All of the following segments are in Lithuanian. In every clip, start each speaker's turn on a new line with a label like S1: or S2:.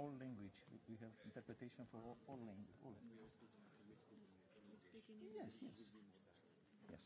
S1: all language. We have interpretation for all, all language. All.
S2: Yes,
S1: yes. Yes, yes.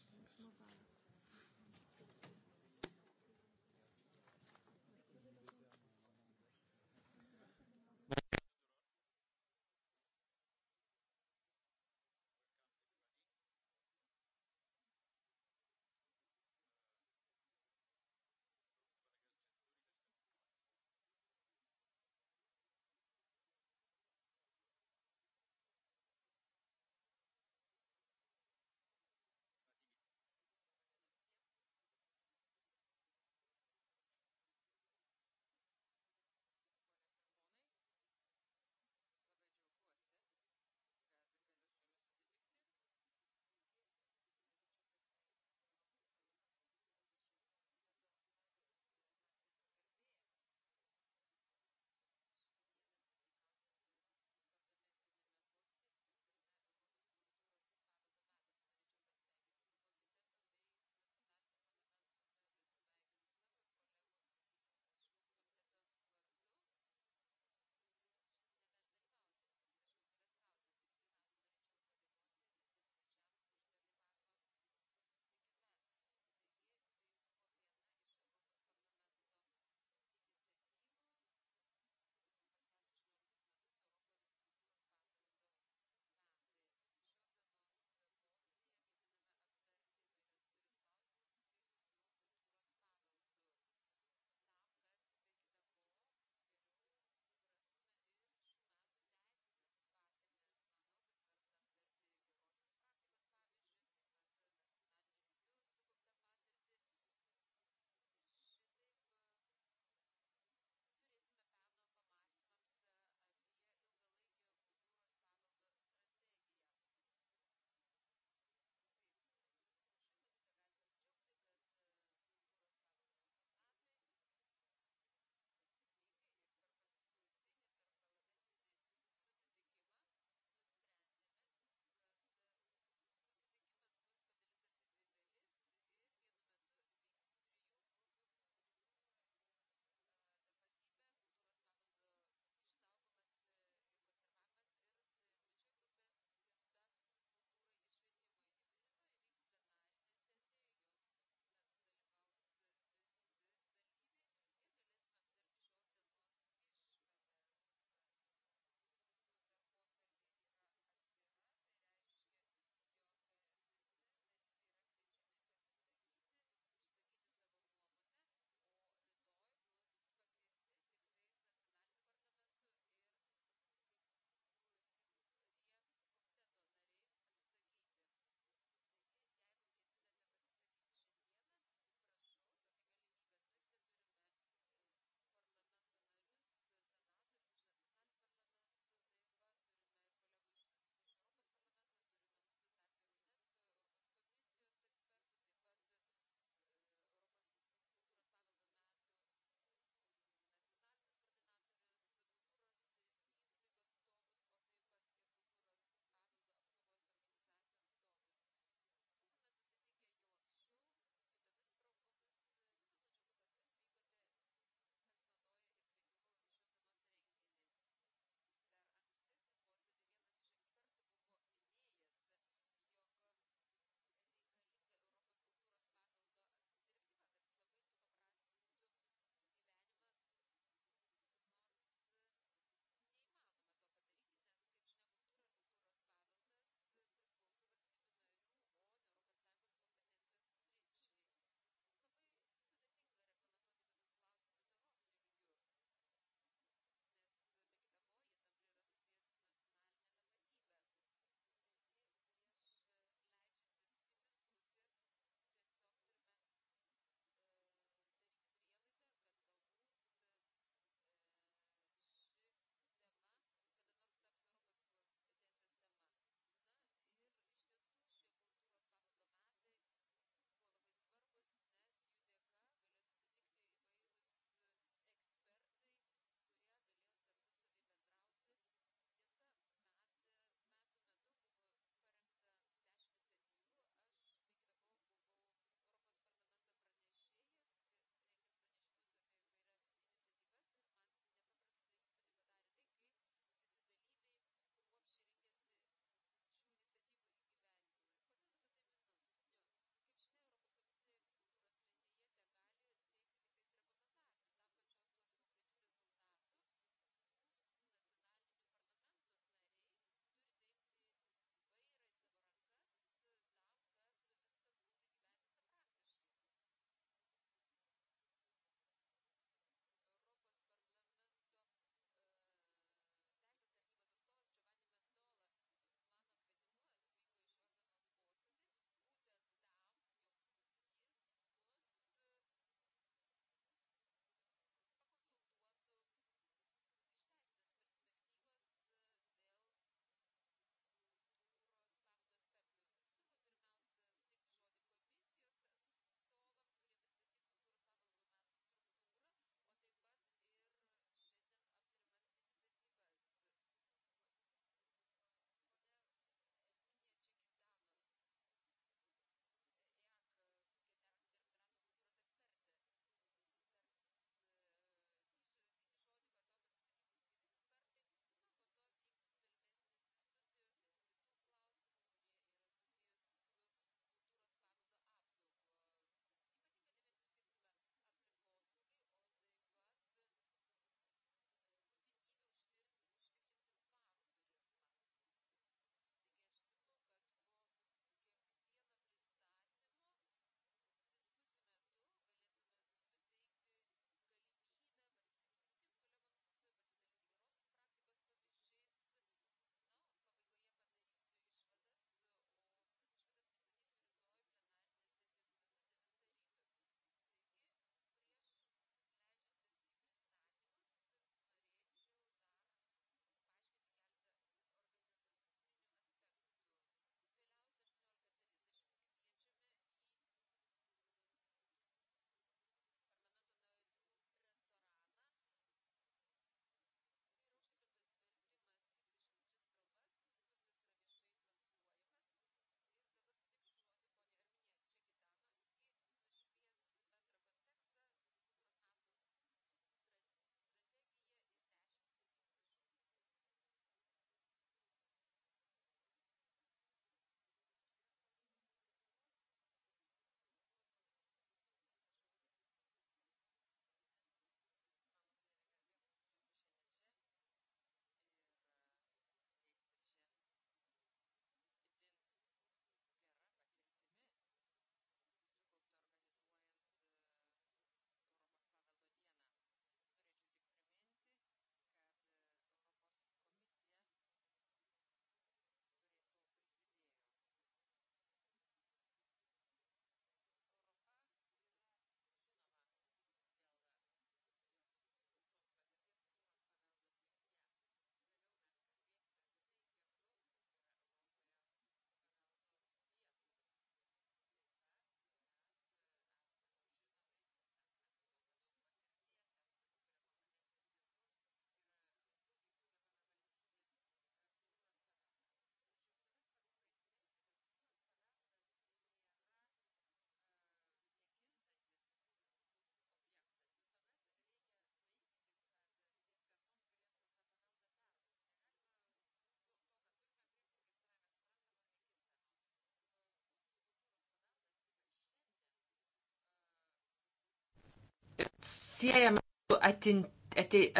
S3: siejame su atinti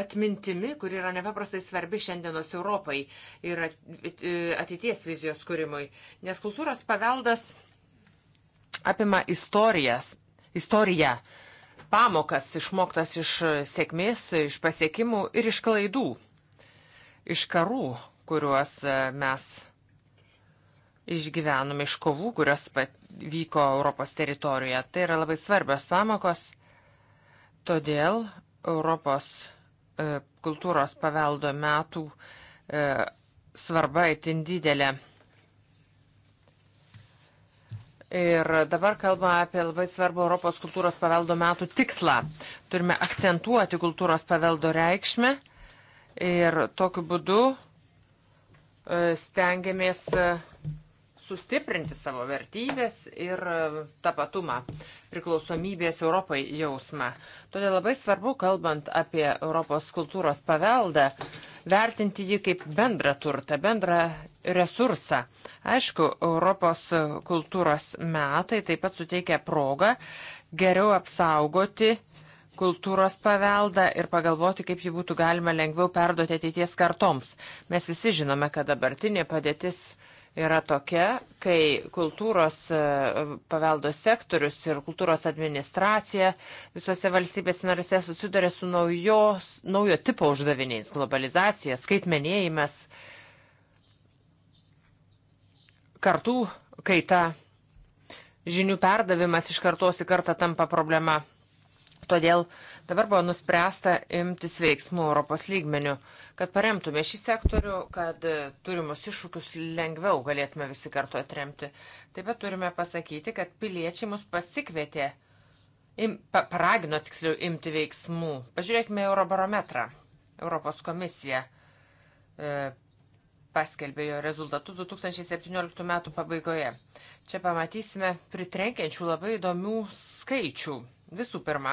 S3: atmintimi, kuri yra nepaprastai svarbi šiandienos Europai ir ateities vizijos kūrimui. Nes kultūros paveldas apima istorijas, istoriją, pamokas išmoktas iš sėkmės, iš pasiekimų ir iš klaidų, iš karų, kuriuos e, mes išgyvenome, iš kovų, kurios vyko Europos teritorijoje. Tai yra labai svarbios pamokos Todėl Europos e, kultūros paveldo metų e, svarba itin didelė. Ir dabar kalbame apie labai svarbų Europos kultūros paveldo metų tikslą. Turime akcentuoti kultūros paveldo reikšmę ir tokiu būdu e, stengiamės e, sustiprinti savo vertybės ir tapatumą, priklausomybės Europai jausmą. Todėl labai svarbu, kalbant apie Europos kultūros paveldą, vertinti jį kaip bendrą turtą, bendrą resursą. Aišku, Europos kultūros metai taip pat suteikia progą geriau apsaugoti kultūros paveldą ir pagalvoti, kaip jį būtų galima lengviau perduoti ateities kartoms. Mes visi žinome, kad dabartinė padėtis yra tokia, kai kultūros e, paveldo sektorius ir kultūros administracija visose valstybės narėse susiduria su naujos, naujo tipo uždaviniais - globalizacija, skaitmenėjimas, kartų kaita, žinių perdavimas iš kartos į kartą tampa problema. Todėl dabar buvo nuspręsta imtis veiksmų Europos lygmenių, kad paremtume šį sektorių, kad turimus iššūkius lengviau galėtume visi kartu atremti. Taip pat turime pasakyti, kad piliečiai mus pasikvietė, im, pa, paragino tiksliau imti veiksmų. Pažiūrėkime Eurobarometrą. Europos komisija e, paskelbė jo rezultatus 2017 metų pabaigoje. Čia pamatysime pritrenkiančių labai įdomių skaičių Visų pirma,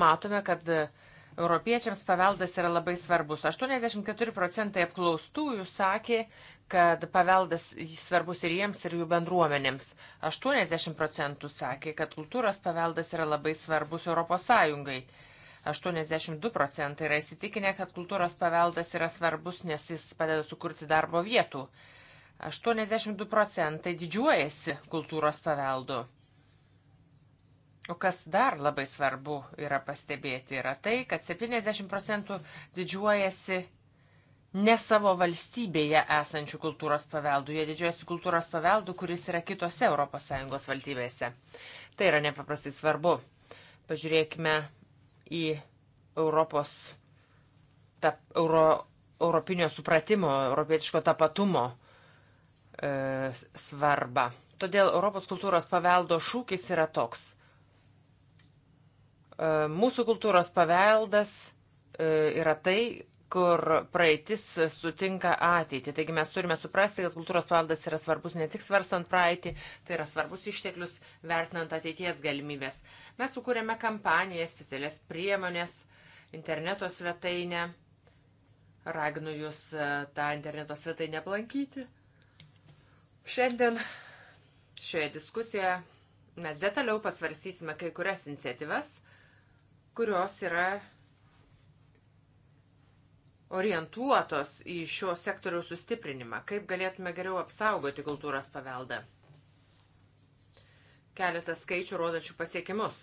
S3: matome, kad europiečiams paveldas yra labai svarbus. 84 procentai apklaustųjų sakė, kad paveldas svarbus ir jiems, ir jų bendruomenėms. 80 procentų sakė, kad kultūros paveldas yra labai svarbus ES. 82 procentai yra įsitikinę, kad kultūros paveldas yra svarbus, nes jis padeda sukurti darbo vietų. 82 procentai didžiuojasi kultūros paveldu. O kas dar labai svarbu yra pastebėti, yra tai, kad 70 procentų didžiuojasi ne savo valstybėje esančių kultūros paveldų, jie didžiuojasi kultūros paveldų, kuris yra kitose ES valstybėse. Tai yra nepaprastai svarbu. Pažiūrėkime į Europos, ta, euro, europinio supratimo, europietiško tapatumo e, svarbą. Todėl Europos kultūros paveldo šūkis yra toks E, mūsų kultūros paveldas e, yra tai, kur praeitis sutinka ateitį. Taigi mes turime suprasti, kad kultūros paveldas yra svarbus ne tik svarstant praeitį, tai yra svarbus išteklius vertinant ateities galimybės. Mes sukūrėme kampaniją, specialias priemonės, interneto svetainę. Raginu jūs e, tą interneto svetainę aplankyti. Šiandien šioje diskusijoje mes detaliau pasvarsysime kai kurias iniciatyvas kurios yra orientuotos į šio sektoriaus sustiprinimą. Kaip galėtume geriau apsaugoti kultūros paveldą? Keletas skaičių rodančių pasiekimus.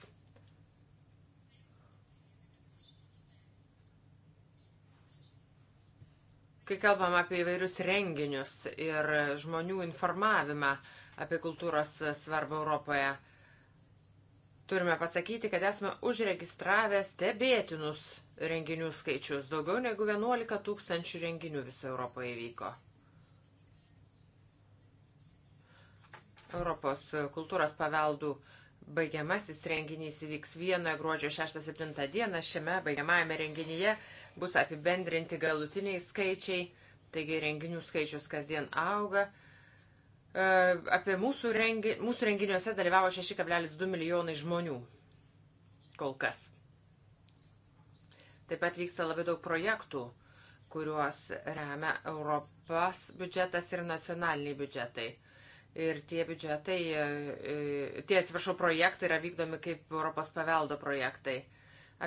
S3: Kai kalbam apie įvairius renginius ir žmonių informavimą apie kultūros svarbą Europoje, turime pasakyti, kad esame užregistravę stebėtinus renginių skaičius. Daugiau negu 11 tūkstančių renginių viso Europoje vyko. Europos kultūros paveldų baigiamasis renginys įvyks vienoje gruodžio 6-7 dieną. Šiame baigiamajame renginyje bus apibendrinti galutiniai skaičiai, taigi renginių skaičius kasdien auga. E, apie mūsų, rengi, mūsų renginiuose dalyvavo 6,2 milijonai žmonių kol kas. Taip pat vyksta labai daug projektų, kuriuos remia Europos biudžetas ir nacionaliniai biudžetai. Ir tie biudžetai, e, e, tie atsiprašau, projektai yra vykdomi kaip Europos paveldo projektai.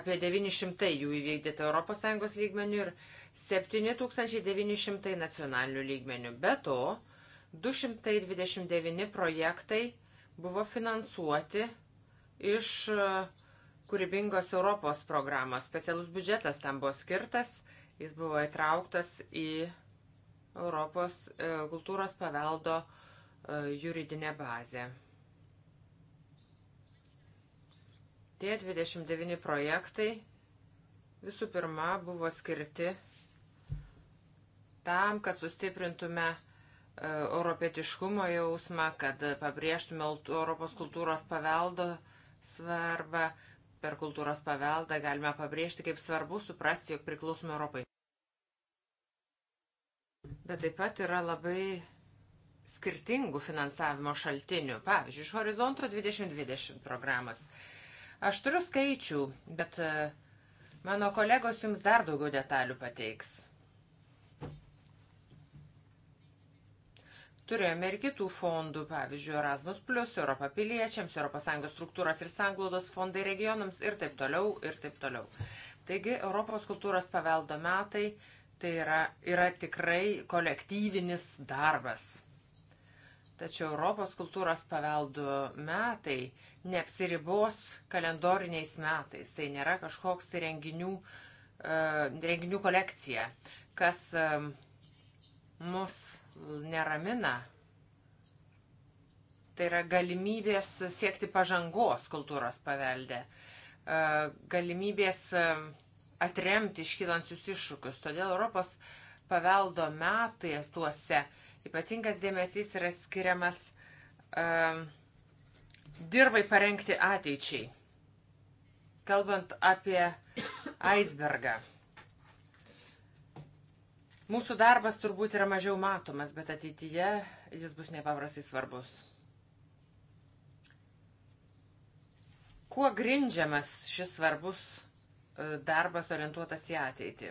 S3: Apie 900 jų įvykdyta ES lygmenių ir 7900 nacionalinių lygmenių. Be to, 229 projektai buvo finansuoti iš e, kūrybingos Europos programos. Specialus biudžetas tam buvo skirtas, jis buvo įtrauktas į Europos e, kultūros paveldo e, juridinę bazę. Tie 29 projektai visų pirma buvo skirti tam, kad sustiprintume E, europietiškumo jausmą, kad pabrėžtume Europos kultūros paveldo svarbą. Per kultūros paveldą galime pabrėžti, kaip svarbu suprasti, jog priklausome Europai. Bet taip pat yra labai skirtingų finansavimo šaltinių. Pavyzdžiui, iš Horizonto 2020 programos. Aš turiu skaičių, bet e, mano kolegos jums dar daugiau detalių pateiks. Turėjome ir kitų fondų, pavyzdžiui, Erasmus, Europą piliečiams, ES struktūros ir sanglaudos fondai regionams ir taip toliau, ir taip toliau. Taigi, Europos kultūros paveldo metai tai yra, yra tikrai kolektyvinis darbas. Tačiau Europos kultūros paveldo metai neapsiribos kalendoriniais metais. Tai nėra kažkoks tai renginių, uh, renginių kolekcija, kas um, mus neramina. Tai yra galimybės siekti pažangos kultūros paveldė, e, galimybės e, atremti iškylančius iššūkius. Todėl Europos paveldo metai tuose ypatingas dėmesys yra skiriamas e, dirbai parengti ateičiai. Kalbant apie icebergą Mūsų darbas turbūt yra mažiau matomas, bet ateityje jis bus nepaprastai svarbus. Kuo grindžiamas šis svarbus e, darbas orientuotas į ateitį?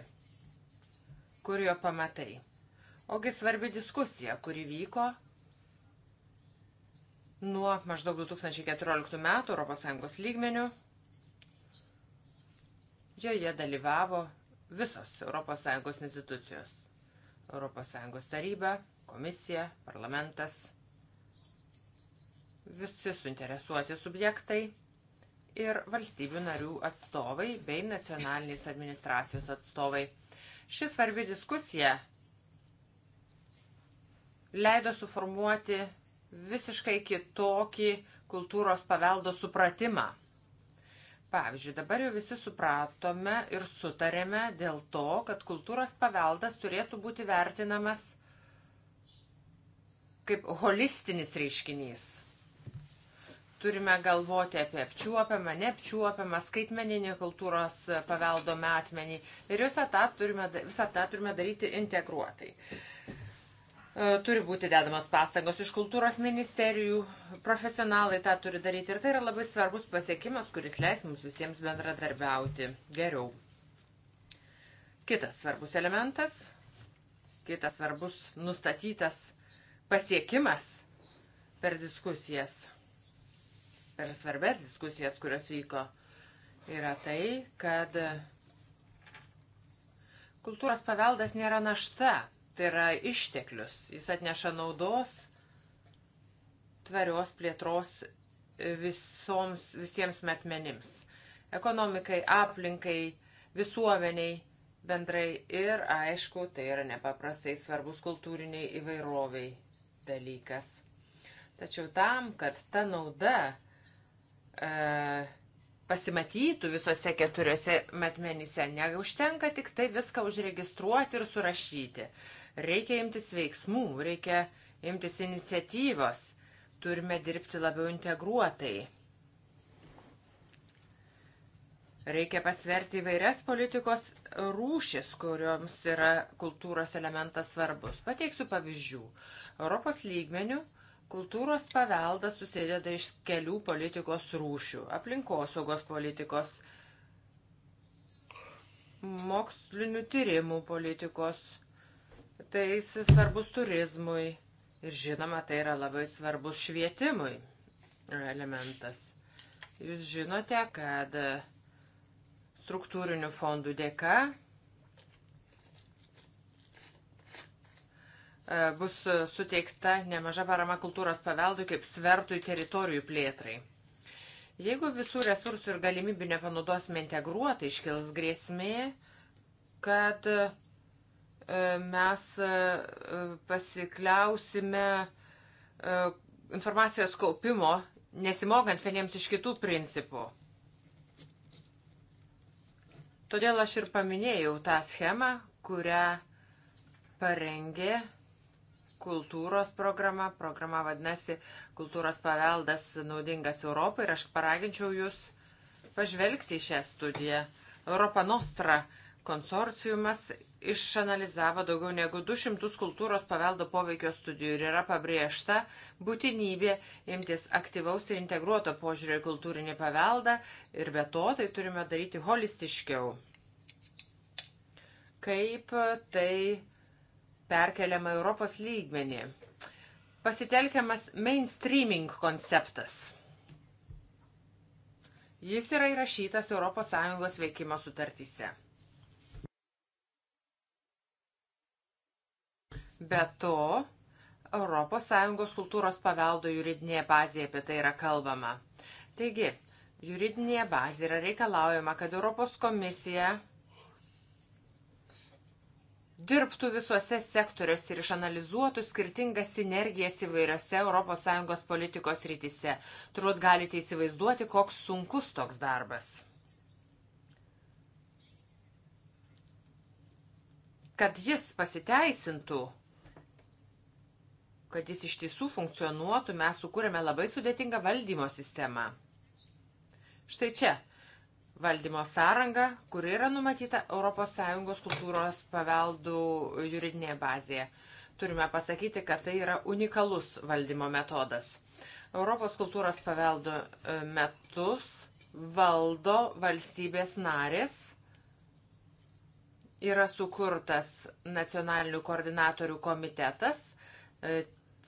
S3: Kur jo pamatai? Ogi svarbi diskusija, kuri vyko nuo maždaug 2014 metų ES lygmenių. Joje dalyvavo visos ES institucijos. ES taryba, komisija, parlamentas, visi suinteresuoti subjektai ir valstybių narių atstovai bei nacionalinės administracijos atstovai. Ši svarbi diskusija leido suformuoti visiškai kitokį kultūros paveldo supratimą Pavyzdžiui, dabar jau visi supratome ir sutarėme dėl to, kad kultūros paveldas turėtų būti vertinamas kaip holistinis reiškinys. Turime galvoti apie apčiuopiamą, neapčiuopiamą, skaitmeninį kultūros paveldo metmenį ir visą tą turime, visą tą turime daryti integruotai. Uh, E, turi būti dedamos pastangos iš kultūros ministerijų, profesionalai tą turi daryti ir tai yra labai svarbus pasiekimas, kuris leis mums visiems bendradarbiauti geriau. Kitas svarbus elementas, kitas svarbus nustatytas pasiekimas per diskusijas, per svarbės diskusijas, kurios vyko, yra tai, kad kultūros paveldas nėra našta, Tai yra išteklius. Jis atneša naudos tvarios plėtros visoms, visiems metmenims. Ekonomikai, aplinkai, visuomeniai bendrai ir, aišku, tai yra nepaprastai svarbus kultūriniai įvairoviai dalykas. Tačiau tam, kad ta nauda e, pasimatytų visose keturiose metmenyse, neužtenka tik tai viską užregistruoti ir surašyti. Reikia imtis veiksmų, reikia imtis iniciatyvos, turime dirbti labiau integruotai. Reikia pasverti įvairias politikos rūšis, kurioms yra kultūros elementas svarbus. Pateiksiu pavyzdžių. Europos lygmenių kultūros paveldas susideda iš kelių politikos rūšių - aplinkosaugos politikos, mokslinių tyrimų politikos, Tai jis svarbus turizmui ir žinoma, tai yra labai svarbus švietimui elementas. Jūs žinote, kad struktūrinių fondų dėka e, bus suteikta nemaža parama kultūros paveldui kaip svertui teritorijų plėtrai. Jeigu visų resursų ir galimybių nepanaudosime integruotai, iškils grėsmė, kad E, mes e, pasikliausime e, informacijos kaupimo, nesimokant vieniems iš kitų principų. Todėl aš ir paminėjau tą schemą, kurią parengė kultūros programa. Programa vadinasi Kultūros paveldas naudingas Europai ir aš paraginčiau jūs pažvelgti į šią studiją. Europa Nostra konsorciumas išanalizavo daugiau negu 200 kultūros paveldo poveikio studijų ir yra pabrėžta būtinybė imtis aktyvaus ir integruoto požiūrio į kultūrinį paveldą ir be to tai turime daryti holistiškiau. Kaip tai perkeliama Europos lygmenį? Pasitelkiamas mainstreaming konceptas. Jis yra įrašytas ES veikimo sutartyse. Be to, ES kultūros paveldo juridinėje bazėje apie tai yra kalbama. Taigi, juridinėje bazėje yra reikalaujama, kad Europos komisija dirbtų visuose sektoriuose ir išanalizuotų skirtingas sinergijas įvairiose ES politikos rytise. Turbūt galite įsivaizduoti, koks sunkus toks darbas. Kad jis pasiteisintų, kad jis iš tiesų funkcionuotų, mes sukūrėme labai sudėtingą valdymo sistemą. Štai čia valdymo sąranga, kuri yra numatyta ES kultūros paveldų juridinėje bazėje. Turime pasakyti, kad tai yra unikalus valdymo metodas. Europos kultūros paveldų e, metus valdo valstybės narės. Yra sukurtas nacionalinių koordinatorių komitetas, e,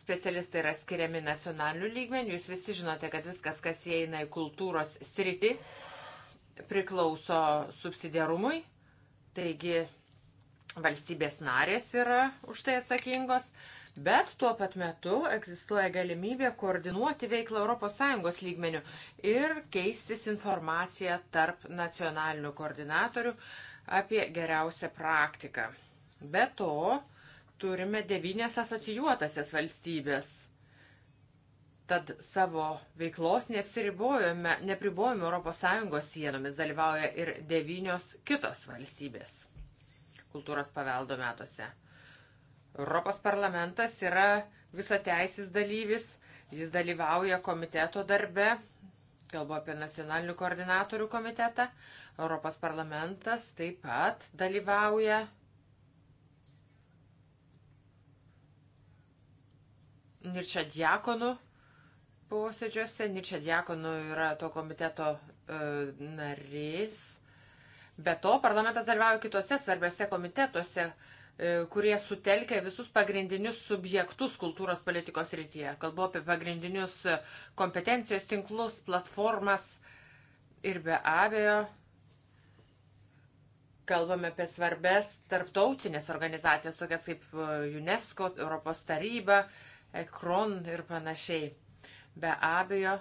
S3: specialistai yra skiriami nacionaliniu lygmeniu. Jūs visi žinote, kad viskas, kas įeina į kultūros sritį, priklauso subsidiarumui. Taigi valstybės narės yra už tai atsakingos. Bet tuo pat metu egzistuoja galimybė koordinuoti veiklą ES lygmenių ir keistis informaciją tarp nacionalinių koordinatorių apie geriausią praktiką. Be to, turime devynės asocijuotasias valstybės. Tad savo veiklos neapsiribojame, nepribojame ES sienomis, dalyvauja ir devynios kitos valstybės kultūros paveldo metuose. Europos parlamentas yra visateisis dalyvis, jis dalyvauja komiteto darbe, kalbu apie nacionalinių koordinatorių komitetą, Europos parlamentas taip pat dalyvauja Nirčia Diakonu posėdžiuose. Nirčia Diakonu yra to komiteto e, narys. Be to, parlamentas dalyvauja kitose svarbiose komitetuose, e, kurie sutelkia visus pagrindinius subjektus kultūros politikos rytyje. Kalbu apie pagrindinius kompetencijos tinklus, platformas ir be abejo kalbame apie svarbes tarptautinės organizacijas, tokias kaip e, UNESCO, Europos taryba, ekron ir panašiai. Be abejo,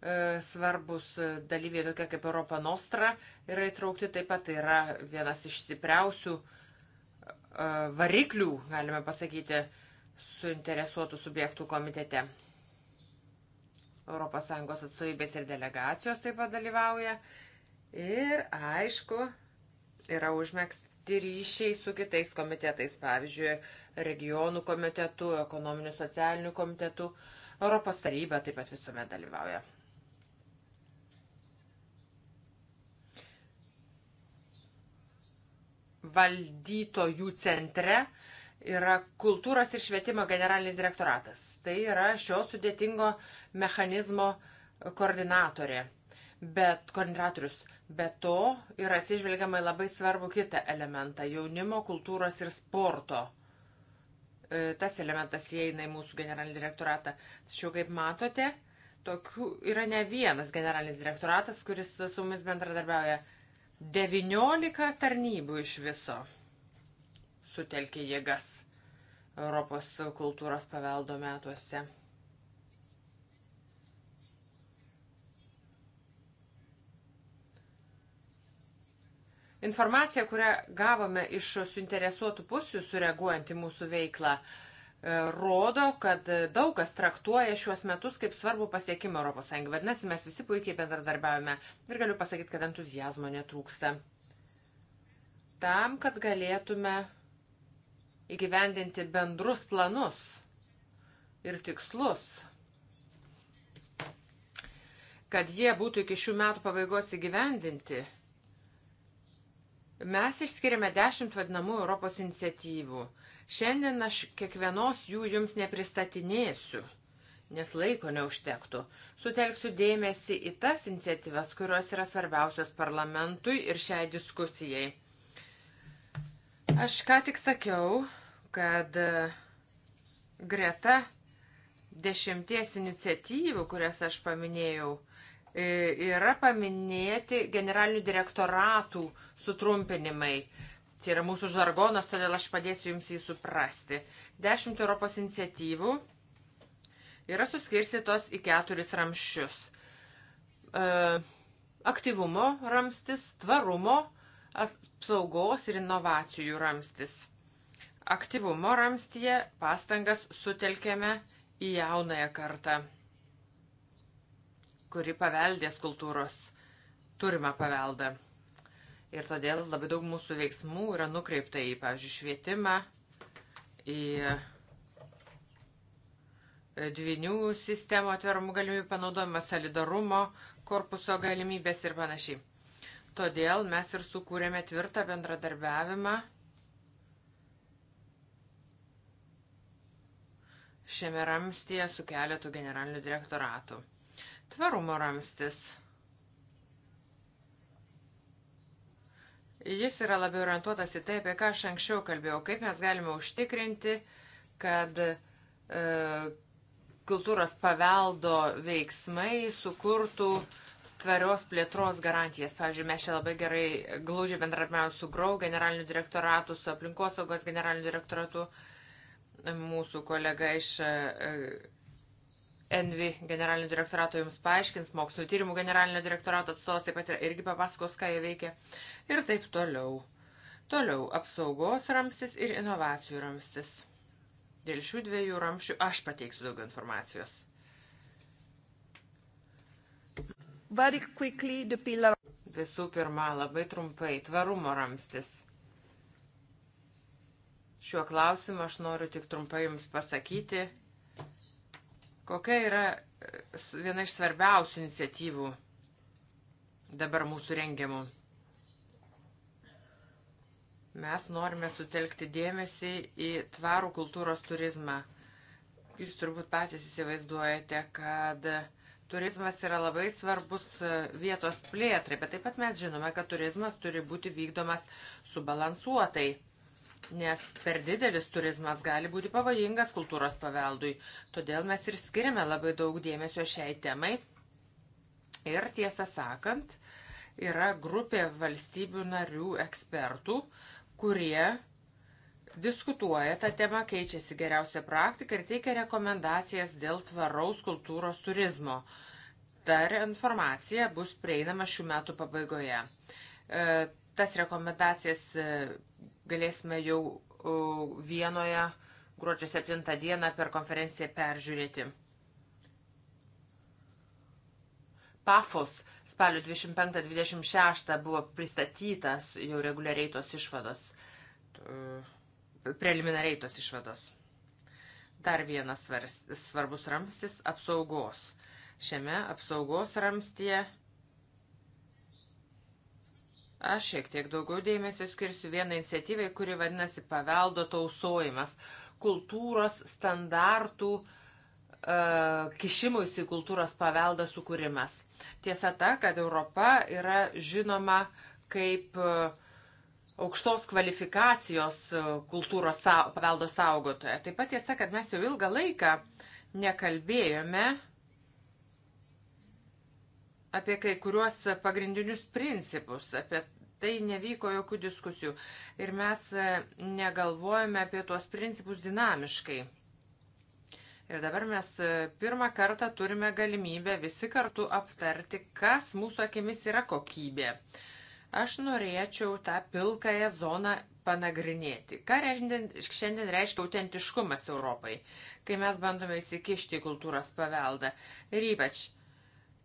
S3: e, svarbus dalyviai tokie kaip Europa Nostra yra įtraukti, taip pat tai yra vienas iš stipriausių e, variklių, galime pasakyti, suinteresuotų subjektų komitete. ES atstovybės ir delegacijos taip pat dalyvauja. Ir aišku, yra užmėgst, ryšiai su kitais komitetais, pavyzdžiui, regionų komitetu, ekonominių socialinių komitetų, Europos taryba taip pat visuomet dalyvauja. Valdytojų centre yra kultūros ir švietimo generalinis direktoratas. Tai yra šio sudėtingo mechanizmo koordinatorė. Bet koordinatorius Be to yra atsižvelgiama į labai svarbų kitą elementą - jaunimo, kultūros ir sporto. E, tas elementas įeina į mūsų generalinį direktoratą. Tačiau, kaip matote, tokių yra ne vienas generalinis direktoratas, kuris su mumis bendradarbiauja. 19 tarnybų iš viso sutelkė jėgas Europos kultūros paveldo metuose. Informacija, kurią gavome iš suinteresuotų pusių sureaguojant į mūsų veiklą, e, rodo, kad daug kas traktuoja šiuos metus kaip svarbu pasiekimą ES. Vadinasi, mes visi puikiai bendradarbiavome ir galiu pasakyti, kad entuzijazmo netrūksta. Tam, kad galėtume įgyvendinti bendrus planus ir tikslus, kad jie būtų iki šių metų pabaigos įgyvendinti, Mes išskiriame dešimt vadinamų Europos iniciatyvų. Šiandien aš kiekvienos jų jums nepristatinėsiu, nes laiko neužtektų. Sutelksiu dėmesį į tas iniciatyvas, kurios yra svarbiausios parlamentui ir šiai diskusijai. Aš ką tik sakiau, kad e, greta dešimties iniciatyvų, kurias aš paminėjau, e, yra paminėti generalinių direktoratų sutrumpinimai. Čia yra mūsų žargonas, todėl aš padėsiu jums jį suprasti. Dešimt Europos iniciatyvų yra suskirstytos į keturis ramščius. E, aktyvumo ramstis, tvarumo, apsaugos ir inovacijų ramstis. Aktyvumo ramstyje pastangas sutelkėme į jaunąją kartą, kuri paveldės kultūros turimą paveldą. Ir todėl labai daug mūsų veiksmų yra nukreipta į, pavyzdžiui, švietimą, į e, dvinių sistemų atverumų galimybių panaudojimą, solidarumo korpuso galimybės ir panašiai. Todėl mes ir sukūrėme tvirtą bendradarbiavimą šiame ramstyje su keletu generalinių direktoratų. Tvarumo ramstis Jis yra labiau orientuotas į tai, apie ką aš anksčiau kalbėjau, kaip mes galime užtikrinti, kad e, kultūros paveldo veiksmai sukurtų tvarios plėtros garantijas. Pavyzdžiui, mes čia labai gerai glaužiai bendradarbiavome su GRAU generaliniu direktoratu, su aplinkosaugos generaliniu direktoratu. Mūsų kolega iš e, Envi generalinio direktorato jums paaiškins, mokslo tyrimų generalinio direktorato atstovas taip pat irgi papasakos, ką jie veikia ir taip toliau. Toliau apsaugos ramstis ir inovacijų ramstis. Dėl šių dviejų ramščių aš pateiksiu daugiau informacijos. Visų pirma, labai trumpai, tvarumo ramstis. Šiuo klausimu aš noriu tik trumpai Jums pasakyti, Kokia yra e, viena iš svarbiausių iniciatyvų dabar mūsų rengiamų? Mes norime sutelkti dėmesį į tvarų kultūros turizmą. Jūs turbūt patys įsivaizduojate, kad turizmas yra labai svarbus e, vietos plėtrai, bet taip pat mes žinome, kad turizmas turi būti vykdomas subalansuotai nes per didelis turizmas gali būti pavojingas kultūros paveldui. Todėl mes ir skiriame labai daug dėmesio šiai temai. Ir tiesą sakant, yra grupė valstybių narių ekspertų, kurie diskutuoja tą temą, keičiasi geriausią praktiką ir teikia rekomendacijas dėl tvaraus kultūros turizmo. Ta informacija bus prieinama šių metų pabaigoje. E, tas rekomendacijas e, galėsime jau Vienoje gruodžio 7 dieną per konferenciją peržiūrėti. Pafos spalio 25-26 buvo pristatytas jau reguliariai tos išvados, preliminariai tos išvados. Dar vienas svarbus ramstis - apsaugos. Šiame apsaugos ramstyje Aš šiek tiek daugiau dėmesio skirsiu vieną iniciatyvai, kuri vadinasi paveldo tausojimas, kultūros standartų uh, e, kišimus į kultūros paveldą sukūrimas. Tiesa ta, kad Europa yra žinoma kaip uh, aukštos kvalifikacijos e, kultūros sa paveldo saugotoja. Taip pat tiesa, kad mes jau ilgą laiką nekalbėjome uh, apie kai kuriuos pagrindinius principus, apie tai nevyko jokių diskusijų. Ir mes e, negalvojame apie tuos principus dinamiškai. Ir dabar mes e, pirmą kartą turime galimybę visi kartu aptarti, kas mūsų akimis yra kokybė. Aš norėčiau tą pilkąją zoną panagrinėti. Ką šiandien, šiandien reiškia autentiškumas Europai, kai mes bandome įsikišti į kultūros paveldą. Ir ypač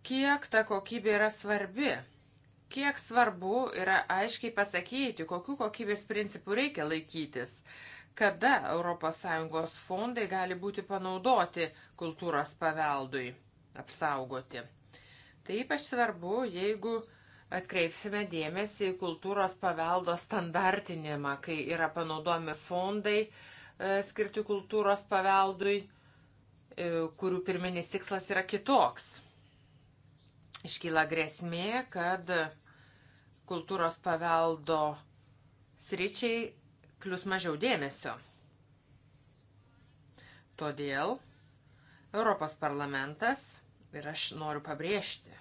S3: kiek ta kokybė yra svarbi, kiek svarbu yra aiškiai pasakyti, kokiu kokybės principu reikia laikytis, kada ES fondai gali būti panaudoti kultūros paveldui apsaugoti. Tai ypač svarbu, jeigu atkreipsime dėmesį į kultūros paveldo standartinimą, kai yra panaudojami fondai e, skirti kultūros paveldui, e, kurių pirminis tikslas yra kitoks iškyla grėsmė, kad kultūros paveldo sričiai klius mažiau dėmesio. Todėl Europos parlamentas, ir aš noriu pabrėžti,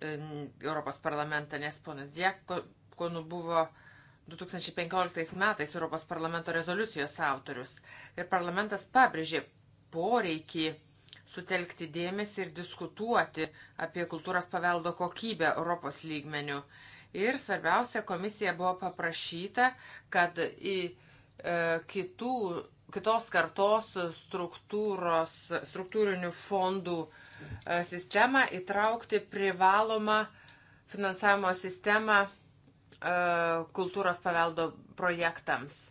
S3: e, Europos parlamentą, nes ponas Diekonu buvo 2015 metais Europos parlamento rezoliucijos autorius. Ir parlamentas pabrėžė poreikį sutelkti dėmesį ir diskutuoti apie kultūros paveldo kokybę Europos lygmenių. Ir svarbiausia, komisija buvo paprašyta, kad į e, kitų, kitos kartos struktūrinių fondų e, sistemą įtraukti privalomą finansavimo sistemą e, kultūros paveldo projektams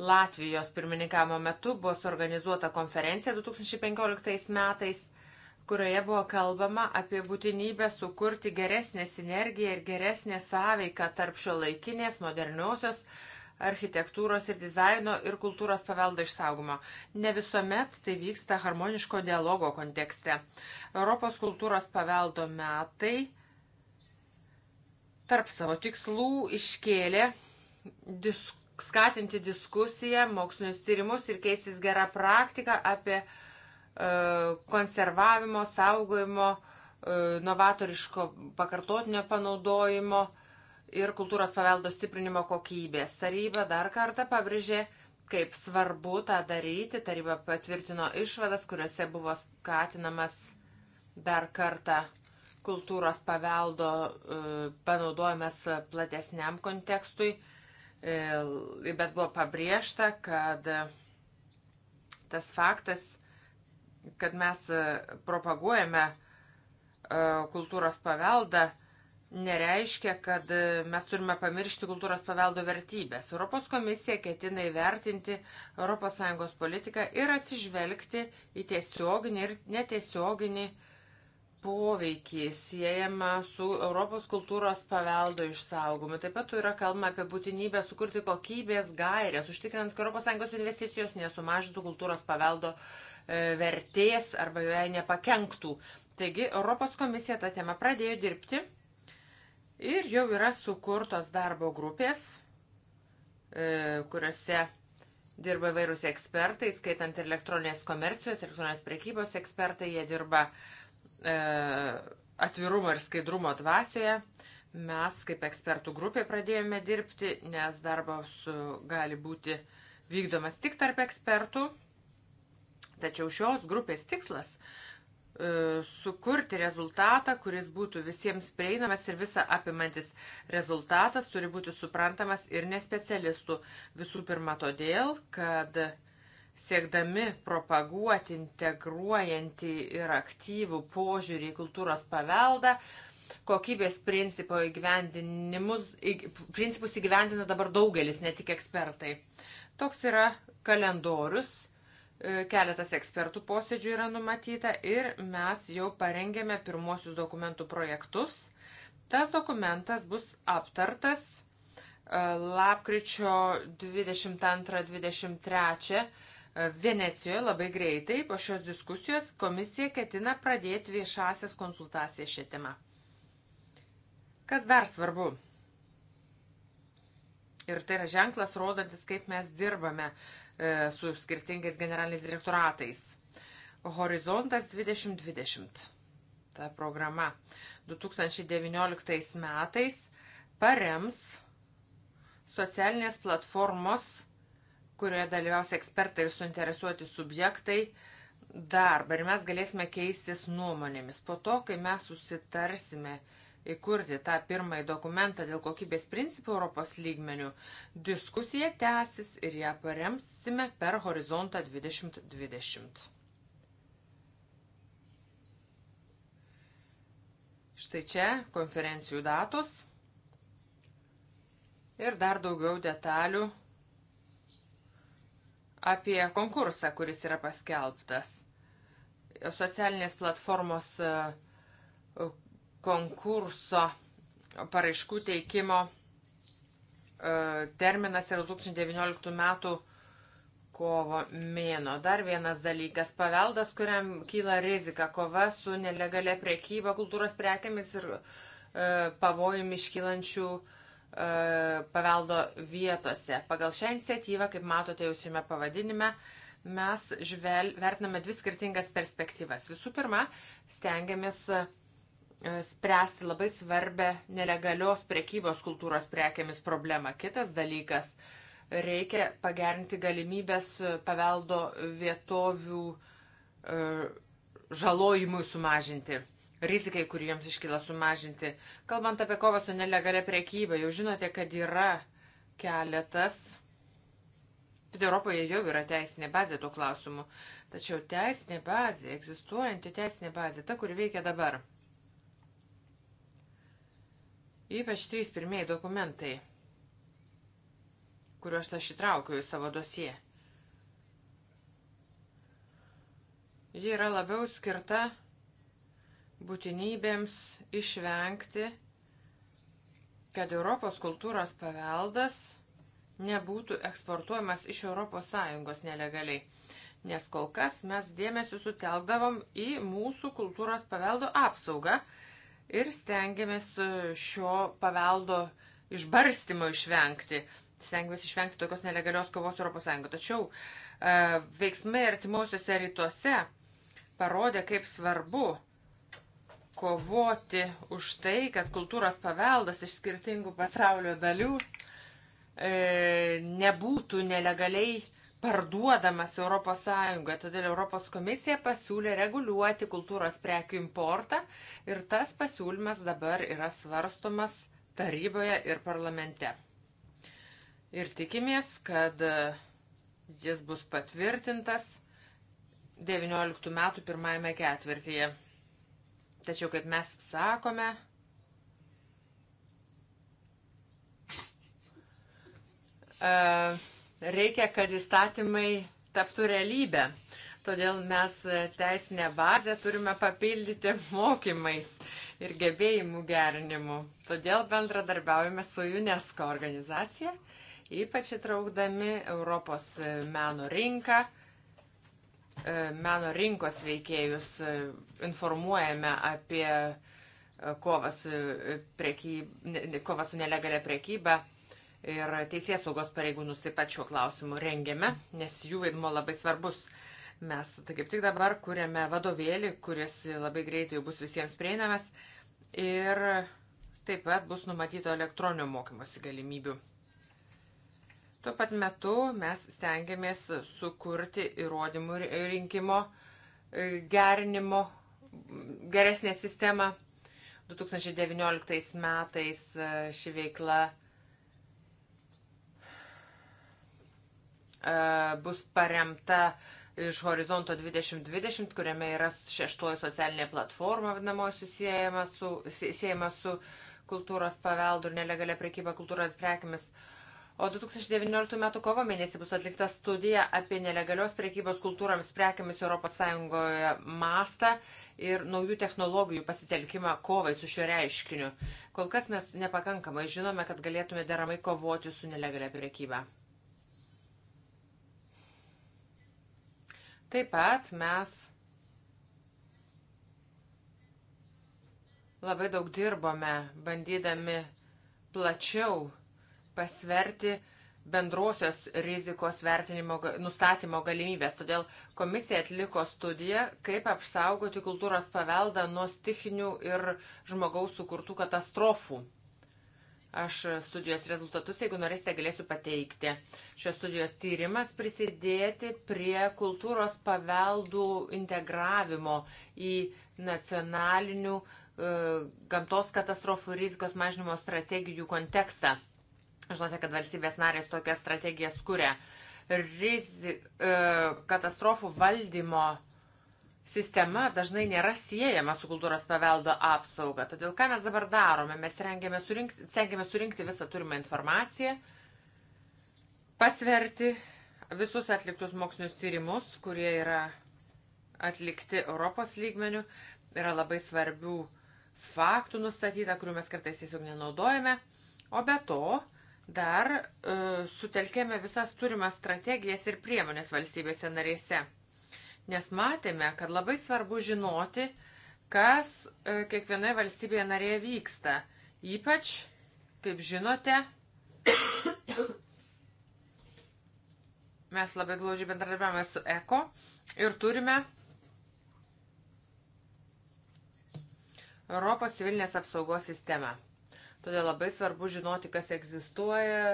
S3: Latvijos pirmininkavimo metu buvo suorganizuota konferencija 2015 metais, kurioje buvo kalbama apie būtinybę sukurti geresnę sinergiją ir geresnę sąveiką tarp šio laikinės, moderniosios architektūros ir dizaino ir kultūros paveldo išsaugumo. Ne visuomet tai vyksta harmoniško dialogo kontekste. Europos kultūros paveldo metai tarp savo tikslų iškėlė diskusijų skatinti diskusiją, mokslinius tyrimus ir keistis gerą praktiką apie e, konservavimo, saugojimo, e, novatoriško pakartotinio panaudojimo ir kultūros paveldo stiprinimo kokybės. Taryba dar kartą pabrėžė, kaip svarbu tą daryti. Taryba patvirtino išvadas, kuriuose buvo skatinamas dar kartą kultūros paveldo e, panaudojimas platesniam kontekstui E, bet buvo pabrėžta, kad tas faktas, kad mes e, propaguojame e, kultūros paveldą, nereiškia, kad mes turime pamiršti kultūros paveldo vertybės. Europos komisija ketina įvertinti ES politiką ir atsižvelgti į tiesioginį ir netiesioginį uh, poveikį siejama su Europos kultūros paveldo išsaugomu. Taip pat yra kalbama apie būtinybę sukurti kokybės gairės, užtikrinant, kad ES investicijos nesumažintų kultūros paveldo e, vertės arba joje nepakenktų. Taigi Europos komisija tą temą pradėjo dirbti ir jau yra sukurtos darbo grupės, e, kuriuose dirba vairūs ekspertai, skaitant ir elektroninės komercijos, elektroninės prekybos ekspertai, jie dirba uh, E, atvirumo ir skaidrumo dvasioje. Mes kaip ekspertų grupė pradėjome dirbti, nes darbas e, gali būti vykdomas tik tarp ekspertų. Tačiau šios grupės tikslas e, sukurti rezultatą, kuris būtų visiems prieinamas ir visą apimantis rezultatas turi būti suprantamas ir nespecialistų. Visų pirma todėl, kad uh, siekdami propaguoti integruojantį ir aktyvų požiūrį į kultūros paveldą, kokybės principus įgyvendina dabar daugelis, ne tik ekspertai. Toks yra kalendorius, e, keletas ekspertų posėdžių yra numatyta ir mes jau parengėme pirmosius dokumentų projektus. Tas dokumentas bus aptartas e, lapkričio 22-23 Venecijoje labai greitai po šios diskusijos komisija ketina pradėti viešasias konsultacijas šią temą. Kas dar svarbu? Ir tai yra ženklas rodantis, kaip mes dirbame e, su skirtingais generaliniais direktoratais. Horizontas 2020. Ta programa 2019 metais parems socialinės platformos kurioje dalyvaus ekspertai ir suinteresuoti subjektai darbą ir mes galėsime keistis nuomonėmis. Po to, kai mes susitarsime įkurti tą pirmąjį dokumentą dėl kokybės principų Europos lygmenių, diskusija tęsis ir ją paremsime per horizontą 2020. Štai čia konferencijų datos ir dar daugiau detalių apie konkursą, kuris yra paskelbtas. Socialinės platformos e, konkurso paraiškų teikimo e, terminas yra 2019 metų kovo mėno. Dar vienas dalykas - paveldas, kuriam kyla rizika - kova su nelegalia priekyba kultūros prekiamis ir e, pavojumi iškylančių e, E, paveldo vietose. Pagal šią iniciatyvą, kaip matote jau šiame pavadinime, mes žvel, vertiname dvi skirtingas perspektyvas. Visų pirma, stengiamės e, spręsti labai svarbę nelegalios prekybos kultūros prekiamis problemą. Kitas dalykas - reikia pagerinti galimybės paveldo vietovių e, žalojimui sumažinti rizikai, kurį joms iškyla sumažinti. Kalbant apie kovą su nelegalia priekyba, jau žinote, kad yra keletas. Bet Europoje jau yra teisinė bazė tų klausimų. Tačiau teisinė bazė, egzistuojanti teisinė bazė, ta, kuri veikia dabar. Ypač trys pirmieji dokumentai, kuriuos aš įtraukiu į savo dosiją. Ji yra labiau skirta būtinybėms išvengti, kad Europos kultūros paveldas nebūtų eksportuojamas iš ES nelegaliai. Nes kol kas mes dėmesį sutelkdavom į mūsų kultūros paveldo apsaugą ir stengiamės e, šio paveldo išbarstimo išvengti. Stengiamės išvengti tokios nelegalios kovos ES. Tačiau e, veiksmai artimuosiuose rytuose parodė, kaip svarbu kovoti už tai, kad kultūros paveldas iš skirtingų pasaulio dalių e, nebūtų nelegaliai parduodamas ES. Todėl Europos komisija pasiūlė reguliuoti kultūros prekių importą ir tas pasiūlymas dabar yra svarstomas taryboje ir parlamente. Ir tikimės, kad jis bus patvirtintas 19 metų pirmajame ketvirtyje. Tačiau, kaip mes sakome, e, reikia, kad įstatymai taptų realybę. Todėl mes teisinę bazę turime papildyti mokymais ir gebėjimų gerinimu. Todėl bendradarbiaujame su UNESCO organizacija, ypač įtraukdami Europos meno rinką E, meno rinkos veikėjus, e, informuojame apie e, kovą su, prekyb, kovą su nelegalia prekyba ir teisės saugos pareigūnus taip pat šiuo klausimu rengiame, nes jų vaidmo labai svarbus. Mes tai kaip tik dabar kūrėme vadovėlį, kuris labai greitai jau bus visiems prieinamas ir taip pat bus numatyto elektroninio mokymosi galimybių. Tuo pat metu mes stengiamės sukurti įrodymų rinkimo e, gerinimo geresnė sistema. 2019 metais e, ši veikla e, bus paremta iš Horizonto 2020, kuriame yra šeštoji socialinė platforma vadinamoji susijęjama su, siejama su kultūros paveldu ir nelegalia prekyba kultūros prekiamis. Uh, O 2019 m. kovo mėnesį bus atlikta studija apie nelegalios priekybos kultūroms prekiamis ES mastą ir naujų technologijų pasitelkimą kovai su šiuo reiškiniu. Kol kas mes nepakankamai žinome, kad galėtume deramai kovoti su nelegalia priekyba. Taip pat mes labai daug dirbome, bandydami plačiau pasverti bendrosios rizikos vertinimo, nustatymo galimybės. Todėl komisija atliko studiją, kaip apsaugoti kultūros paveldą nuo stichinių ir žmogaus sukurtų katastrofų. Aš studijos rezultatus, jeigu norėsite, galėsiu pateikti. Šios studijos tyrimas prisidėti prie kultūros paveldų integravimo į nacionalinių e, gamtos katastrofų rizikos mažinimo strategijų kontekstą. Žinote, kad valstybės narės tokias strategijas kuria. Rizi, e, katastrofų valdymo sistema dažnai nėra siejama su kultūros paveldo apsauga. Todėl ką mes dabar darome? Mes surinkti, stengiamės surinkti visą turimą informaciją, pasverti visus atliktus mokslinius tyrimus, kurie yra atlikti Europos lygmenių, yra labai svarbių faktų nustatyta, kurių mes kartais tiesiog nenaudojame. O be to, Dar e, sutelkėme visas turimas strategijas ir priemonės valstybėse narėse, nes matėme, kad labai svarbu žinoti, kas e, kiekvienoje valstybėje narėje vyksta. Ypač, kaip žinote, mes labai glaužiai bendradarbiavame su ECO ir turime Europos civilinės apsaugos sistemą. Todėl labai svarbu žinoti, kas egzistuoja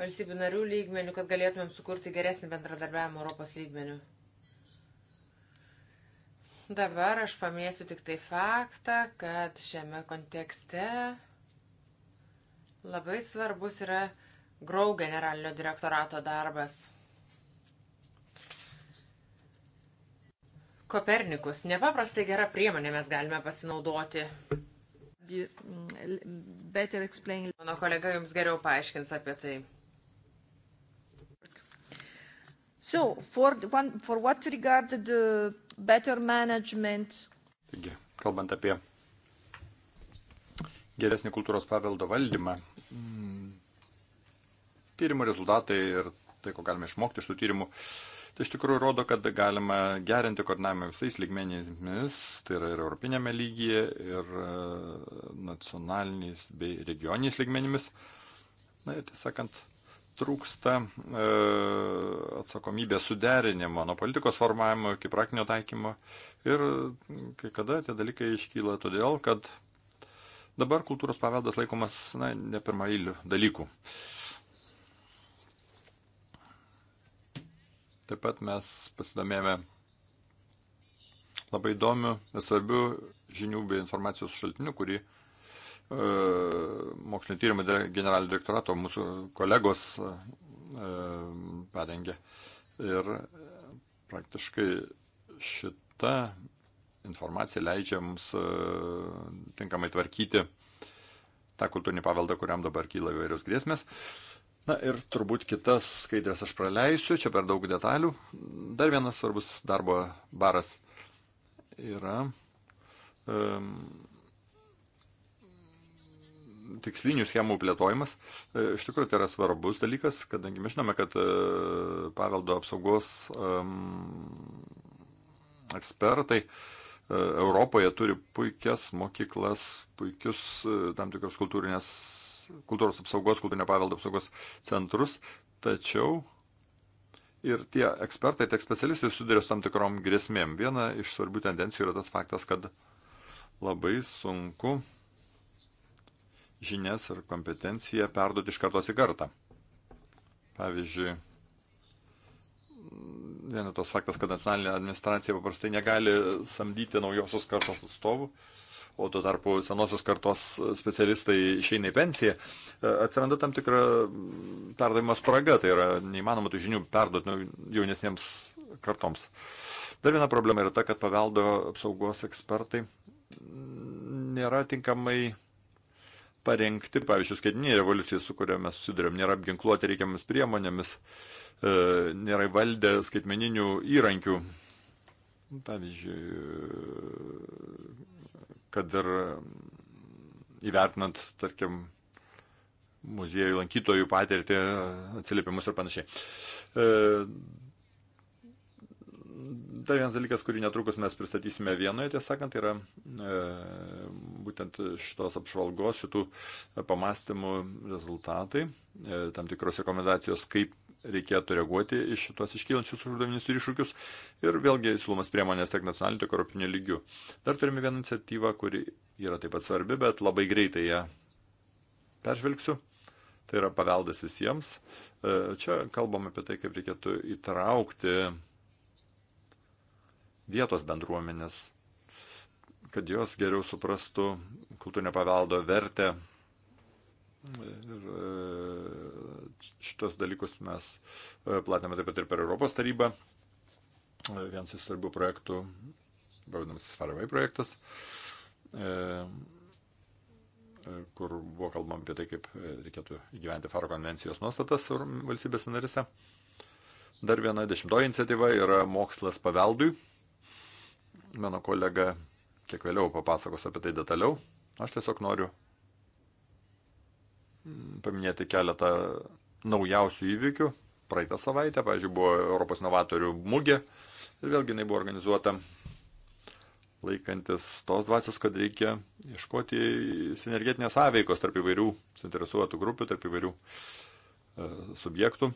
S3: valstybių narių lygmenių, kad galėtumėm sukurti geresnį bendradarbiavimą Europos lygmenių. Dabar aš paminėsiu tik tai faktą, kad šiame kontekste labai svarbus yra Grau generalinio direktorato darbas. Kopernikus. Nepaprastai gera priemonė mes galime pasinaudoti. Mm, Mano kolega jums geriau paaiškins apie tai.
S2: So, for, one, for what regard the better management.
S1: Taigi, kalbant apie geresnį kultūros paveldo valdymą, mm, tyrimų rezultatai ir tai, ko galime išmokti iš tų tyrimų, uh, Tai iš tikrųjų rodo, kad galima gerinti koordinavimą visais lygmenimis, tai yra ir europinėme lygyje, ir e, nacionaliniais bei regioniniais lygmenimis. Na ir tiesąkant, trūksta e, atsakomybės suderinimo nuo politikos formavimo iki praktinio taikymo. Ir kai kada tie dalykai iškyla todėl, kad dabar kultūros paveldas laikomas na, ne pirmailių dalykų. E, Taip pat mes pasidomėjome labai įdomių ir svarbių žinių bei informacijos šaltinių, kurį e, mokslinio tyrimo generalinio direktorato mūsų kolegos e, parengė. Ir praktiškai šita informacija leidžia mums e, tinkamai tvarkyti tą kultūrinį paveldą, kuriam dabar kyla įvairios grėsmės. E, Na ir turbūt kitas skaidrės aš praleisiu, čia per daug detalių. Dar vienas svarbus darbo baras yra um, tikslinių schemų plėtojimas. E, iš tikrųjų tai yra svarbus dalykas, kadangi mes žinome, kad uh, paveldo apsaugos um, ekspertai uh, Europoje turi puikias mokyklas, puikius uh, tam tikras kultūrinės kultūros apsaugos, kultūrinio paveldo apsaugos centrus, tačiau ir tie ekspertai, tiek specialistai susiduria su tam tikrom grėsmėm. Viena iš svarbių tendencijų yra tas faktas, kad labai sunku žinias ir kompetenciją perduoti iš kartos į kartą. Pavyzdžiui, viena tos faktas, kad nacionalinė administracija paprastai negali samdyti naujosios kartos atstovų, uh, o tuo tarpu senosios kartos specialistai išeina į pensiją, e, atsiranda tam tikra perdavimo spraga, tai yra neįmanoma tų žinių perduoti jaunesniems kartoms. Dar viena problema yra ta, kad paveldo apsaugos ekspertai nėra tinkamai parengti, pavyzdžiui, skaitinėje revoliucijoje, su kuria mes susidurėm, nėra apginkluoti reikiamis priemonėmis, e, nėra įvaldę skaitmeninių įrankių, pavyzdžiui, kad ir e, įvertinant, tarkim, muziejų lankytojų patirtį, atsiliepimus ir panašiai. E, dar vienas dalykas, kurį netrukus mes pristatysime vienoje, tiesąkant, tai yra e, būtent šitos apžvalgos, šitų pamastymų rezultatai, e, tam tikros rekomendacijos, kaip reikėtų reaguoti iš šitos iškylančius uždavinius ir iššūkius ir vėlgi siūlomas priemonės tiek nacionaliniu, tiek europiniu lygiu. Dar turime vieną iniciatyvą, kuri yra taip pat svarbi, bet labai greitai ją peržvelgsiu. Tai yra paveldas visiems. E, čia kalbam apie tai, kaip reikėtų įtraukti vietos bendruomenės, kad jos geriau suprastų kultūrinio paveldo vertę ir e, šitos dalykus mes e, platiname taip pat ir per Europos tarybą. E, vienas iš svarbių projektų, vadinamas Faraway projektas, e, kur buvo kalbama apie tai, kaip reikėtų įgyventi Faro konvencijos nuostatas valstybės narise. Dar viena dešimtoji iniciatyva yra mokslas paveldui. Mano kolega kiek vėliau papasakos apie tai detaliau. Aš tiesiog noriu mm, paminėti keletą naujausių įvykių. Praeitą savaitę, pažiūrėjau, buvo Europos novatorių mugė ir vėlgi jinai buvo organizuota laikantis tos dvasios, kad reikia ieškoti sinergetinės sąveikos tarp įvairių suinteresuotų grupių, tarp įvairių e, subjektų.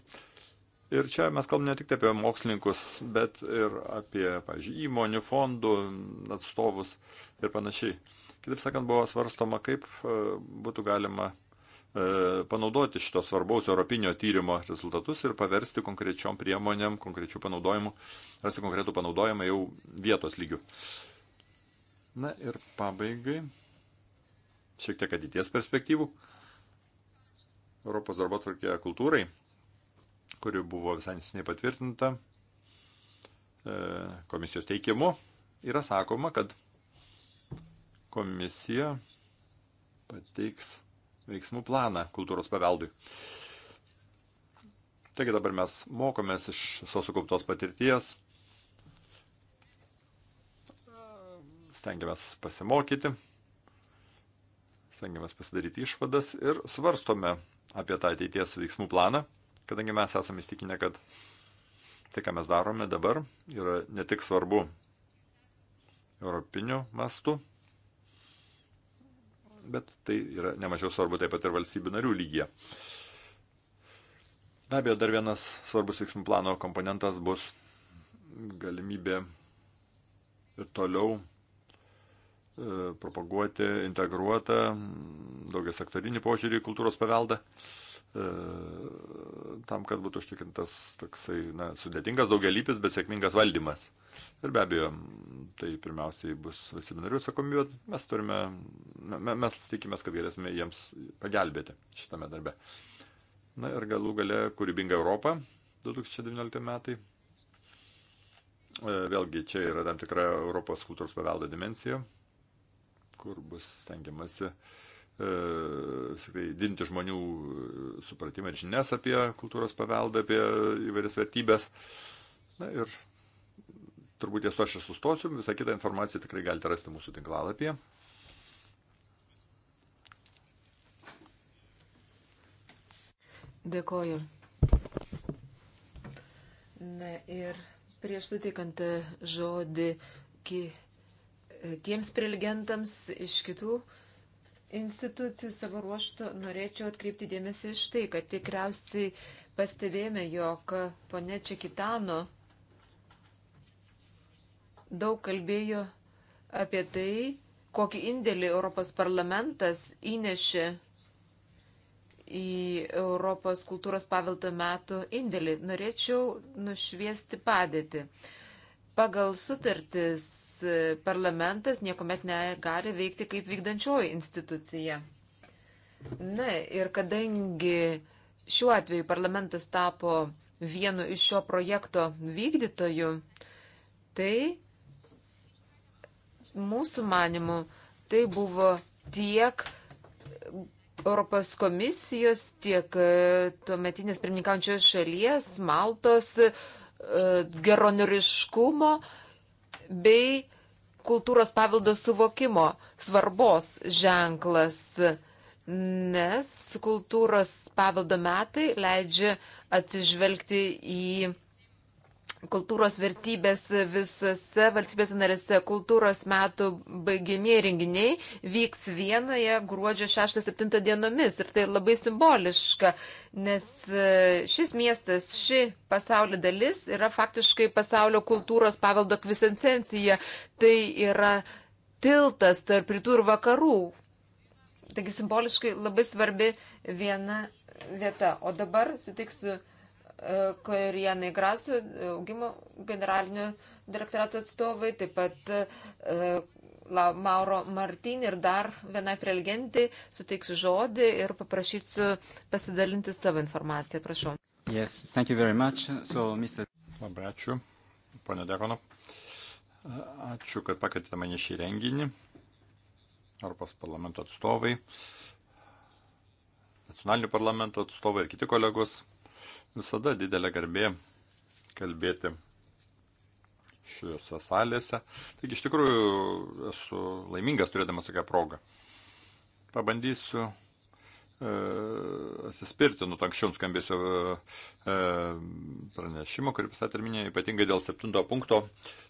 S1: Ir čia mes kalbame ne tik apie mokslininkus, bet ir apie, pavyzdžiui, įmonių, fondų atstovus ir panašiai. Kitaip sakant, buvo svarstoma, kaip e, būtų galima E, panaudoti šito svarbaus europinio tyrimo rezultatus ir paversti konkrečiom priemonėm, konkrečių panaudojimų, rasti konkretų panaudojimą jau vietos lygių. Na ir pabaigai, šiek tiek ateities perspektyvų. Europos darbo tvarkėje kultūrai, kuri buvo visai nesiniai patvirtinta e, komisijos teikimu, yra sakoma, kad komisija pateiks veiksmų planą kultūros paveldui. Taigi dabar mes mokomės iš visos sukauptos patirties, stengiamės pasimokyti, stengiamės pasidaryti išvadas ir svarstome apie tą ateities veiksmų planą, kadangi mes esame įstikinę, kad tai, ką mes darome dabar, yra ne tik svarbu europiniu mastu, bet tai yra nemažiau svarbu taip pat ir valstybių narių lygyje. Be abejo, dar vienas svarbus veiksmų plano komponentas bus galimybė ir toliau e, propaguoti integruotą daugia sektorinį požiūrį į kultūros paveldą. E, tam, kad būtų užtikrintas toksai na, sudėtingas, daugialypis, bet sėkmingas valdymas. Ir be abejo, tai pirmiausiai bus valstybinarių atsakomybė, bet mes turime, mes tikimės, kad galėsime jiems pagelbėti šitame darbe. Na ir galų gale kūrybinga Europa 2019 metai. E, vėlgi čia yra tam tikra Europos kultūros paveldo dimensija, kur bus stengiamasi uh, E, sakai, didinti žmonių e, supratimą ir žinias apie kultūros paveldą, apie įvairias vertybės. Na ir turbūt ties to aš ir sustosiu, visą kitą informaciją tikrai galite rasti mūsų tinklalapyje.
S2: Dėkoju. Na ir prieš sutikant žodį ki, tiems prelegentams iš kitų uh, institucijų savo ruoštų norėčiau atkreipti dėmesį iš tai, kad tikriausiai pastebėjome, jog ponė Čekitano daug kalbėjo apie tai, kokį indėlį Europos parlamentas įnešė į Europos kultūros paveldo metų indėlį. Norėčiau nušviesti padėtį. Pagal sutartis parlamentas niekuomet negali veikti kaip vykdančioji institucija. Na ir kadangi šiuo atveju parlamentas tapo vienu iš šio projekto vykdytojų, tai mūsų manimu tai buvo tiek Europos komisijos, tiek e, tuometinės pirmininkaujančios šalies, Maltos e, geronoriškumo, uh, bei kultūros pavildo suvokimo svarbos ženklas, nes kultūros pavildo metai leidžia atsižvelgti į kultūros vertybės visose valstybės narėse. Kultūros metų baigimieji renginiai vyks vienoje gruodžio 6-7 dienomis ir tai labai simboliška, nes e, šis miestas, ši pasaulio dalis yra faktiškai pasaulio kultūros paveldo kvisencencija. Tai yra tiltas tarp rytų ir vakarų. Taigi simboliškai labai svarbi viena vieta. O dabar suteiksiu Korijanai Grasu, augimo generalinio direktorato atstovai, taip pat e, La, Mauro Martin ir dar vienai prelegentai suteiksiu žodį ir paprašysiu pasidalinti savo informaciją. Prašau.
S1: Yes, thank you very much. So, Mr. Labai ačiū, ponė Dekono. Ačiū, kad pakvietėte mane šį renginį. Europos parlamento atstovai, nacionalinių parlamento atstovai ir kiti kolegos. Visada didelė garbė kalbėti šiuose salėse. Taigi iš tikrųjų esu laimingas turėdamas tokią progą. Pabandysiu e, atsispirti nuo anksčiau skambėsio e, pranešimo, kurį pristatė Arminė, ypatingai dėl septinto punkto,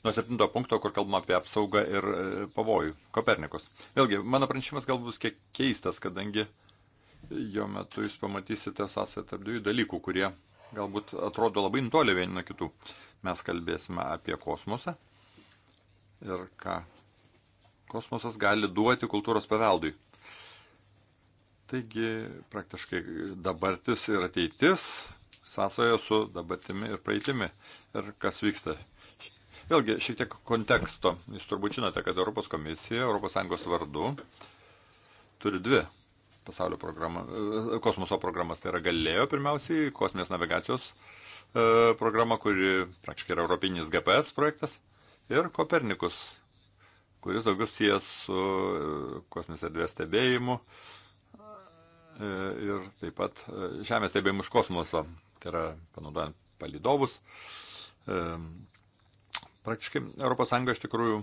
S1: nuo septinto punkto, kur kalbama apie apsaugą ir e, pavojų. Kopernikus. Vėlgi, mano pranešimas gal bus kiek keistas, kadangi jo metu jūs pamatysite sąsąją tarp dviejų dalykų, kurie galbūt atrodo labai nutolę vieni nuo kitų. Mes kalbėsime apie kosmosą ir ką kosmosas gali duoti kultūros paveldui. Taigi praktiškai dabartis ir ateitis sąsojo su dabartimi ir praeitimi. Ir kas vyksta Vėlgi, šiek tiek konteksto. Jūs turbūt žinote, kad Europos komisija ES vardu turi dvi pasaulio programa, e, kosmoso programas, tai yra Galileo pirmiausiai, kosminės navigacijos e, programa, kuri praktiškai yra europinis GPS projektas, ir Kopernikus, kuris daugiau sijęs su e, kosminės erdvės stebėjimu ir taip pat žemės stebėjimu iš kosmoso, tai yra panaudojant palidovus. Praktiškai ES iš tikrųjų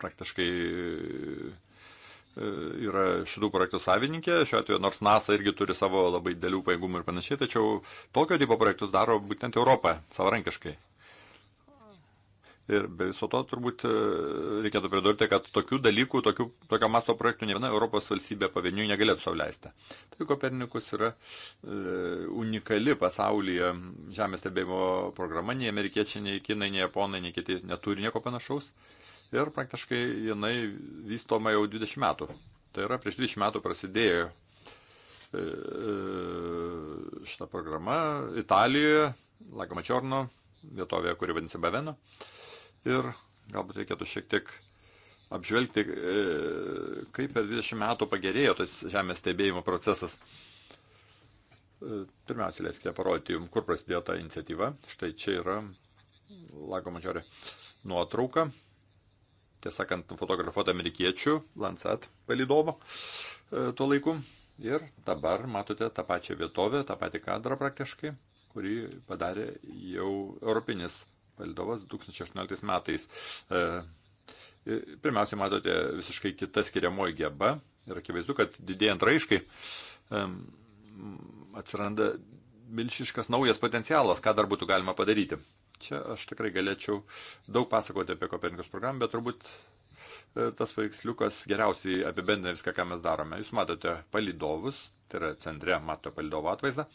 S1: praktiškai e, yra šitų projektų savininkė, šiuo atveju nors NASA irgi turi savo labai dėlių pajėgumų ir panašiai, tačiau tokio tipo projektus daro būtent Europą savarankiškai. Ir be viso to turbūt e, reikėtų pridurti, kad tokių dalykų, tokių, tokio masto projektų ne viena Europos valstybė pavieniui negalėtų sauliaisti. Tai Kopernikus yra e, unikali pasaulyje žemės stebėjimo programa, nei amerikiečiai, nei kinai, nei japonai, nei kiti neturi nieko panašaus. E, ir praktiškai jinai vystoma jau 20 metų. Tai yra prieš 20 metų prasidėjo e, e, šitą programą Italijoje, Lagoma Čiorno, vietovėje, kuri vadinasi Baveno. Ir galbūt reikėtų šiek tiek apžvelgti, e, kaip per 20 metų pagerėjo tas žemės stebėjimo procesas. Pirmiausia, leiskite parodyti jums, kur prasidėjo ta iniciatyva. Štai čia yra Lago Mažiorė nuotrauka tiesąkant, nufotografuota amerikiečių Landsat palidovo e, tuo laiku. Ir dabar matote tą pačią vietovę, tą patį kadrą praktiškai, kurį padarė jau europinis palidovas 2018 metais. E, pirmiausia, matote visiškai kita skiriamoji geba ir akivaizdu, kad didėjant raiškai e, atsiranda milšiškas naujas potencialas, ką dar būtų galima padaryti. Čia aš tikrai galėčiau daug pasakoti apie Kopernikos programą, bet turbūt e, tas paveiksliukas geriausiai apibendrina viską, ką mes darome. Jūs matote palidovus, tai yra centre mato palidovo atvaizdą.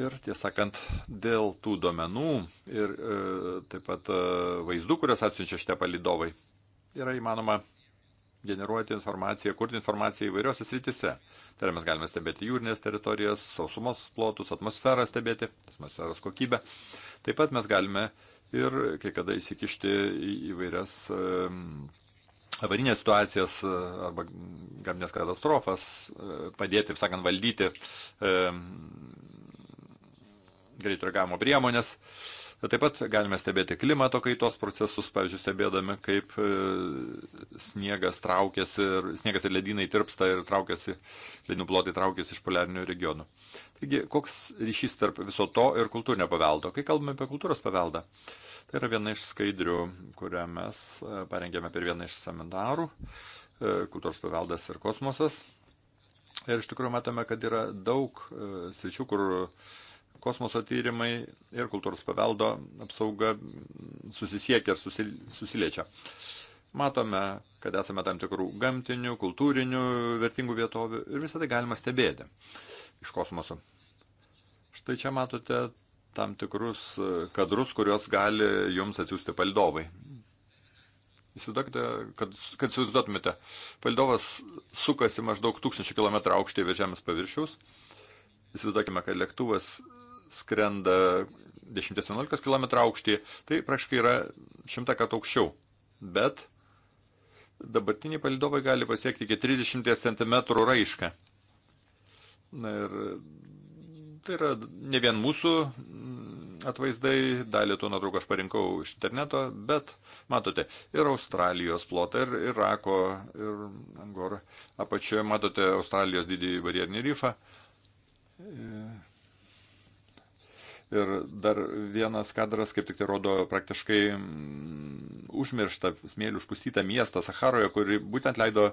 S1: Ir tiesąkant, dėl tų duomenų ir e, taip pat e, vaizdų, kurios atsiunčia šitie palidovai, yra įmanoma generuoti informaciją, kurti informaciją įvairiose sritise. Tai yra mes galime stebėti jūrinės teritorijas, sausumos plotus, atmosferą stebėti, atmosferos kokybę. Taip pat mes galime ir kai kada įsikišti į įvairias avarinės situacijas e, arba gamtinės katastrofas, e, padėti, taip sakant, valdyti greito reagavimo priemonės. E, Bet taip pat galime stebėti klimato kaitos procesus, pavyzdžiui, stebėdami, kaip e, sniegas traukiasi, ir, sniegas ir ledynai tirpsta ir traukiasi, ledynų plotai traukiasi iš poliarinių regionų. Taigi, koks ryšys tarp viso to ir kultūrinio paveldo? Kai kalbame apie kultūros paveldą, tai yra viena iš skaidrių, kurią mes e, parengėme per vieną iš seminarų e, kultūros paveldas ir kosmosas. Ir iš tikrųjų matome, kad yra daug sričių, kur kosmoso tyrimai ir kultūros paveldo apsauga susisiekia ir susil, susiliečia. Matome, kad esame tam tikrų gamtinių, kultūrinių, vertingų vietovių ir visą tai galima stebėti iš kosmoso. Štai čia matote tam tikrus e, kadrus, kuriuos gali jums atsiųsti palidovai. Įsivaizduokite, kad, kad įsivaizduotumėte, palidovas sukasi maždaug 1000 km aukštį virš žemės paviršiaus. Įsivaizduokime, kad lėktuvas skrenda 10-11 km aukštį, tai praktiškai yra šimta kartų aukščiau. Bet dabartiniai palidovai gali pasiekti iki 30 cm raišką. Na ir tai yra ne vien mūsų atvaizdai, dalį tų nuotraukų aš parinkau iš interneto, bet matote ir Australijos plotą, ir Irako, ir Angorą. Apačioje matote Australijos didįjį barjerinį rifą. E Ir dar vienas kadras, kaip tik tai rodo, praktiškai mm, užmirštą smėlių užkustytą miestą Saharoje, kuri būtent leido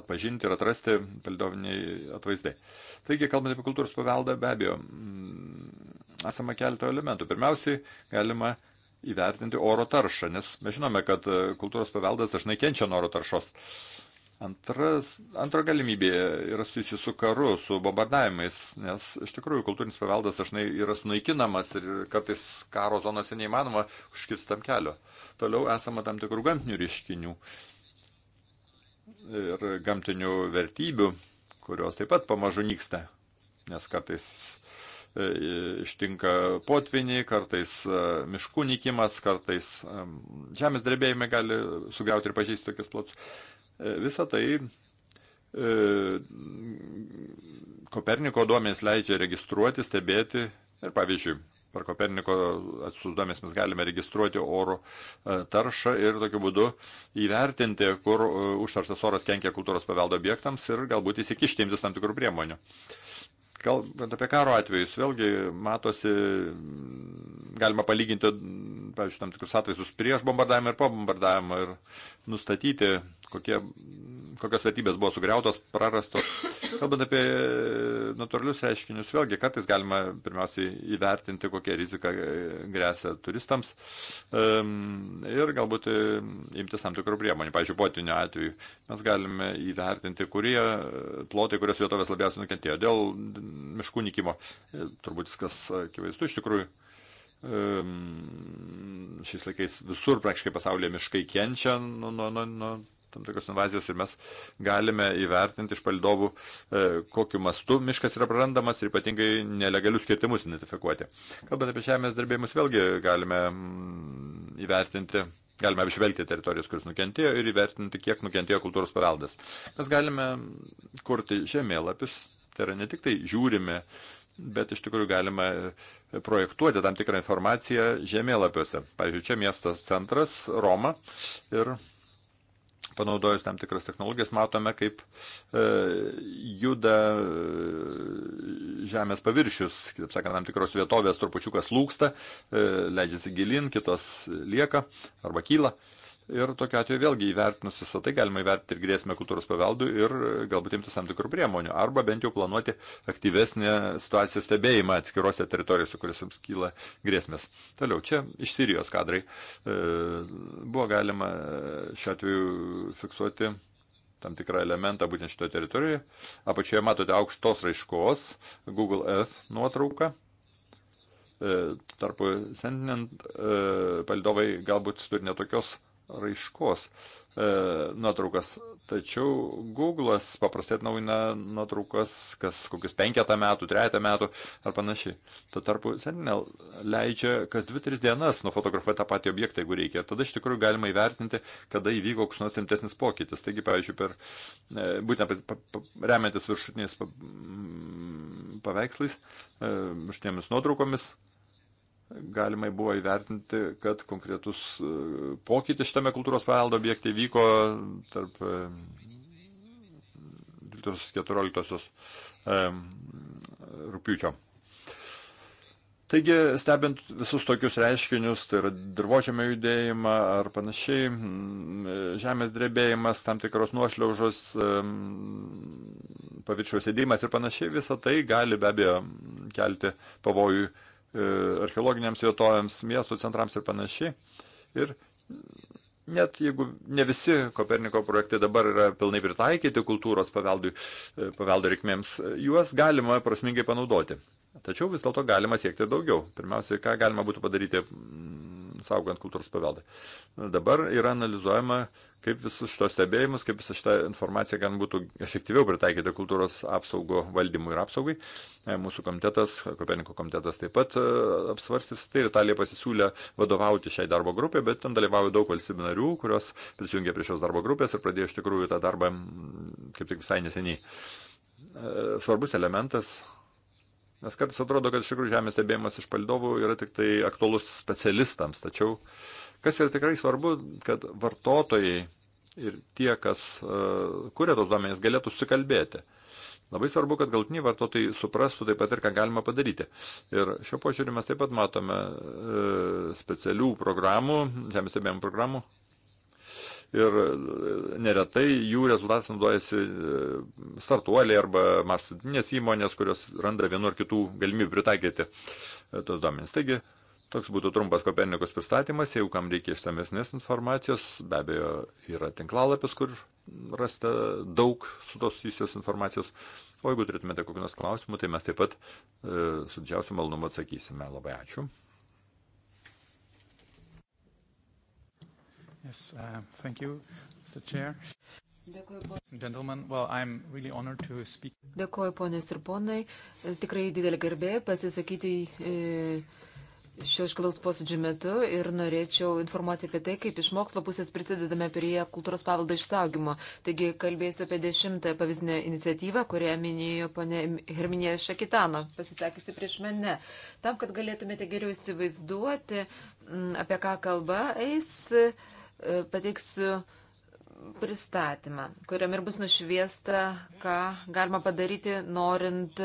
S1: atpažinti ir atrasti palidoviniai atvaizdai. Taigi, kalbant apie kultūros paveldą, be abejo, mm, esama keletą elementų. Pirmiausiai, galima įvertinti oro taršą, nes mes žinome, kad kultūros paveldas dažnai kenčia nuo oro taršos. Antras, antra galimybė yra susijusi su karu, su bombardavimais, nes iš tikrųjų kultūrinis paveldas dažnai yra sunaikinamas ir kartais karo zonose neįmanoma užkirstam kelio. Toliau esama tam tikrų gamtinių reiškinių ir gamtinių vertybių, kurios taip pat pamažu nyksta, nes kartais e, ištinka potviniai, kartais e, miškų nykimas, kartais e, žemės drebėjimai gali sugriauti ir pažeisti tokius plotus. Visą tai e, Koperniko duomenys leidžia registruoti, stebėti ir pavyzdžiui, per Koperniko atsius duomenys mes galime registruoti oro e, taršą ir tokiu būdu įvertinti, kur e, užtarštas oras kenkia kultūros paveldo objektams ir galbūt įsikišti imtis tam tikrų priemonių. Kalbant apie karo atvejus, vėlgi matosi, galima palyginti, pavyzdžiui, tam tikrus atvejus prieš bombardavimą ir po bombardavimo ir nustatyti kokie, kokios vertybės buvo sugriautos, prarastos. Kalbant apie e, natūralius reiškinius, vėlgi kartais galima pirmiausiai įvertinti, kokia rizika e, grėsia turistams ir galbūt e, imtis tam tikrų priemonių. Pavyzdžiui, potinio atveju mes galime įvertinti, kurie plotai, kurios vietovės labiausiai nukentėjo dėl miškų nikimo. Turbūt viskas akivaizdu iš tikrųjų šiais laikais visur praktiškai pasaulyje miškai kenčia nuo nu, nu, nu, tam tikros invazijos ir mes galime įvertinti iš palidovų, e, kokiu mastu miškas yra prarandamas ir ypatingai nelegalius kirtimus identifikuoti. Kalbant apie žemės darbėjimus, vėlgi galime mm, įvertinti Galime apžvelgti teritorijas, kuris nukentėjo ir įvertinti, kiek nukentėjo kultūros paveldas. Mes galime mm, kurti žemėlapius, tai yra ne tik tai žiūrime, bet iš tikrųjų galima e, projektuoti tam tikrą informaciją žemėlapiuose. Pavyzdžiui, čia miestas centras Roma ir panaudojus tam tikras technologijas, matome, kaip e, juda e, žemės paviršius, kitaip sakant, tam tikros vietovės trupučiukas lūksta, e, leidžiasi gilin, kitos lieka arba kyla. E, Ir tokiu atveju vėlgi įvertinus visą tai galima įvertinti ir grėsmę kultūros paveldų ir galbūt imtis tam tikrų priemonių. Arba bent jau planuoti aktyvesnį situacijos stebėjimą atskirose teritorijose, kuriuose jums kyla grėsmės. Toliau, čia iš Sirijos kadrai. E, buvo galima e, šiuo atveju fiksuoti tam tikrą elementą būtent šitoje teritorijoje. Apačioje matote aukštos raiškos Google Earth nuotrauką. E, tarpu sendinant palidovai galbūt turi netokios raiškos e, nuotraukas. Tačiau Google'as paprastai atnaujina nuotraukas kas kokius penketą metų, trejatą metų ar panašiai. Tad tarpu Sentinel leidžia kas dvi, tris dienas nufotografuoti tą patį objektą, jeigu reikia. Tada iš tikrųjų galima įvertinti, kada įvyko koks nors rimtesnis pokytis. Taigi, pavyzdžiui, per, e, būtent pa, pa, remiantis viršutiniais pa, paveikslais, e, viršutinėmis nuotraukomis, galimai buvo įvertinti, kad konkretus e, pokytis šitame kultūros paveldo objekte vyko tarp 12-14 e, e, rūpiučio. Taigi, stebint visus tokius reiškinius, tai yra dirbožėmio judėjimą ar panašiai, žemės drebėjimas, tam tikros nuošliaužos, paviršiaus sėdėjimas ir panašiai, visa tai gali be abejo kelti pavojų E, archeologiniams vietovėms, miestų centrams ir panašiai. Ir net jeigu ne visi Koperniko projektai dabar yra pilnai pritaikyti kultūros paveldui, e, paveldo reikmėms, juos galima prasmingai panaudoti. Tačiau vis dėlto galima siekti daugiau. Pirmiausia, ką galima būtų padaryti mm, saugant kultūros paveldą. Dabar yra analizuojama, kaip visus šitos stebėjimus, kaip visą šitą informaciją galima būtų efektyviau pritaikyti kultūros apsaugo valdymui ir apsaugai. E, mūsų komitetas, Kopeniko komitetas taip pat e, apsvarstys tai ir Italija pasisiūlė vadovauti šiai darbo grupiai, bet ten dalyvauja daug valstybių narių, kurios prisijungė prie šios darbo grupės ir pradėjo iš tikrųjų tą darbą mm, kaip tik visai neseniai. E, svarbus elementas Nes kartais atrodo, kad iš tikrųjų Žemės stebėjimas iš palidovų yra tik tai aktuolus specialistams. Tačiau kas yra tikrai svarbu, kad vartotojai ir tie, kas uh, kuria tos duomenys, galėtų susikalbėti. Labai svarbu, kad galtiniai vartotojai suprastų taip pat ir ką galima padaryti. Ir šio požiūriu mes taip pat matome e, specialių programų, žemės stebėjimo programų, ir e, neretai jų rezultatais naudojasi e, startuoliai arba maštutinės įmonės, kurios randa vienu ar kitų galimybių pritaikyti e, tos duomenys. Taigi, Toks būtų trumpas Kopernikos pristatymas, jeigu kam reikia išsamesnės informacijos, be abejo yra tinklalapis, kur rasite daug su tos susijusios informacijos. O jeigu turėtumėte kokių nors klausimų, tai mes taip pat e, su didžiausiu malonumu atsakysime. Labai ačiū. Yes, uh, thank you, Mr. Chair.
S2: Dėkuoju, ponės ir ponai. Tikrai didelė garbė pasisakyti e, šio išklaus posėdžio metu ir norėčiau informuoti apie tai, kaip iš mokslo pusės prisidedame prie kultūros paveldo išsaugimo. Taigi kalbėsiu apie dešimtąją pavyzdinę iniciatyvą, kurią minėjo ponė Herminė Šakitano, pasisakysiu prieš mane. Tam, kad galėtumėte geriau įsivaizduoti, apie ką kalba eis. E, E, pateiksiu pristatymą, kuriam ir bus nušviesta, ką galima padaryti, norint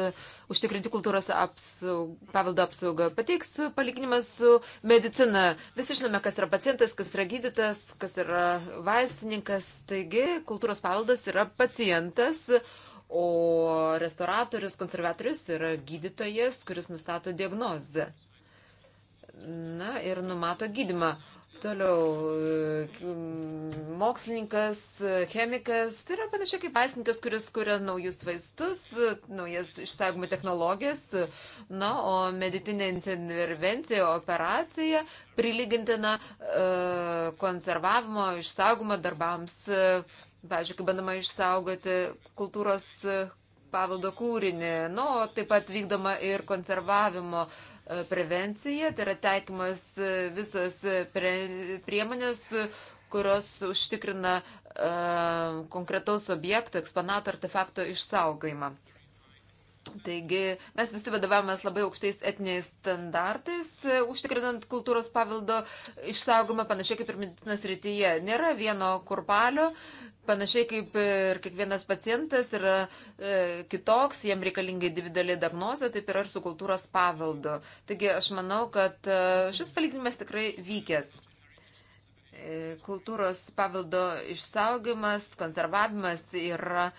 S2: užtikrinti kultūros apsaug, paveldo apsaugą. Pateiksiu palyginimą su medicina. Visi žinome, kas yra pacientas, kas yra gydytas, kas yra vaistininkas. Taigi, kultūros paveldas yra pacientas. O restauratorius, konservatorius yra gydytojas, kuris nustato diagnozę. Na ir numato gydimą. Uh, Toliau, e, mokslininkas, e, chemikas, tai yra panašiai kaip vaistininkas, kuris kuria naujus vaistus, e, naujas išsaugomų technologijas, na, o medicinė intervencija, operacija prilygintina konservavimo, išsaugomo darbams, pažiūrėk, bandoma išsaugoti kultūros paveldo kūrinį, na, o taip pat vykdoma ir konservavimo uh, E, prevencija, tai yra taikymas e, visos e, pre, priemonės, kurios užtikrina uh, konkretaus objekto, eksponato artefakto išsaugojimą. Taigi mes visi vadovavomės labai aukštais etiniais standartais, e, užtikrinant kultūros paveldo išsaugomą panašiai kaip ir medicinos rytyje. Nėra vieno kurpalio, panašiai kaip ir kiekvienas pacientas yra e, kitoks, jam reikalinga individuali diagnozė, taip yra ir su kultūros paveldu. Taigi aš manau, kad e, šis palyginimas tikrai vykęs e, kultūros paveldo išsaugimas, konservavimas yra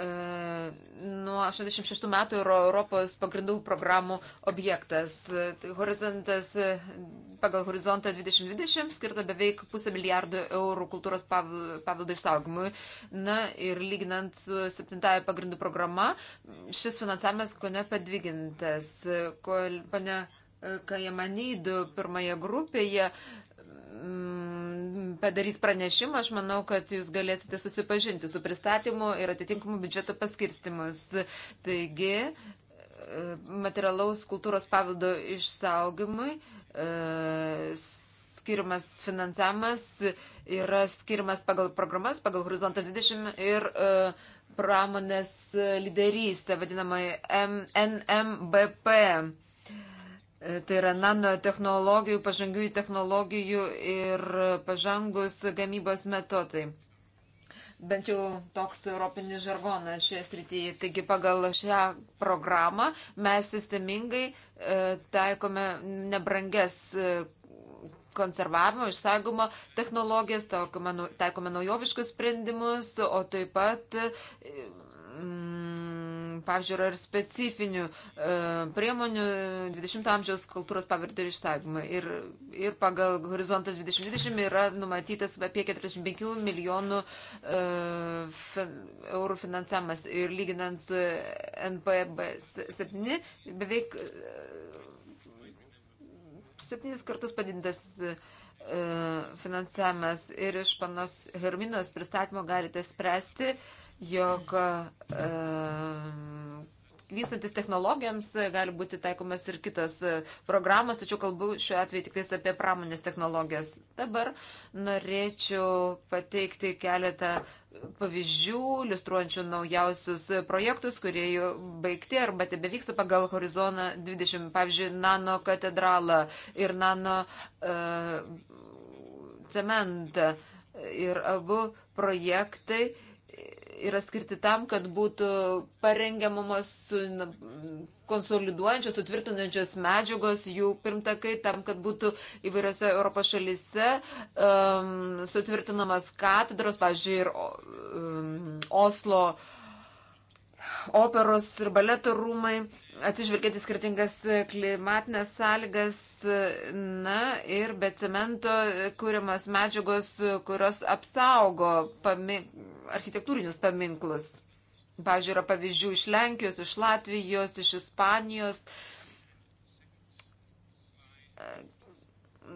S2: E, nuo 86 metų yra Europos pagrindų programų objektas. E, horizontas, e, pagal horizontą 2020 skirta beveik pusę milijardo eurų kultūros paveldo išsaugimui. Na ir lyginant su septintaja pagrindų programa, šis finansavimas ko nepadvigintas. Ko, pane Kajamanydų pirmoje grupėje. Mm, padarys pranešimą, aš manau, kad jūs galėsite susipažinti su pristatymu ir atitinkamu biudžeto paskirstimus. Taigi, e, materialaus kultūros pavildo išsaugimui e, skirimas finansavimas yra skirimas pagal programas, pagal Horizontą 20 ir e, pramonės lyderystę, vadinamai NMBP. E, tai yra nanotehnologijų, pažangiųjų technologijų ir pažangus gamybos metodai. Bent jau toks europinis žargonas šioje srityje. Taigi pagal šią programą mes sistemingai e, taikome nebrangias e, konservavimo, išsaugimo technologijas, taikome, taikome naujoviškus sprendimus, o taip pat. E, mm, Pavyzdžiui, yra ir specifinių e, priemonių 20-ojo amžiaus kultūros pavirto išsaugimą. Ir, ir pagal horizontas 2020 yra numatytas apie 45 milijonų e, fin, eurų finansavimas. Ir lyginant su NPB 7, beveik e, septynis kartus padidintas finansavimas ir iš panos Herminos pristatymo galite spręsti, uh, jog e, vystantis technologijoms gali būti taikomas ir kitas e, programas, tačiau kalbu šiuo atveju tik apie pramonės technologijas. Dabar norėčiau pateikti keletą pavyzdžių, iliustruojančių naujausius projektus, kurie jau baigti arba tebe vyksta pagal horizoną 20, pavyzdžiui, nano katedralą ir nano uh, cementą. Ir abu projektai uh, yra skirti tam, kad būtų parengiamamos konsoliduojančios, sutvirtinančios medžiagos, jų pirmtakai, tam, kad būtų įvairiose Europos šalise um, sutvirtinamas katedros, pažiūrėjau, ir um, Oslo operos ir baleto rūmai atsižvelgiant į skirtingas klimatinės sąlygas, na ir be cemento kūriamas medžiagos, kurios apsaugo pamin architektūrinius paminklus. Pavyzdžiui, yra pavyzdžių iš Lenkijos, iš Latvijos, iš Ispanijos.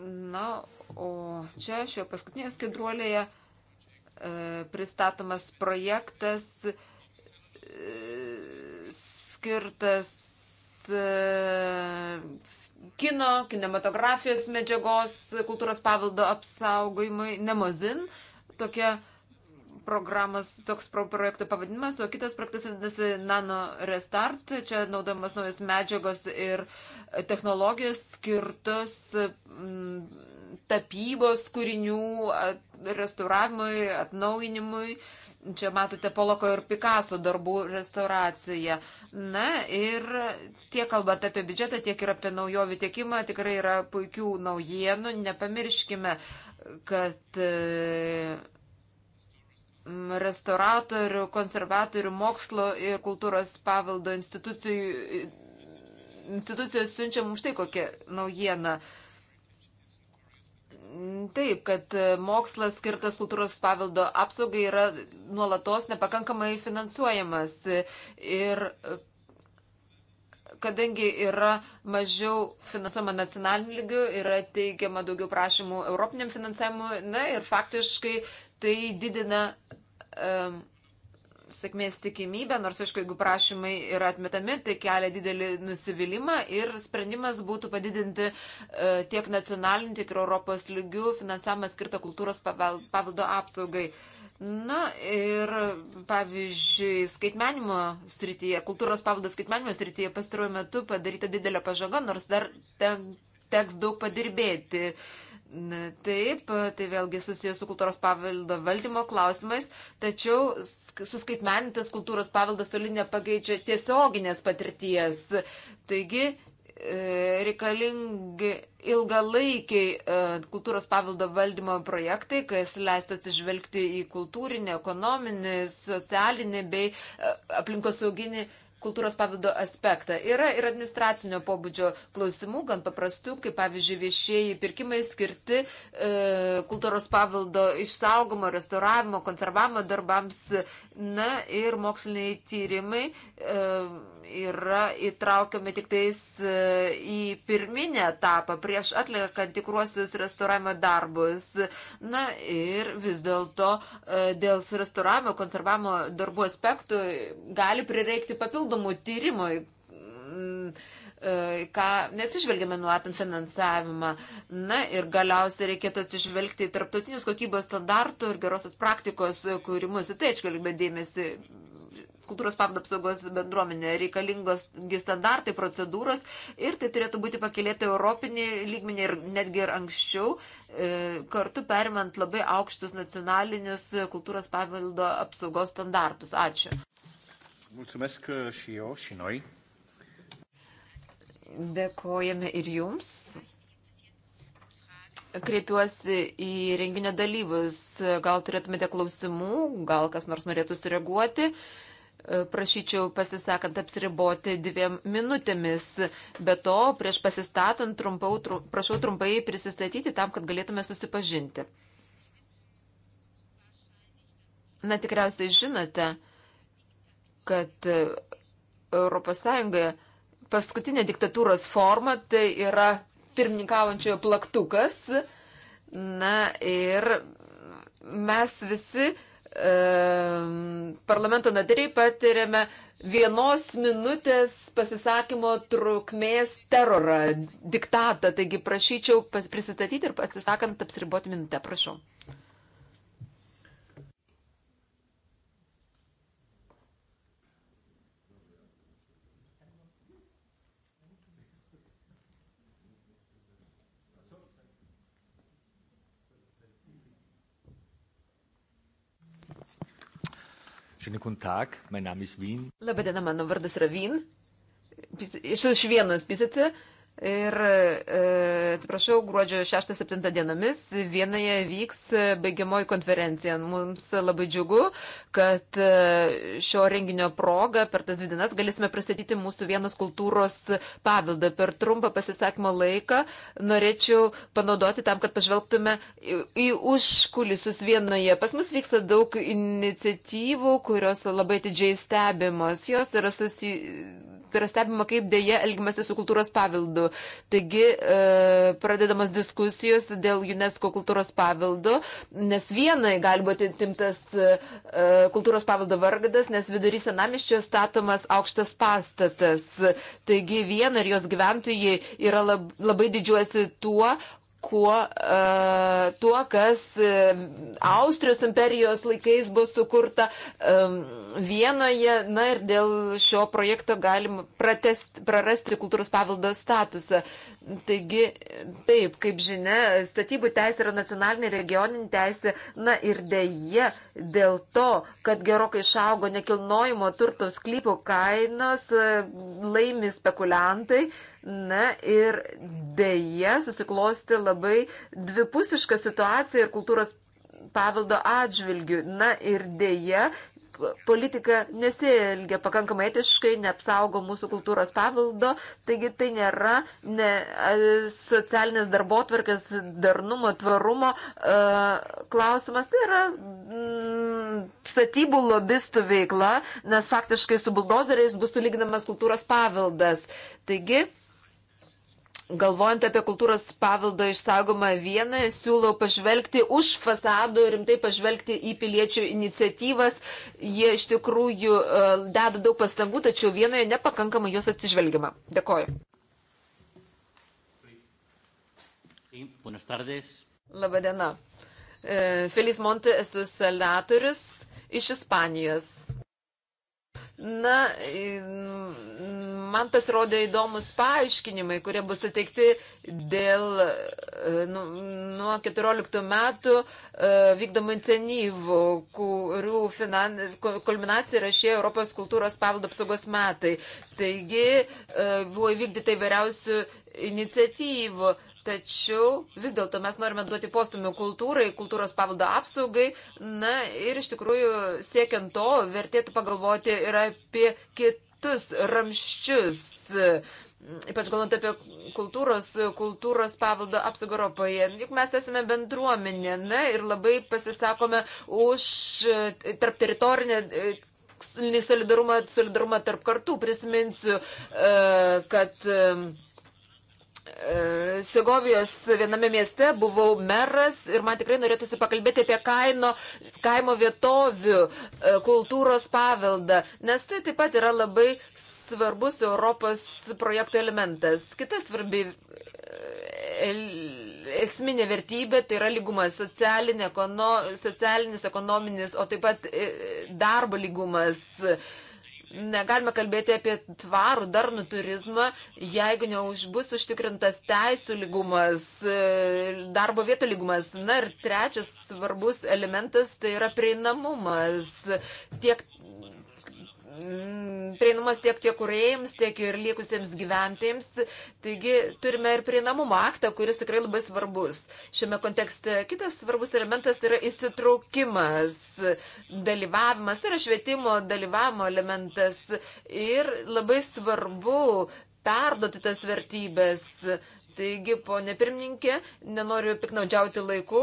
S2: Na, o čia šioje paskutinėje skidruolėje e, pristatomas projektas e, skirtas E, kino, kinematografijos medžiagos, kultūros paveldo apsaugojimui Nemozin. Tokia programos, toks projekto pavadinimas, o kitas projektas vadinasi Nano Restart. Čia naudojamas naujas medžiagos ir technologijos skirtos m, mm, tapybos kūrinių restauravimui, atnaujinimui. Uh, Čia matote Poloko ir Picasso darbų restauraciją. Na ir tiek kalbant apie biudžetą, tiek ir apie naujovių tiekimą, tikrai yra puikių naujienų. Nepamirškime, kad e, restauratorių, konservatorių, mokslo ir kultūros paveldo institucijų, institucijos siunčia mums štai kokią naujieną. Taip, kad mokslas skirtas kultūros paveldo apsaugai yra nuolatos nepakankamai finansuojamas. Ir kadangi yra mažiau finansuojama nacionaliniu lygiu, yra teikiama daugiau prašymų europiniam finansavimui, na ir faktiškai tai didina um, sėkmės tikimybę, nors aišku, jeigu prašymai yra atmetami, tai kelia didelį nusivylimą ir sprendimas būtų padidinti e, tiek nacionaliniu, tiek ir Europos lygių finansavimą skirtą kultūros paveldo apsaugai. Na ir pavyzdžiui, skaitmenimo srityje, kultūros paveldo skaitmenimo srityje pastaruoju metu padaryta didelė pažanga, nors dar ten teks daug padirbėti. E, Na, taip, tai vėlgi susijęs su kultūros paveldo valdymo klausimais, tačiau suskaitmenintas kultūros paveldas toli nepageičia tiesioginės patirties. Taigi e, reikalingi ilgalaikiai e, kultūros paveldo valdymo projektai, kas leistų atsižvelgti į kultūrinį, ekonominį, socialinį bei e, aplinkosauginį kultūros pavydo aspektą. Yra ir administracinio pobūdžio klausimų, gan paprastų, kaip pavyzdžiui viešieji pirkimai skirti e, kultūros pavildo išsaugomo, restauravimo, konservavimo darbams. Na ir moksliniai tyrimai e, yra įtraukiami tik tais e, į pirminę etapą prieš atliekant tikruosius restauravimo darbus. Na ir vis dėlto e, dėl restauravimo, konservavimo darbų aspektų gali prireikti papildomų papildomų tyrimui, mm, e, ką neatsižvelgiame nuotant finansavimą. Na ir galiausiai reikėtų atsižvelgti į tarptautinius kokybės standartų ir gerosios praktikos kūrimus. Į tai atšvelgime dėmesį. Kultūros paveldo apsaugos bendruomenė reikalingos standartai, procedūros ir tai turėtų būti pakilėta europinį lygmenį ir netgi ir anksčiau, e, kartu perimant labai aukštus nacionalinius kultūros paveldo apsaugos standartus. Ačiū.
S1: Mulțumesc uh, și eu și noi.
S2: Dėkojame ir jums. Kreipiuosi į renginio dalyvius. Gal turėtumėte klausimų, gal kas nors norėtų sureaguoti. Uh, prašyčiau pasisakant apsiriboti dviem minutėmis. Be to, prieš pasistatant, trumpau, trum, prašau trumpai prisistatyti tam, kad galėtume susipažinti. Na, tikriausiai žinote, kad ES paskutinė diktatūros forma tai yra pirmininkaujančiojo plaktukas. Na ir mes visi e, parlamento nariai patiriame vienos minutės pasisakymo trukmės terorą, diktatą. Taigi prašyčiau prisistatyti ir pasisakant apsiriboti minutę, prašau.
S1: Šiandien kun tak, mein Name ist Wien.
S2: Labadiena, mano vardas yra Vien. Iš Švienos, pisate. Ir, e, atsiprašau, gruodžio 6-7 dienomis vienoje vyks e, baigiamoji konferencija. Mums labai džiugu, kad e, šio renginio proga per tas dvi dienas galėsime pristatyti mūsų vienos kultūros pavildą. Per trumpą pasisakymo laiką norėčiau panaudoti tam, kad pažvelgtume į užkulisius vienoje. Pas mus vyksta daug iniciatyvų, kurios labai didžiai stebimos. Jos yra, susi... Tai yra stebima, kaip dėja elgimasi su kultūros pavildu metų. Taigi e, pradedamas diskusijos dėl UNESCO kultūros paveldo, nes vienai gali būti timtas e, e, kultūros paveldo vargadas, nes vidury senamiščio statomas aukštas pastatas. Taigi viena ir jos gyventojai yra lab, labai didžiuosi tuo, kuo, uh, tuo, kas uh, Austrijos imperijos laikais buvo sukurta um, Vienoje. Na ir dėl šio projekto galim pratest, prarasti kultūros paveldo statusą. Taigi, taip, kaip žinia, statybų teisė yra nacionalinė regioninė teisė. Na ir dėje dėl to, kad gerokai išaugo nekilnojimo turto sklypų kainos, laimi spekuliantai. Uh, Na ir dėje susiklosti labai dvipusiška situacija ir kultūros paveldo atžvilgių. Na ir dėje politika nesielgia pakankamai etiškai, neapsaugo mūsų kultūros paveldo, taigi tai nėra ne, socialinės darbo tvarkės darnumo, tvarumo e, klausimas, tai yra mm, statybų lobistų veikla, nes faktiškai su buldozeriais bus sulyginamas kultūros paveldas. Taigi, Galvojant apie kultūros paveldo išsaugomą vieną, siūlau pažvelgti už fasadų, rimtai pažvelgti į piliečių iniciatyvas. Jie iš tikrųjų e, deda daug pastangų, tačiau vienoje nepakankamai juos atsižvelgiama. Dėkoju. Labadiena. E, Felis Monte esu senatorius iš Ispanijos. Na, man pasirodė įdomus paaiškinimai, kurie bus suteikti dėl e, nu, nuo 14 metų e, vykdomų iniciatyvų, kurių finan... kulminacija yra šie Europos kultūros paveldo apsaugos metai. Taigi e, buvo įvykdyta įvairiausių iniciatyvų. Tačiau vis dėlto mes norime duoti postumių kultūrai, kultūros pavaldo apsaugai. Na ir iš tikrųjų siekiant to vertėtų pagalvoti ir apie kitus ramščius. Ypač galvant apie kultūros, kultūros pavaldo apsaugą Europoje. Juk mes esame bendruomenė na, ir labai pasisakome už e, tarp teritorinę e, solidarumą, solidarumą tarp kartų. Prisiminsiu, e, kad E, Segovijos viename mieste buvau meras ir man tikrai norėtųsi pakalbėti apie kaino, kaimo vietovių e, kultūros paveldą, nes tai taip pat yra labai svarbus Europos projektų elementas. Kita svarbi e, esminė vertybė tai yra lygumas, socialinė, ekono, socialinis, ekonominis, o taip pat darbo lygumas negalime kalbėti apie tvarų darnų turizmą, jeigu neužbus užtikrintas teisų lygumas, e, darbo vietų lygumas. Na ir trečias svarbus elementas tai yra prieinamumas tiek Mm, prieinamas tiek tie kurėjams, tiek ir likusiems gyventojams. Taigi turime ir prieinamumo aktą, kuris tikrai labai svarbus. Šiame kontekste kitas svarbus elementas yra įsitraukimas, dalyvavimas, tai yra švietimo dalyvavimo elementas. Ir labai svarbu perduoti tas vertybės. Taigi, ponė pirmininkė, nenoriu piknaudžiauti laiku.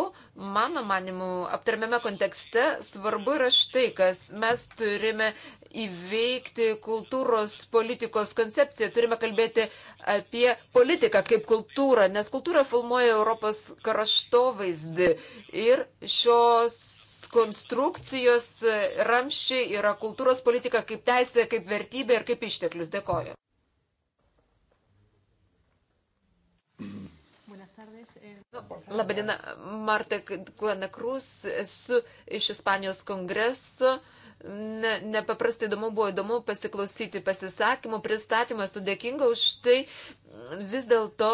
S2: Mano manimu, aptarmėme kontekste svarbu yra štai, kas mes turime įveikti kultūros politikos koncepciją. Turime kalbėti apie politiką kaip kultūrą, nes kultūra filmuoja Europos kraštovaizdį ir šios konstrukcijos ramščiai yra kultūros politika kaip teisė, kaip vertybė ir kaip išteklius. Dėkoju.
S3: Eh, labadiena,
S2: Marta Kuena Krus, esu iš Ispanijos kongreso ne, nepaprastai įdomu, buvo įdomu pasiklausyti pasisakymų, pristatymą, esu dėkinga už tai. Vis dėlto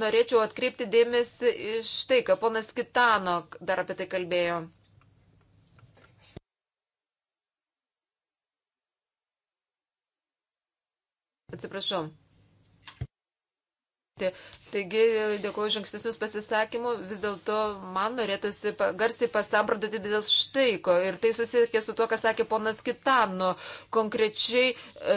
S2: norėčiau atkreipti dėmesį iš tai, ką ponas Kitano dar apie tai kalbėjo. Atsiprašau. Taigi, dėkuoju už ankstesnius pasisakymus, vis dėlto man norėtųsi garsiai pasamprotėti dėl štai ko. Ir tai susisiekė su tuo, ką sakė ponas Kitano. Konkrečiai e,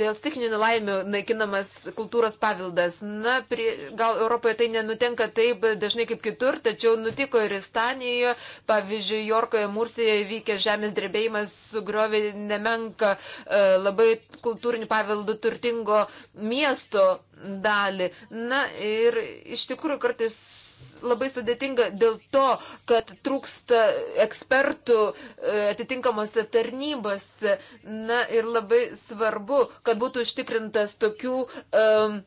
S2: dėl stichinių nelaimių naikinamas kultūros pavildas. Na, prie, gal Europoje tai nenutenka taip dažnai kaip kitur, tačiau nutiko ir Istanijoje. Pavyzdžiui, Jorkoje, Mursijoje vykė žemės drebėjimas, sugriovė nemenka e, labai kultūrinį pavildų turtingo miesto dalį. Na ir iš tikrųjų kartais labai sudėtinga dėl to, kad trūksta ekspertų e, atitinkamose tarnybose. Na ir labai svarbu, kad būtų užtikrintas tokių um,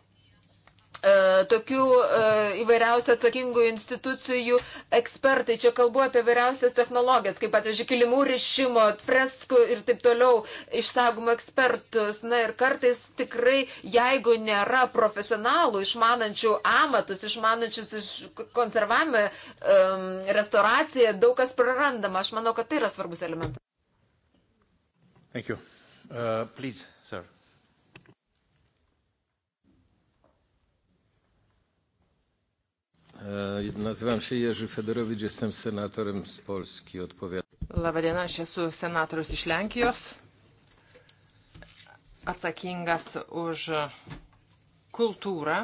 S2: E, tokių e, įvairiausių atsakingų institucijų ekspertai. Čia kalbu apie vairiausias technologijas, kaip, pavyzdžiui, kilimų ryšimo, freskų ir taip toliau išsagomų ekspertus. Na ir kartais tikrai, jeigu nėra profesionalų, išmanančių amatus, išmanančius iš konservavimą, um, restauraciją, daug kas prarandama. Aš manau, kad tai yra svarbus elementas.
S1: Thank you. Uh, please. E, nazywam się Jerzy Federowicz, jestem senatorem z Polski. Odpowiadam.
S3: Labadiena, aš esu senatorius iš Lenkijos, atsakingas už kultūrą.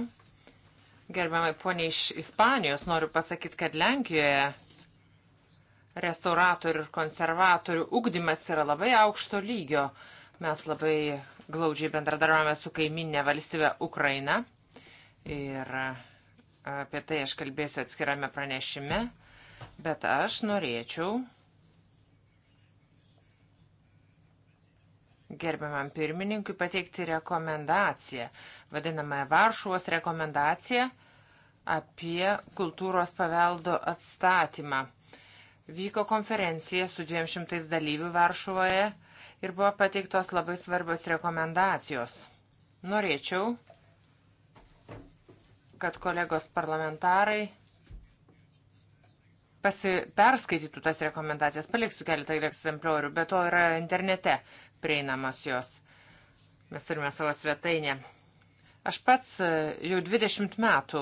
S3: Gerbiamai poniai iš Ispanijos, noriu pasakyti, kad Lenkijoje restauratorių ir konservatorių ugdymas yra labai aukšto lygio. Mes labai glaudžiai bendradarbiavame su kaiminė valstybė Ukraina. Ir apie tai aš kalbėsiu atskirame pranešime, bet aš norėčiau gerbiamam pirmininkui pateikti rekomendaciją, vadinamąją Varšuvos rekomendaciją apie kultūros paveldo atstatymą. Vyko konferencija su 200 dalyvių Varšuvoje ir buvo pateiktos labai svarbios rekomendacijos. Norėčiau kad kolegos parlamentarai pasi, perskaitytų tas rekomendacijas. Paliksiu keletą egzempliorių, bet to yra internete prieinamos jos. Mes turime savo svetainę. Aš pats e, jau 20 metų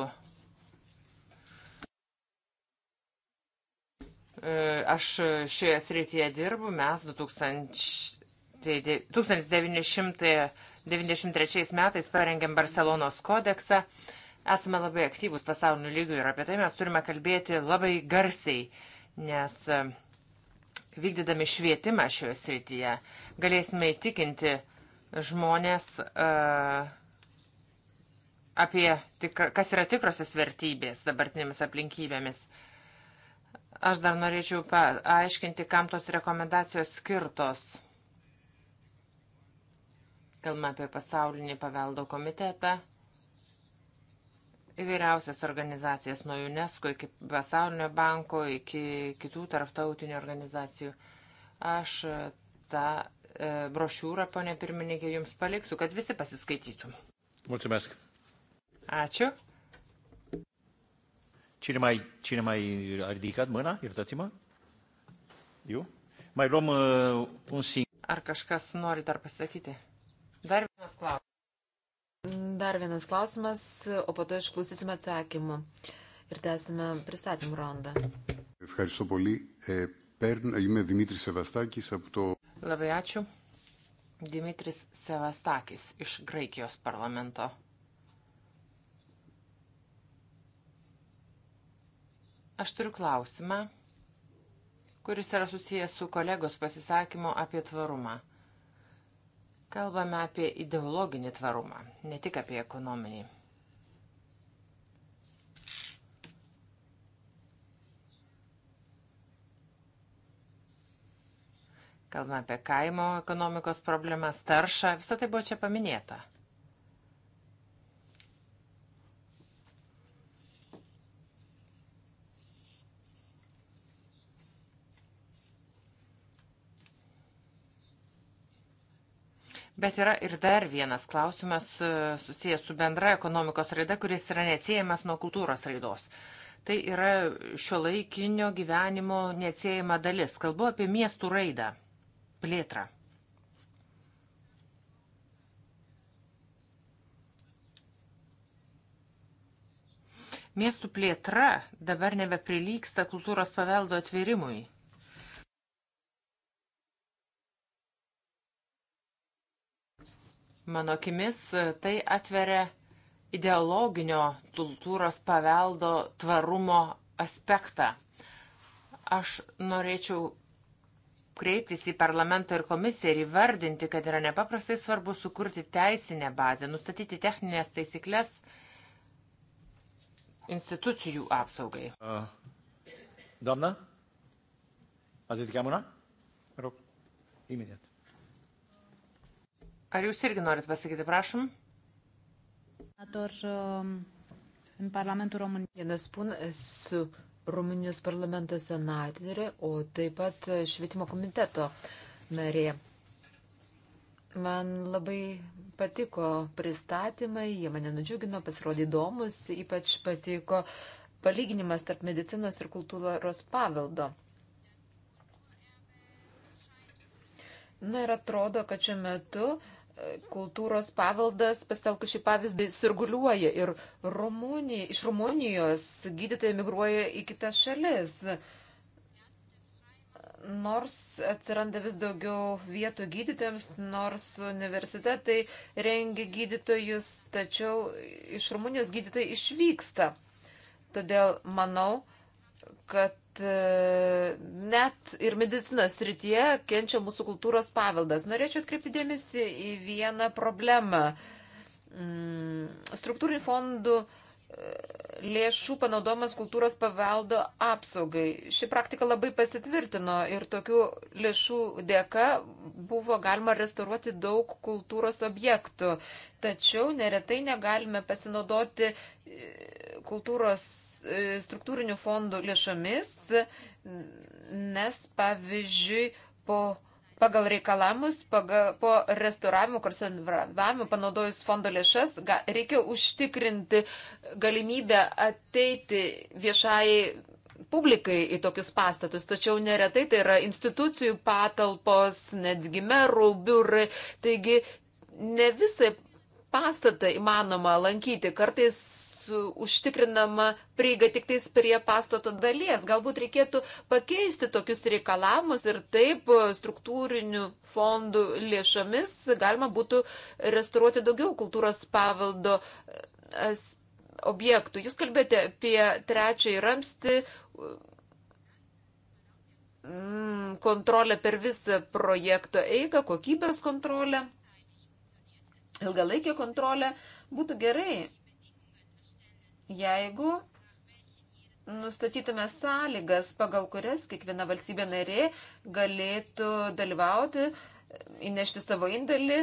S3: e, aš šioje srityje dirbu, mes 2000, 1993 metais parengėm Barcelonos kodeksą Esame labai aktyvūs pasaulinių lygių ir apie tai mes turime kalbėti labai garsiai, nes e, vykdydami švietimą šioje srityje galėsime įtikinti žmonės uh, apie, tikra, kas yra tikrosios vertybės dabartinėmis aplinkybėmis. Aš dar norėčiau paaiškinti, kam tos rekomendacijos skirtos. Kalbame apie pasaulinį paveldo komitetą įvairiausias organizacijas nuo UNESCO iki Pasaulinio banko iki kitų tarptautinių organizacijų. Aš tą e, brošiūrą, ponė pirmininkė, jums paliksiu, kad visi pasiskaitytų. Mulțumesc. Ačiū.
S1: Cine mai, cine mai a ridicat mâna? Iertați-mă. Eu? Mai luăm uh, un singur.
S2: Ar kažkas nori dar pasakyti? Dar vienas klausimas dar vienas klausimas, o po to išklausysime atsakymų ir tęsime pristatymų rondą.
S3: Labai ačiū. Dimitris Sevastakis iš Graikijos parlamento. Aš turiu klausimą, kuris yra susijęs su kolegos pasisakymu apie tvarumą. Kalbame apie ideologinį tvarumą, ne tik apie ekonominį. Kalbame apie kaimo ekonomikos problemas, taršą, visą tai buvo čia paminėta. Bet yra ir dar vienas klausimas e, susijęs su bendra ekonomikos raida, kuris yra neatsiejamas nuo kultūros raidos. Tai yra šio laikinio gyvenimo neatsiejama dalis. Kalbu apie miestų raidą, plėtrą. Miestų plėtra dabar nebeprilyksta kultūros paveldo atvirimui. Mano akimis tai atveria ideologinio kultūros paveldo tvarumo aspektą. Aš norėčiau kreiptis į parlamentą ir komisiją ir įvardinti, kad yra nepaprastai svarbu sukurti teisinę bazę, nustatyti techninės taisyklės institucijų apsaugai.
S1: Doamna? Ați ridicat e mâna? Rog, imediat. Ar
S3: jūs irgi norit pasakyti, prašom?
S2: Um, Vienas pun esu Rumunijos parlamento senatorė, o taip pat švietimo komiteto narė. Man labai patiko pristatymai, jie mane nudžiugino, pasirodė įdomus, ypač patiko palyginimas tarp medicinos ir kultūros paveldo. Na ir atrodo, kad šiuo metu uh, kultūros paveldas, pasitelkus šį pavyzdį, sirguliuoja ir Rumunija, iš Rumunijos gydytojai migruoja į kitas šalis. Nors atsiranda vis daugiau vietų gydytojams, nors universitetai rengia gydytojus, tačiau iš Rumunijos gydytojai išvyksta. Todėl manau, kad E, net ir medicinos srityje kenčia mūsų kultūros paveldas. Norėčiau atkreipti dėmesį į vieną problemą. Mm, struktūrinių fondų e, lėšų panaudomas kultūros paveldo apsaugai. Ši praktika labai pasitvirtino ir tokių lėšų dėka buvo galima restauruoti daug kultūros objektų. Tačiau neretai negalime pasinaudoti e, kultūros E, struktūrinių fondų lėšomis, nes pavyzdžiui, po, pagal reikalavimus, pagal, po restauravimo, konservavimo panaudojus fondo lėšas, ga, reikia užtikrinti galimybę ateiti viešai publikai į tokius pastatus, tačiau neretai tai yra institucijų patalpos, netgi merų biurai, taigi ne visai pastatą įmanoma lankyti, kartais užtikrinama prieiga tik tais prie pastato dalies. Galbūt reikėtų pakeisti tokius reikalavimus ir taip struktūrinių fondų lėšomis galima būtų restauruoti daugiau kultūros paveldo e, objektų. Jūs kalbėjote apie trečiąjį ramstį mm, kontrolę per visą projekto eigą, kokybės kontrolę ilgalaikė kontrolė būtų gerai, jeigu nustatytume sąlygas, pagal kurias kiekviena valstybė narė galėtų dalyvauti, įnešti savo indėlį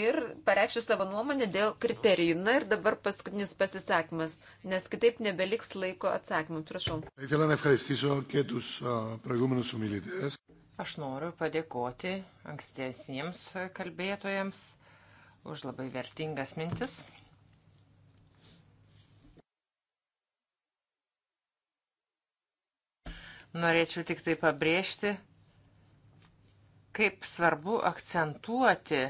S2: ir pareikšti savo nuomonę dėl kriterijų. Na ir dabar paskutinis pasisakymas, nes kitaip nebeliks laiko atsakymams. Prašau. Aš noriu padėkoti
S3: ankstesniems kalbėtojams už labai vertingas mintis. Norėčiau tik tai pabrėžti, kaip svarbu akcentuoti,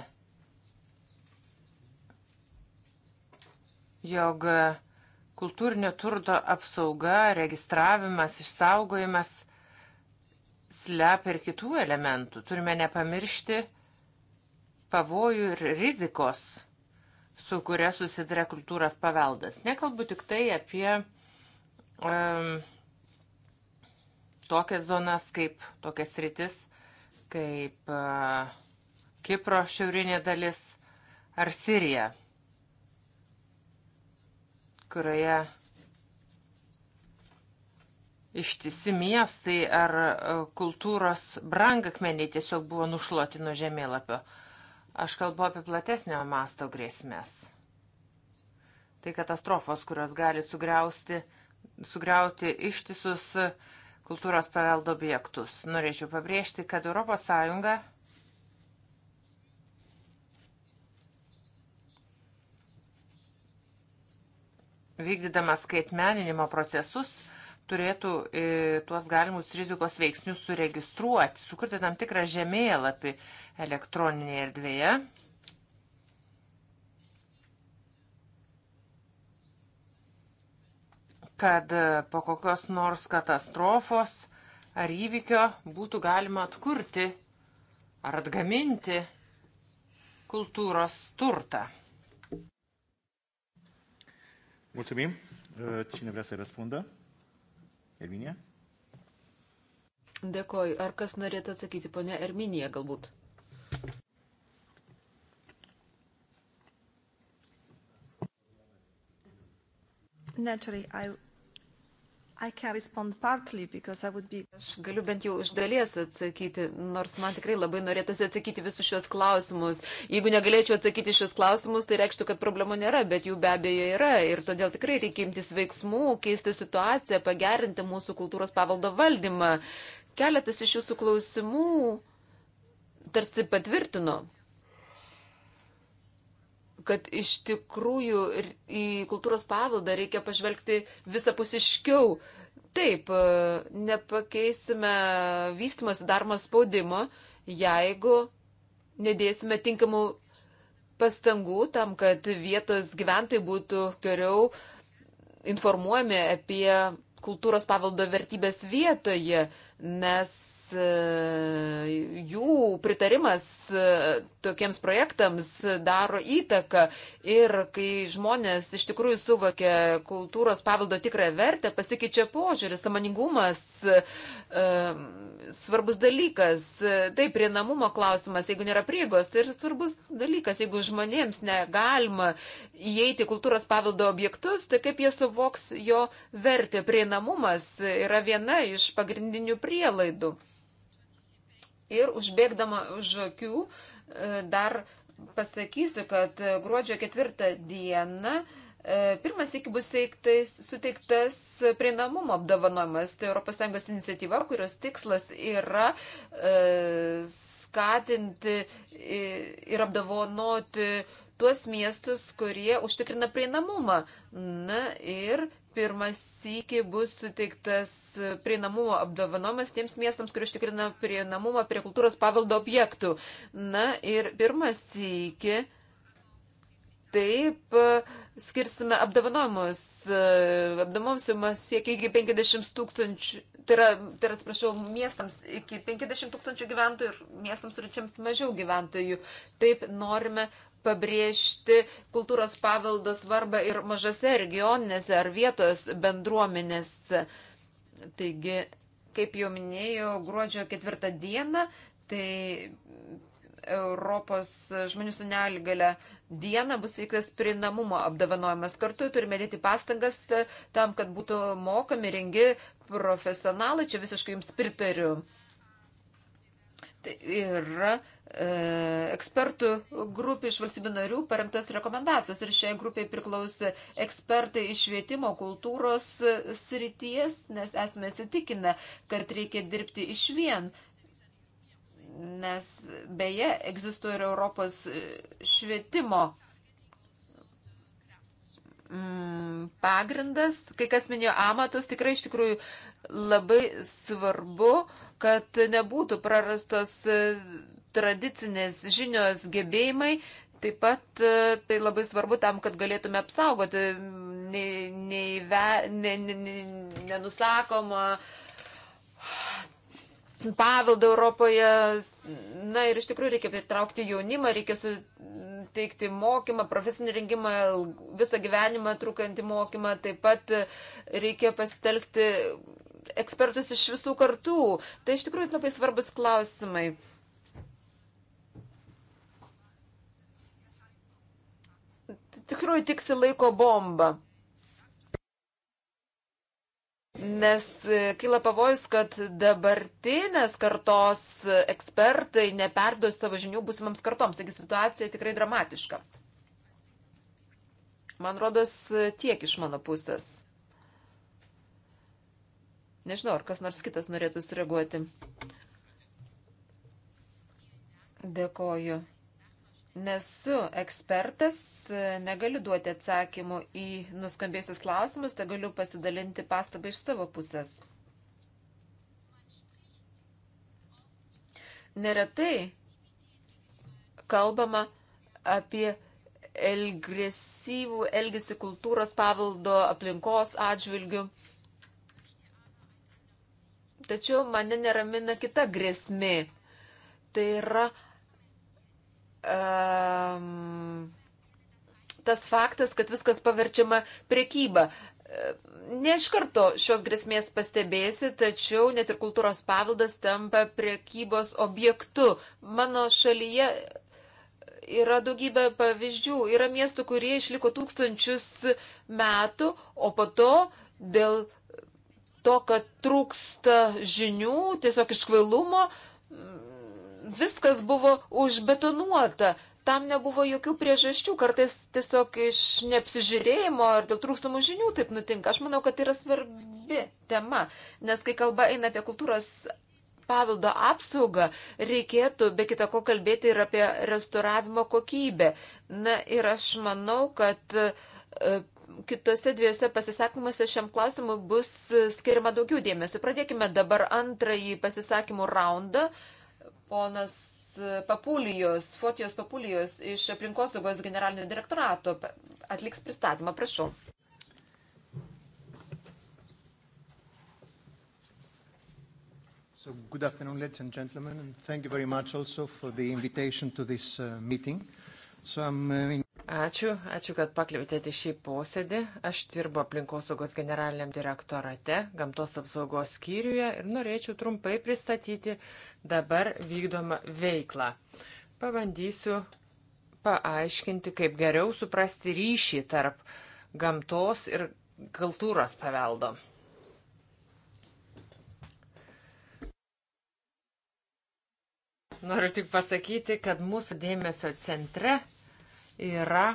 S3: jog kultūrinio turto apsauga, registravimas, išsaugojimas slepia ir kitų elementų. Turime nepamiršti pavojų ir rizikos, su kuria susiduria kultūros paveldas. Nekalbu tik tai apie um, tokias zonas, kaip tokias rytis, kaip uh, Kipro šiaurinė dalis ar Sirija, kurioje ištisi miestai ar e, kultūros brangakmeniai tiesiog buvo nušluoti nuo žemėlapio. Aš kalbu apie platesnio masto grėsmės. Tai katastrofos, kurios gali sugriausti, sugriauti ištisus uh, kultūros paveldo objektus. Norėčiau pabrėžti, kad ES vykdydamas skaitmeninimo procesus turėtų e, tuos galimus rizikos veiksnius suregistruoti, sukurti tam tikrą žemėlapį elektroninėje erdvėje. kad e, po kokios nors katastrofos ar įvykio būtų galima atkurti ar atgaminti kultūros turtą.
S1: Mulțumim. E, cine vrea să răspundă? Erminija?
S2: Dėkoju. Ar kas norėtų atsakyti, ponia Erminija, galbūt? Naturally, I Be... Aš galiu bent jau iš dalies atsakyti, nors man tikrai labai norėtųsi atsakyti visus šios klausimus. Jeigu negalėčiau atsakyti šios klausimus, tai reikštų, kad problemų nėra, bet jų be abejo yra. Ir todėl tikrai reikia imtis veiksmų, keisti situaciją, pagerinti mūsų kultūros pavaldo valdymą. Keletas iš jūsų klausimų tarsi patvirtino kad iš tikrųjų į kultūros paveldą reikia pažvelgti visapusiškiau. Taip, e, nepakeisime vystimas daromą spaudimą, jeigu nedėsime tinkamų pastangų tam, kad vietos gyventojai būtų geriau informuojami apie kultūros paveldo vertybės vietoje, nes E, jų pritarimas e, tokiems projektams daro įtaką ir kai žmonės iš tikrųjų suvokia kultūros paveldo tikrą vertę, pasikeičia požiūris, samoningumas, e, svarbus dalykas. Tai prieinamumo klausimas, jeigu nėra priegos, tai ir svarbus dalykas, jeigu žmonėms negalima įeiti kultūros paveldo objektus, tai kaip jie suvoks jo vertę. Prieinamumas yra viena iš pagrindinių prielaidų. Ir užbėgdama už akių e, dar pasakysiu, kad e, gruodžio ketvirtą dieną e, pirmas iki bus teiktais, suteiktas prieinamumo apdovanojimas. Tai ES iniciatyva, kurios tikslas yra skatinti ir apdovanoti tuos miestus, kurie užtikrina prieinamumą. Na ir pirmas sykį bus suteiktas prieinamumo apdovanojimas tiems miestams, kurie užtikrina prieinamumą prie kultūros paveldo objektų. Na ir pirmas sykį taip skirsime apdovanojimus. Apdovanojimas siekia iki 50 tūkstančių, tai yra, tai yra, atsiprašau, miestams iki 50 tūkstančių gyventojų ir miestams turinčiams mažiau gyventojų. Taip norime pabrėžti kultūros paveldo svarbą ir mažose regioninėse ar vietos bendruomenėse. Taigi, kaip jau minėjau, gruodžio ketvirtą dieną, tai Europos žmonių su neligale dieną bus įktas prieinamumo apdovanojimas. Kartu turime dėti pastangas tam, kad būtų mokami rengi profesionalai. Čia visiškai jums pritariu. Tai yra e, ekspertų grupė iš valstybių narių paremtas rekomendacijos ir šiai grupiai priklausė ekspertai iš švietimo kultūros e, srities, nes esame įsitikinę, kad reikia dirbti iš vien. Nes beje, egzistuoja ir Europos e, švietimo mm, pagrindas, kai kas minėjo amatus, tikrai iš tikrųjų labai svarbu, kad nebūtų prarastos e, tradicinės žinios gebėjimai. Taip pat e, tai labai svarbu tam, kad galėtume apsaugoti neįve, ne, ne, ne, nenusakomą paveldą Europoje. Na ir iš tikrųjų reikia pritraukti jaunimą, reikia su teikti mokymą, profesinį rengimą, visą gyvenimą trukantį mokymą, taip pat reikia pasitelkti ekspertus iš visų kartų. Tai iš tikrųjų labai svarbus klausimai. Tikrai tiksi laiko bomba. Nes e, kyla pavojus, kad dabartinės kartos ekspertai neperduos savo žinių būsimams kartoms. Taigi situacija tikrai dramatiška. Man rodos e, tiek iš mano pusės. Nežinau, ar kas nors kitas norėtų sureaguoti. Dėkoju nesu ekspertas, negaliu duoti atsakymų į nuskambėjusius klausimus, tai galiu pasidalinti pastabą iš savo pusės. Neretai kalbama apie elgesyvų elgesį kultūros pavaldo aplinkos atžvilgių. Tačiau mane neramina kita grėsmė. Tai yra um, tas faktas, kad viskas paverčiama prekyba. Ehm, ne iš karto šios grėsmės pastebėsi, tačiau net ir kultūros paveldas tampa prekybos objektu. Mano šalyje yra daugybė pavyzdžių. Yra miestų, kurie išliko tūkstančius metų, o po to dėl to, kad trūksta žinių, tiesiog iš kvailumo, uh, viskas buvo užbetonuota. Tam nebuvo jokių priežasčių, kartais tiesiog iš neapsižiūrėjimo ar dėl trūkstamų žinių taip nutinka. Aš manau, kad tai yra svarbi tema, nes kai kalba eina apie kultūros pavildo apsaugą, reikėtų be kita ko kalbėti ir apie restauravimo kokybę. Na ir aš manau, kad e, kitose dviejose pasisakymuose šiam klausimui bus skiriama daugiau dėmesio. Pradėkime dabar antrąjį pasisakymų raundą ponas e, Papulijos, Fotijos Papulijos iš aplinkosaugos generalinio direktorato atliks pristatymą. Prašau.
S3: So good afternoon, ladies and gentlemen, and thank you very
S1: much also for the invitation
S3: to this uh, meeting. Uh, Uh, ačiū, ačiū, kad pakvietėte šį posėdį. Aš dirbu aplinkosaugos generaliniam direktorate, gamtos apsaugos skyriuje ir norėčiau trumpai pristatyti dabar vykdomą veiklą. Pabandysiu paaiškinti, kaip geriau suprasti ryšį tarp gamtos ir kultūros paveldo. Noriu tik pasakyti, kad mūsų dėmesio centre yra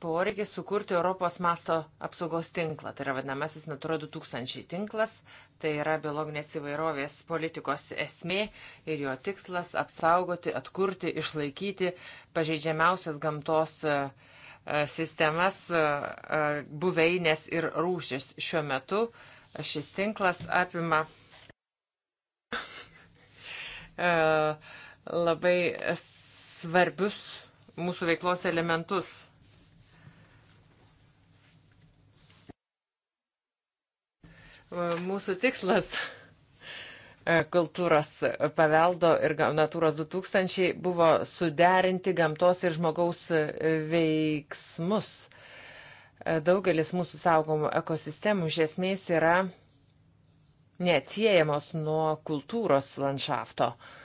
S3: poreikis sukurti Europos masto apsaugos tinklą. Tai yra vadinamasis Natura 2000 tinklas, tai yra biologinės įvairovės politikos esmė ir jo tikslas apsaugoti, atkurti, išlaikyti pažeidžiamiausias gamtos e, e, sistemas, e, buveinės ir rūšis. Šiuo metu šis tinklas apima labai svarbius mūsų veiklos elementus. Mūsų tikslas e, kultūros paveldo ir Natūros 2000 buvo suderinti gamtos ir žmogaus e, veiksmus. E, daugelis mūsų saugomų ekosistemų iš esmės yra neatsiejamos nuo kultūros landšafto. Uh,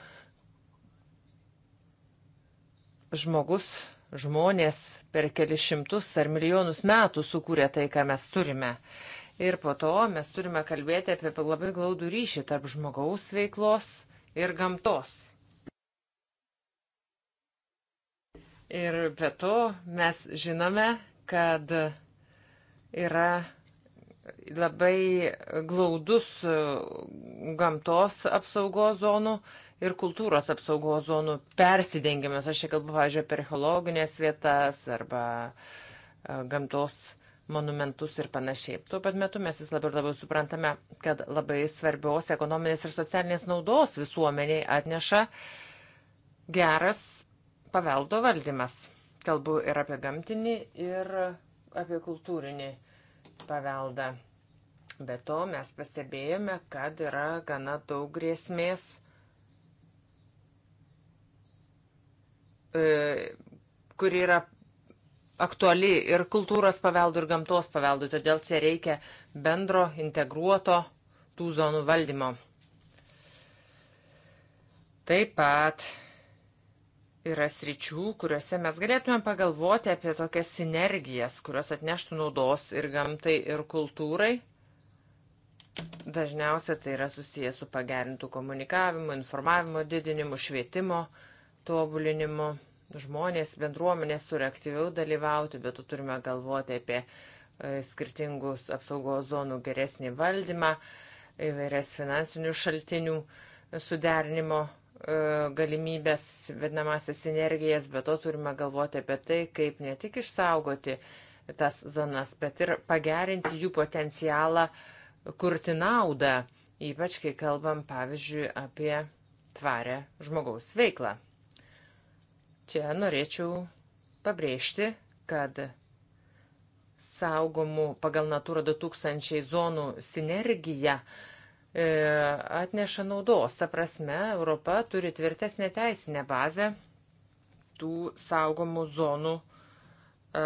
S3: žmogus, žmonės per kelis šimtus ar milijonus metų sukūrė tai, ką mes turime. Ir po to mes turime kalbėti apie labai glaudų ryšį tarp žmogaus veiklos ir gamtos. Ir be to mes žinome, kad yra labai glaudus gamtos apsaugos zonų ir kultūros apsaugos zonų persidengimas. Aš čia kalbu, pavyzdžiui, apie archeologinės vietas arba e, gamtos monumentus ir panašiai. Tuo pat metu mes vis labiau ir labiau suprantame, kad labai svarbios ekonominės ir socialinės naudos visuomeniai atneša geras paveldo valdymas. Kalbu ir apie gamtinį, ir apie kultūrinį paveldą. Be to mes pastebėjome, kad yra gana daug grėsmės E, kuri yra aktuali ir kultūros paveldų, ir gamtos paveldų. Todėl čia reikia bendro, integruoto tų zonų valdymo. Taip pat yra sričių, kuriuose mes galėtume pagalvoti apie tokias sinergijas, kurios atneštų naudos ir gamtai, ir kultūrai. Dažniausia tai yra susijęs su pagerintų komunikavimu, informavimo didinimu, švietimo, uh, tobulinimu. Žmonės, bendruomenės turi aktyviau dalyvauti, bet turime galvoti apie e, skirtingus apsaugos zonų geresnį valdymą, įvairias finansinių šaltinių suderinimo e, galimybės, vadinamasias sinergijas, bet to turime galvoti apie tai, kaip ne tik išsaugoti tas zonas, bet ir pagerinti jų potencialą kurti naudą, ypač kai kalbam, pavyzdžiui, apie tvarę žmogaus veiklą. Čia norėčiau pabrėžti, kad saugomų pagal Natūra 2000 zonų sinergija e, atneša naudos. Ta prasme, Europa turi tvirtesnę teisinę bazę tų saugomų zonų e,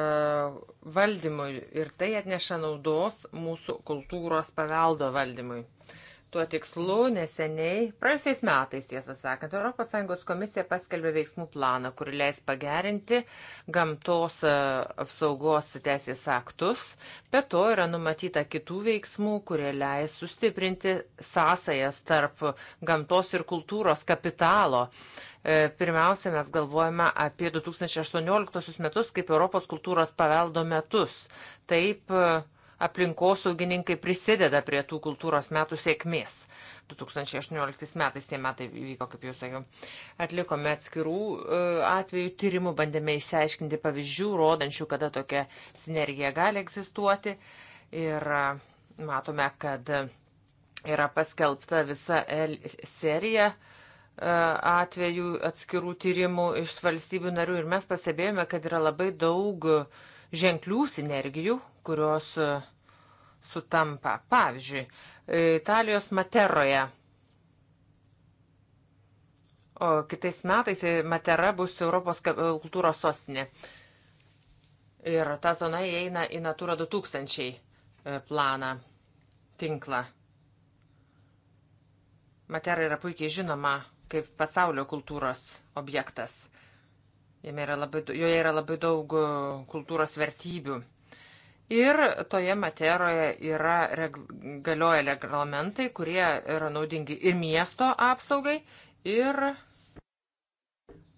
S3: valdymui ir tai atneša naudos mūsų kultūros paveldo valdymui. E, tuo tikslu neseniai, praėjusiais metais, tiesą sakant, ES komisija paskelbė veiksmų planą, kuri leis pagerinti gamtos e, apsaugos teisės aktus. Be to yra numatyta kitų veiksmų, kurie leis sustiprinti sąsajas tarp gamtos ir kultūros kapitalo. E, pirmiausia, mes galvojame apie 2018 metus kaip Europos kultūros paveldo metus. Taip e, aplinkosaugininkai prisideda prie tų kultūros metų sėkmės. 2018 metais tie metai vyko, kaip jau sakiau. Atlikome atskirų e, atvejų tyrimų, bandėme išsiaiškinti pavyzdžių, rodančių, kada tokia sinergija gali egzistuoti. Ir e, matome, kad yra paskelbta visa L serija e, atvejų atskirų tyrimų iš valstybių narių ir mes pastebėjome, kad yra labai daug ženklių sinergijų, kurios uh, sutampa. Pavyzdžiui, Italijos materoje. O kitais metais matera bus Europos kultūros sostinė. Ir ta zona įeina į Natura 2000 e, planą, tinklą. Matera yra puikiai žinoma kaip pasaulio kultūros objektas. Jame yra labai, joje yra labai daug e, kultūros vertybių. Ir toje materoje yra regl galioja reglamentai, kurie yra naudingi ir miesto apsaugai, ir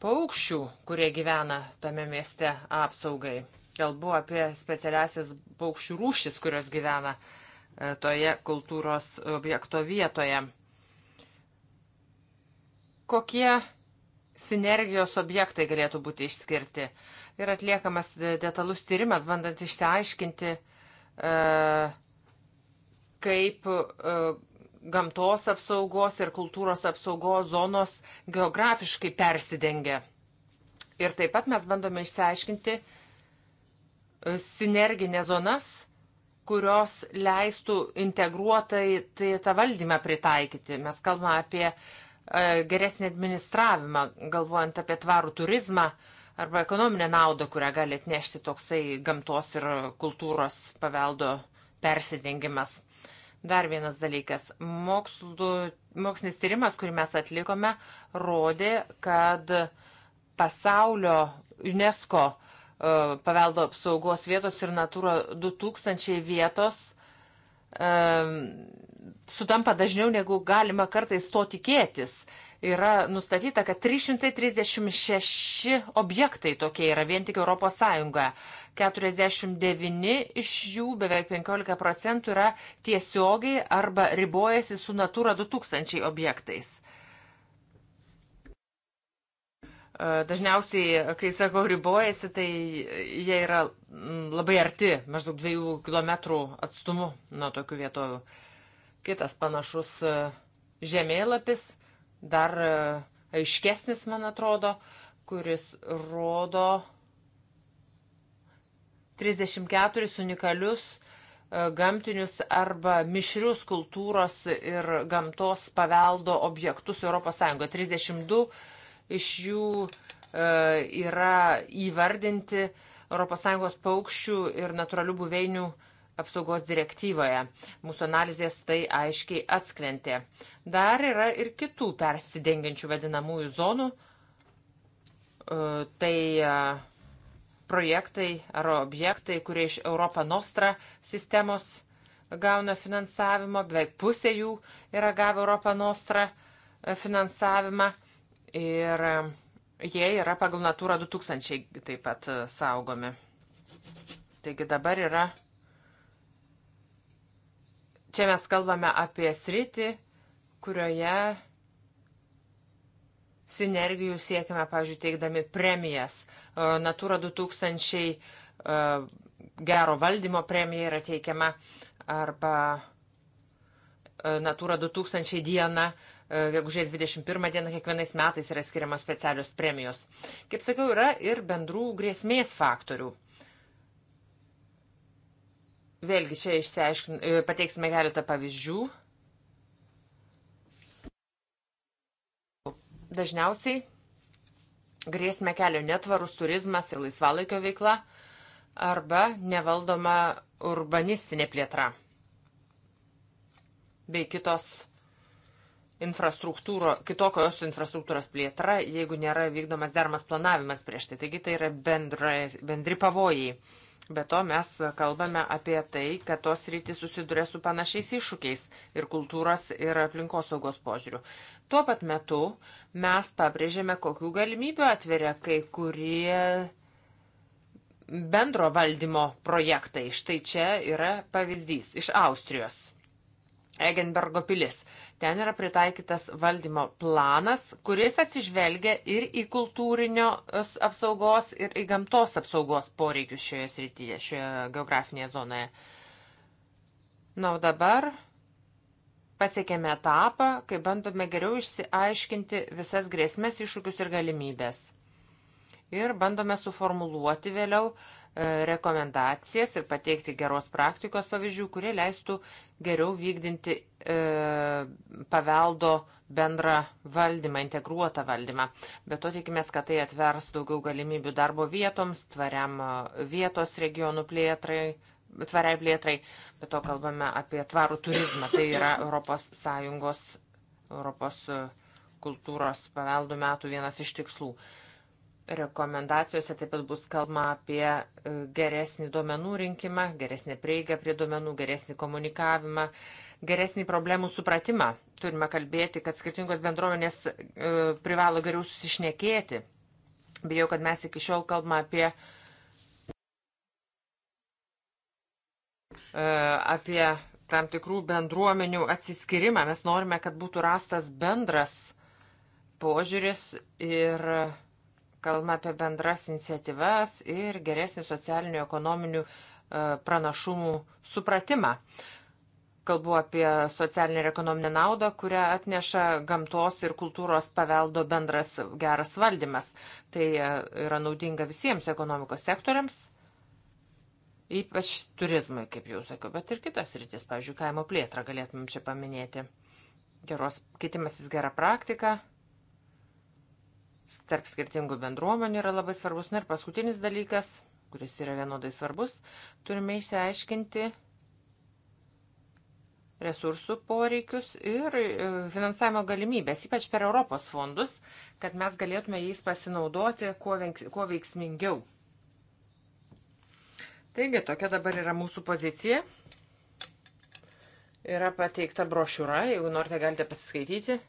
S3: paukščių, kurie gyvena tame mieste apsaugai. Kalbu apie specialiasias paukščių rūšis, kurios gyvena e, toje kultūros objekto vietoje. Kokie sinergijos objektai galėtų būti išskirti? Yra atliekamas detalus tyrimas, bandant išsiaiškinti, e, kaip e, gamtos apsaugos ir kultūros apsaugos zonos geografiškai persidengia. Ir taip pat mes bandome išsiaiškinti e, sinerginės zonas, kurios leistų integruotai tai, tą valdymą pritaikyti. Mes kalbame apie geresnį administravimą, galvojant apie tvarų turizmą, uh, arba ekonominę naudą, kurią gali atnešti toksai gamtos ir kultūros paveldo persidengimas. Dar vienas dalykas. Mokslu, mokslinis tyrimas, kurį mes atlikome, rodė, kad pasaulio UNESCO e, paveldo apsaugos vietos ir Natūra 2000 vietos e, sutampa dažniau, negu galima kartais to tikėtis yra nustatyta, kad 336 objektai tokie yra vien tik ES. 49 iš jų, beveik 15 procentų, yra tiesiogiai arba ribojasi su Natura 2000 objektais. E, dažniausiai, kai sakau ribojasi, tai jie yra labai arti, maždaug 2 km atstumu nuo tokių vietovių. Kitas panašus e, žemėlapis dar e, aiškesnis, man atrodo, kuris rodo 34 unikalius e, gamtinius arba mišrius kultūros ir gamtos paveldo objektus ES. 32 iš jų e, yra įvardinti ES paukščių ir natūralių buveinių apsaugos direktyvoje. Mūsų analizės tai aiškiai atskrentė. Dar yra ir kitų persidengiančių vadinamųjų zonų. E, tai e, projektai ar objektai, kurie iš Europą Nostra sistemos gauna finansavimo, beveik pusė jų yra gavę Europą Nostra e, finansavimą ir jie yra pagal Natūra 2000 taip pat saugomi. Taigi dabar yra Čia mes kalbame apie sritį, kurioje sinergijų siekime, pavyzdžiui, teikdami premijas. E, Natūra 2000 e, gero valdymo premija yra teikiama arba e, Natūra 2000 diena, gegužės 21 diena kiekvienais metais yra skiriamos specialios premijos. Kaip sakiau, yra ir bendrų grėsmės faktorių. Vėlgi čia išsiaiškin, e, pateiksime keletą pavyzdžių. Dažniausiai grėsime kelio netvarus turizmas ir laisvalaikio veikla arba nevaldoma urbanistinė plėtra bei kitos infrastruktūro, kitokios infrastruktūros plėtra, jeigu nėra vykdomas dermas planavimas prieš tai. Taigi tai yra bendra, bendri pavojai. Be to mes kalbame apie tai, kad tos rytis susiduria su panašiais iššūkiais ir kultūros ir aplinkosaugos požiūrių. Tuo pat metu mes pabrėžėme, kokių galimybių atveria kai kurie bendro valdymo projektai. Štai čia yra pavyzdys iš Austrijos. Egenbergo pilis. Ten yra pritaikytas valdymo planas, kuris atsižvelgia ir į kultūrinio apsaugos, ir į gamtos apsaugos poreikius šioje srityje, šioje geografinėje zonoje. Na, o dabar pasiekėme etapą, kai bandome geriau išsiaiškinti visas grėsmės, iššūkius ir galimybės. Ir bandome suformuluoti vėliau uh, E, rekomendacijas ir pateikti geros praktikos pavyzdžių, kurie leistų geriau vykdinti e, paveldo bendrą valdymą, integruotą valdymą. Bet to tikimės, kad tai atvers daugiau galimybių darbo vietoms, tvariam e, vietos regionų plėtrai, tvariai plėtrai. Bet to kalbame apie tvarų turizmą. Tai yra Europos Sąjungos, Europos e, kultūros paveldų metų vienas iš tikslų. E, rekomendacijose taip pat bus kalbama apie e, geresnį duomenų rinkimą, geresnį prieigą prie duomenų, geresnį komunikavimą, geresnį problemų supratimą. Turime kalbėti, kad skirtingos bendruomenės e, privalo geriau susišnekėti. Bijau, kad mes iki šiol kalbame apie, e, apie tam tikrų bendruomenių atsiskirimą. Mes norime, kad būtų rastas bendras požiūris ir kalbame apie bendras iniciatyvas ir geresnį socialinių ekonominių e, pranašumų supratimą. Kalbu apie socialinę ir ekonominę naudą, kurią atneša gamtos ir kultūros paveldo bendras geras valdymas. Tai e, yra naudinga visiems ekonomikos sektoriams, ypač turizmui, kaip jau sakiau, bet ir kitas rytis, pavyzdžiui, kaimo plėtrą galėtumėm čia paminėti. Geros keitimasis gera praktika tarp skirtingų bendruomenių yra labai svarbus. Na ir paskutinis dalykas, kuris yra vienodai svarbus, turime išsiaiškinti resursų poreikius ir e, finansavimo galimybės, ypač per Europos fondus, kad mes galėtume jais pasinaudoti kuo, veiks, kuo veiksmingiau. Taigi, tokia dabar yra mūsų pozicija. Yra pateikta brošiūra, jeigu norite, galite pasiskaityti.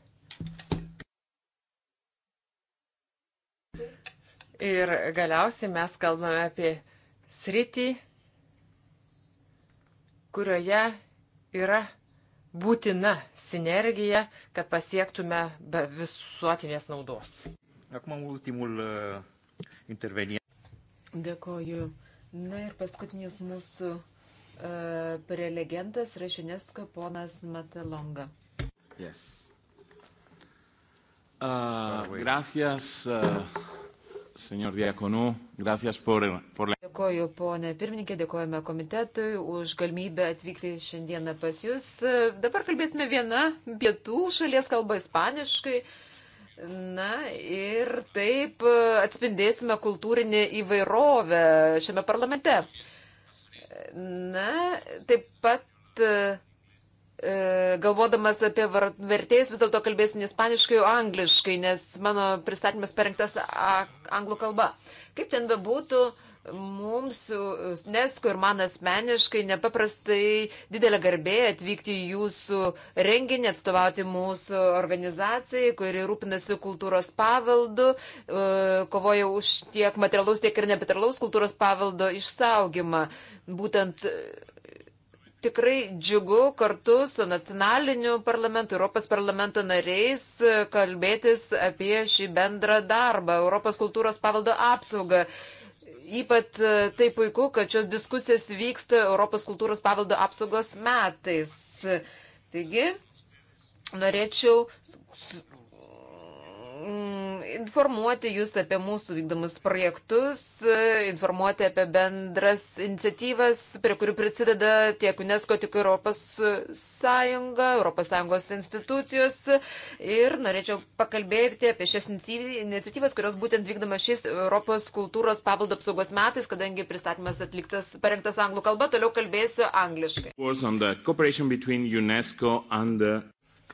S3: Ir galiausiai mes kalbame apie sritį, kurioje yra būtina sinergija, kad pasiektume be visuotinės naudos.
S1: Uh,
S2: Dėkoju. Na ir paskutinis mūsų uh, prelegentas yra Šinesko ponas Matelonga.
S1: Yes. Uh, gracias. Uh señor Diakonu. Gracias por, por la.
S2: Dėkoju, ponė pirmininkė, dėkojame komitetui už galimybę atvykti šiandieną pas jūs. Dabar kalbėsime vieną pietų šalies kalbą ispaniškai. Na ir taip atspindėsime kultūrinį įvairovę šiame parlamente. Na, taip pat E, galvodamas apie vertėjus, vis dėlto kalbėsiu ne ispaniškai, o angliškai, nes mano pristatymas parengtas anglų kalba. Kaip ten bebūtų, mums, Nesko ir man asmeniškai, nepaprastai didelė garbė atvykti į jūsų renginį, atstovauti mūsų organizacijai, kuri rūpinasi kultūros paveldu, e, kovoja už tiek materialaus, tiek ir nepateraus kultūros paveldo išsaugimą. Būtent tikrai džiugu kartu su nacionaliniu parlamentu, Europos parlamento nariais e, kalbėtis apie šį bendrą darbą, Europos kultūros pavaldo apsaugą. Ypat e, tai puiku, kad šios diskusijos vyksta Europos kultūros pavaldo apsaugos metais. Taigi, norėčiau Mm, informuoti jūs apie mūsų vykdomus projektus, informuoti apie bendras iniciatyvas, prie kurių prisideda tiek UNESCO, tiek Europos Sąjunga, Europos Sąjungos institucijos. Ir norėčiau pakalbėti apie šias iniciatyvas, kurios būtent vykdoma šiais Europos kultūros pavaldo apsaugos metais, kadangi pristatymas atliktas, parengtas anglų kalba, toliau kalbėsiu angliškai.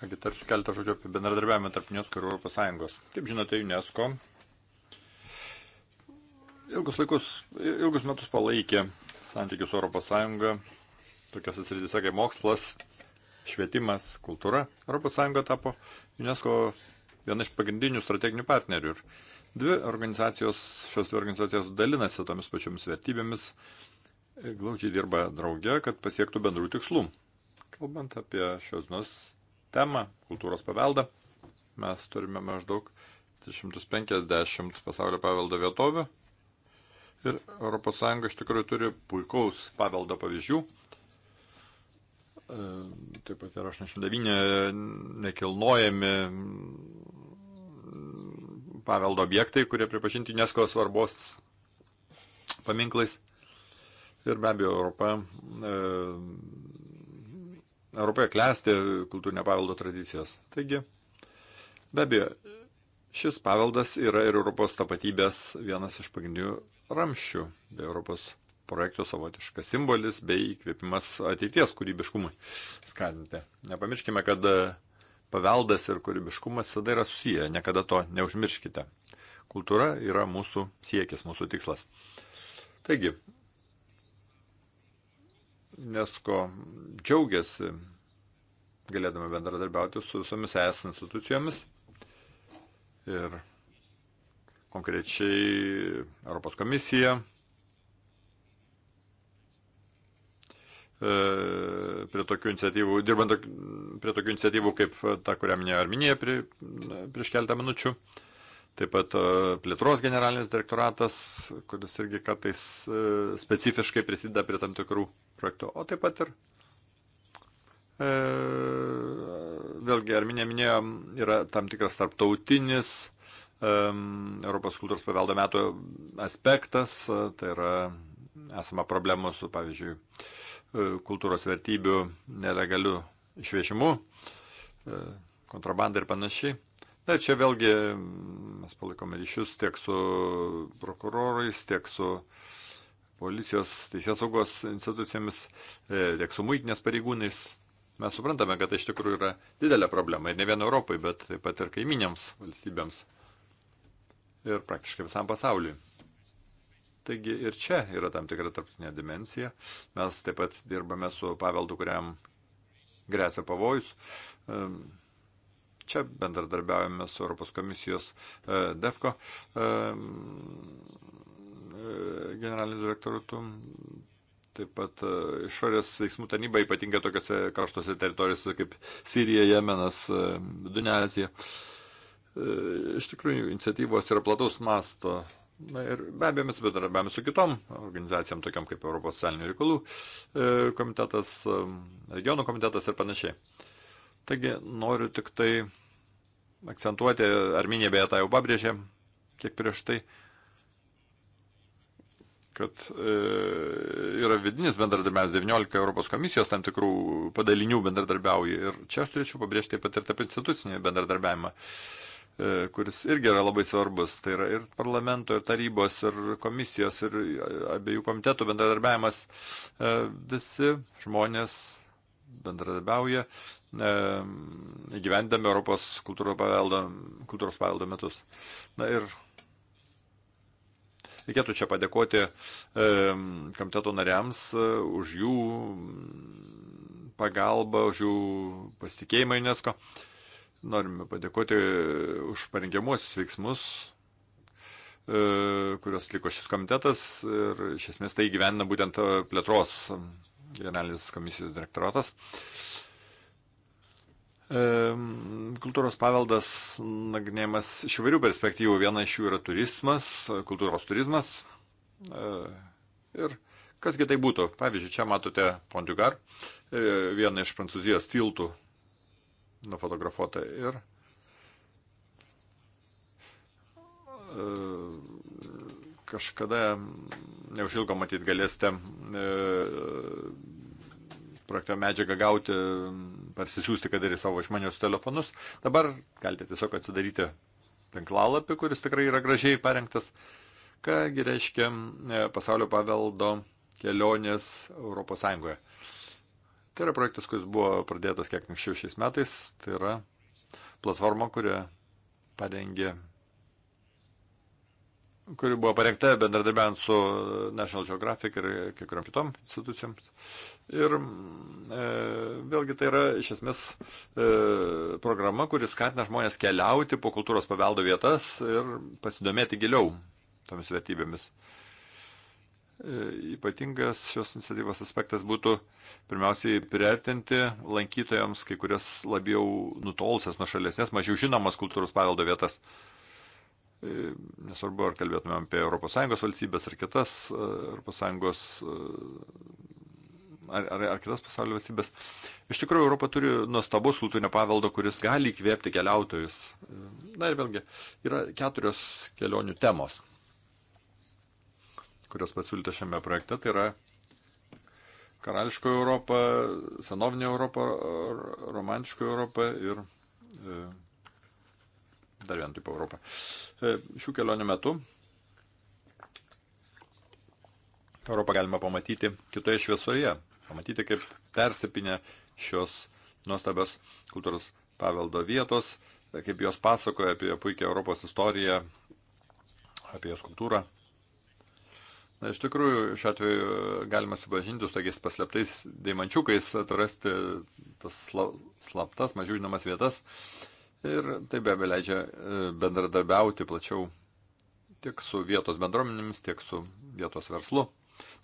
S1: Kągi, tarsiu keletą žodžių apie bendradarbiavimą tarp UNESCO ir Europos Sąjungos. Kaip žinote, UNESCO ilgus, laikus, ilgus metus palaikė santykius su Europos Sąjunga, tokiose srityse kaip mokslas, švietimas, kultūra. Europos Sąjunga tapo UNESCO viena iš pagrindinių strateginių partnerių. Ir dvi organizacijos, šios dvi organizacijos dalinasi tomis pačiomis vertybėmis, glaudžiai dirba drauge, kad pasiektų bendrų tikslų. Kalbant apie šios nus temą, kultūros paveldą. Mes turime maždaug 350 pasaulio paveldo vietovių. Ir ES iš tikrųjų turi puikaus paveldo pavyzdžių. E, taip pat yra 89 nekilnojami paveldo objektai, kurie pripažinti UNESCO svarbos paminklais. Ir be abejo, Europa e, Europoje klesti kultūrinio paveldo tradicijos. Taigi, be abejo, šis paveldas yra ir Europos tapatybės vienas iš pagrindinių ramščių, bei Europos projekto savotiškas simbolis, bei įkvėpimas ateities kūrybiškumui skatinti. Nepamirškime, kad paveldas ir kūrybiškumas visada yra susiję, niekada to neužmirškite. Kultūra yra mūsų siekis, mūsų tikslas. Taigi, UNESCO džiaugiasi galėdama bendradarbiauti su visomis es institucijomis ir konkrečiai Europos komisija, e, prie tokių iniciatyvų, dirbant prie tokių iniciatyvų kaip ta, kurią minėjo Arminija prie, prieš keltą minučių. Taip pat e, plėtros generalinis direktoratas, kuris irgi kartais e, specifiškai prisideda prie tam tikrų projektų. O taip pat ir, e, vėlgi, Arminė minėjo, yra tam tikras tarptautinis e, Europos kultūros paveldo metų aspektas. E, tai yra esama problemų su, pavyzdžiui, kultūros vertybių nelegaliu išviešimu, kontrabanda ir panašiai. Na, čia vėlgi mm, mes palaikome ryšius tiek su prokurorais, tiek su policijos, teisės saugos institucijomis, e, tiek su muitinės pareigūnais. Mes suprantame, kad tai iš tikrųjų yra didelė problema ir ne vien Europai, bet taip pat ir kaiminėms valstybėms ir praktiškai visam pasauliui. Taigi ir čia yra tam tikra tarptautinė dimensija. Mes taip pat dirbame su paveldu, kuriam grėsia pavojus. Čia bendradarbiavame su Europos komisijos e, DEFCO e, e, generaliniu direktoriu. Taip pat išorės veiksmų tarnyba ypatinga tokiuose kraštuose teritorijose kaip Sirija, Jemenas, Vidurinė Azija. Iš tikrųjų, iniciatyvos yra plataus masto. Na ir be abejo, mes bendradarbiavame su kitom organizacijom, tokiam kaip Europos socialinių reikalų komitetas, regionų komitetas ir panašiai. Taigi noriu tik tai akcentuoti, Arminė beje tą jau pabrėžė, kiek prieš tai, kad e, yra vidinis bendradarbiavimas, 19 Europos komisijos tam tikrų padalinių bendradarbiauja. Ir čia aš turėčiau pabrėžti taip pat ir tarp institucinį bendradarbiavimą, e, kuris irgi yra labai svarbus. Tai yra ir parlamento, ir tarybos, ir komisijos, ir abiejų komitetų bendradarbiavimas. E, visi žmonės bendradarbiauja, įgyvendami Europos kultūros paveldo, kultūros paveldo metus. Na ir reikėtų čia padėkoti e, komiteto nariams e, už jų mm, pagalbą, už jų pasitikėjimą UNESCO. Norime padėkoti e, už parengiamuosius veiksmus, e, kurios liko šis komitetas ir iš esmės tai gyvena būtent e, plėtros generalinis komisijos direktoratas. E, Kultūros paveldas nagrinėjamas iš įvairių perspektyvų. Viena iš jų yra turizmas, kultūros turizmas. E, ir kasgi tai būtų? Pavyzdžiui, čia matote Pontiugar, e, vieną iš prancūzijos tiltų nufotografuotą. Ir e, kažkada neužilgo matyt galėsite projekto medžiagą gauti parsisiųsti, kad ir į savo išmanius telefonus. Dabar galite tiesiog atsidaryti tinklalapį, kuris tikrai yra gražiai parengtas, kągi reiškia e, pasaulio paveldo kelionės Europos Sąjungoje. Tai yra projektas, kuris buvo pradėtas kiek anksčiau šiais metais, tai yra platforma, kurią parengė kuri buvo parengta bendradarbiant su e, National Geographic ir kiekvienom kitom institucijom. Ir mm, e, vėlgi tai yra iš esmės e, programa, kuris skatina žmonės keliauti po kultūros paveldo vietas ir pasidomėti giliau tomis vertybėmis. E, ypatingas šios iniciatyvos aspektas būtų pirmiausiai priartinti lankytojams kai kurias labiau nutolusias nuo šalesnės, mažiau žinomas kultūros paveldo vietas. E, E, nesvarbu, ar kalbėtumėm apie ES valstybės ar kitas ES e, ar, ar, ar kitas pasaulio valstybės. Iš tikrųjų, Europa turi nuostabus kultūrinio paveldo, kuris gali įkvėpti keliautojus. E, na ir vėlgi, yra keturios kelionių temos, kurios pasiūlyta šiame projekte. Tai yra karališkoji Europa, senovinė Europa, romantiškoji Europa ir e, dar vieną tipo Europą. E, šių kelionių metu Europą galima pamatyti kitoje šviesoje, pamatyti, kaip persipinė šios nuostabios kultūros paveldo vietos, kaip jos pasakoja apie puikią Europos istoriją, apie jos kultūrą. Na, iš tikrųjų, šiuo atveju galima supažinti su tokiais paslėptais daimančiukais, atrasti tas slaptas, mažiau žinomas vietas, Ir tai be abejo leidžia e, bendradarbiauti plačiau tiek su vietos bendruomenėmis, tiek su vietos verslu.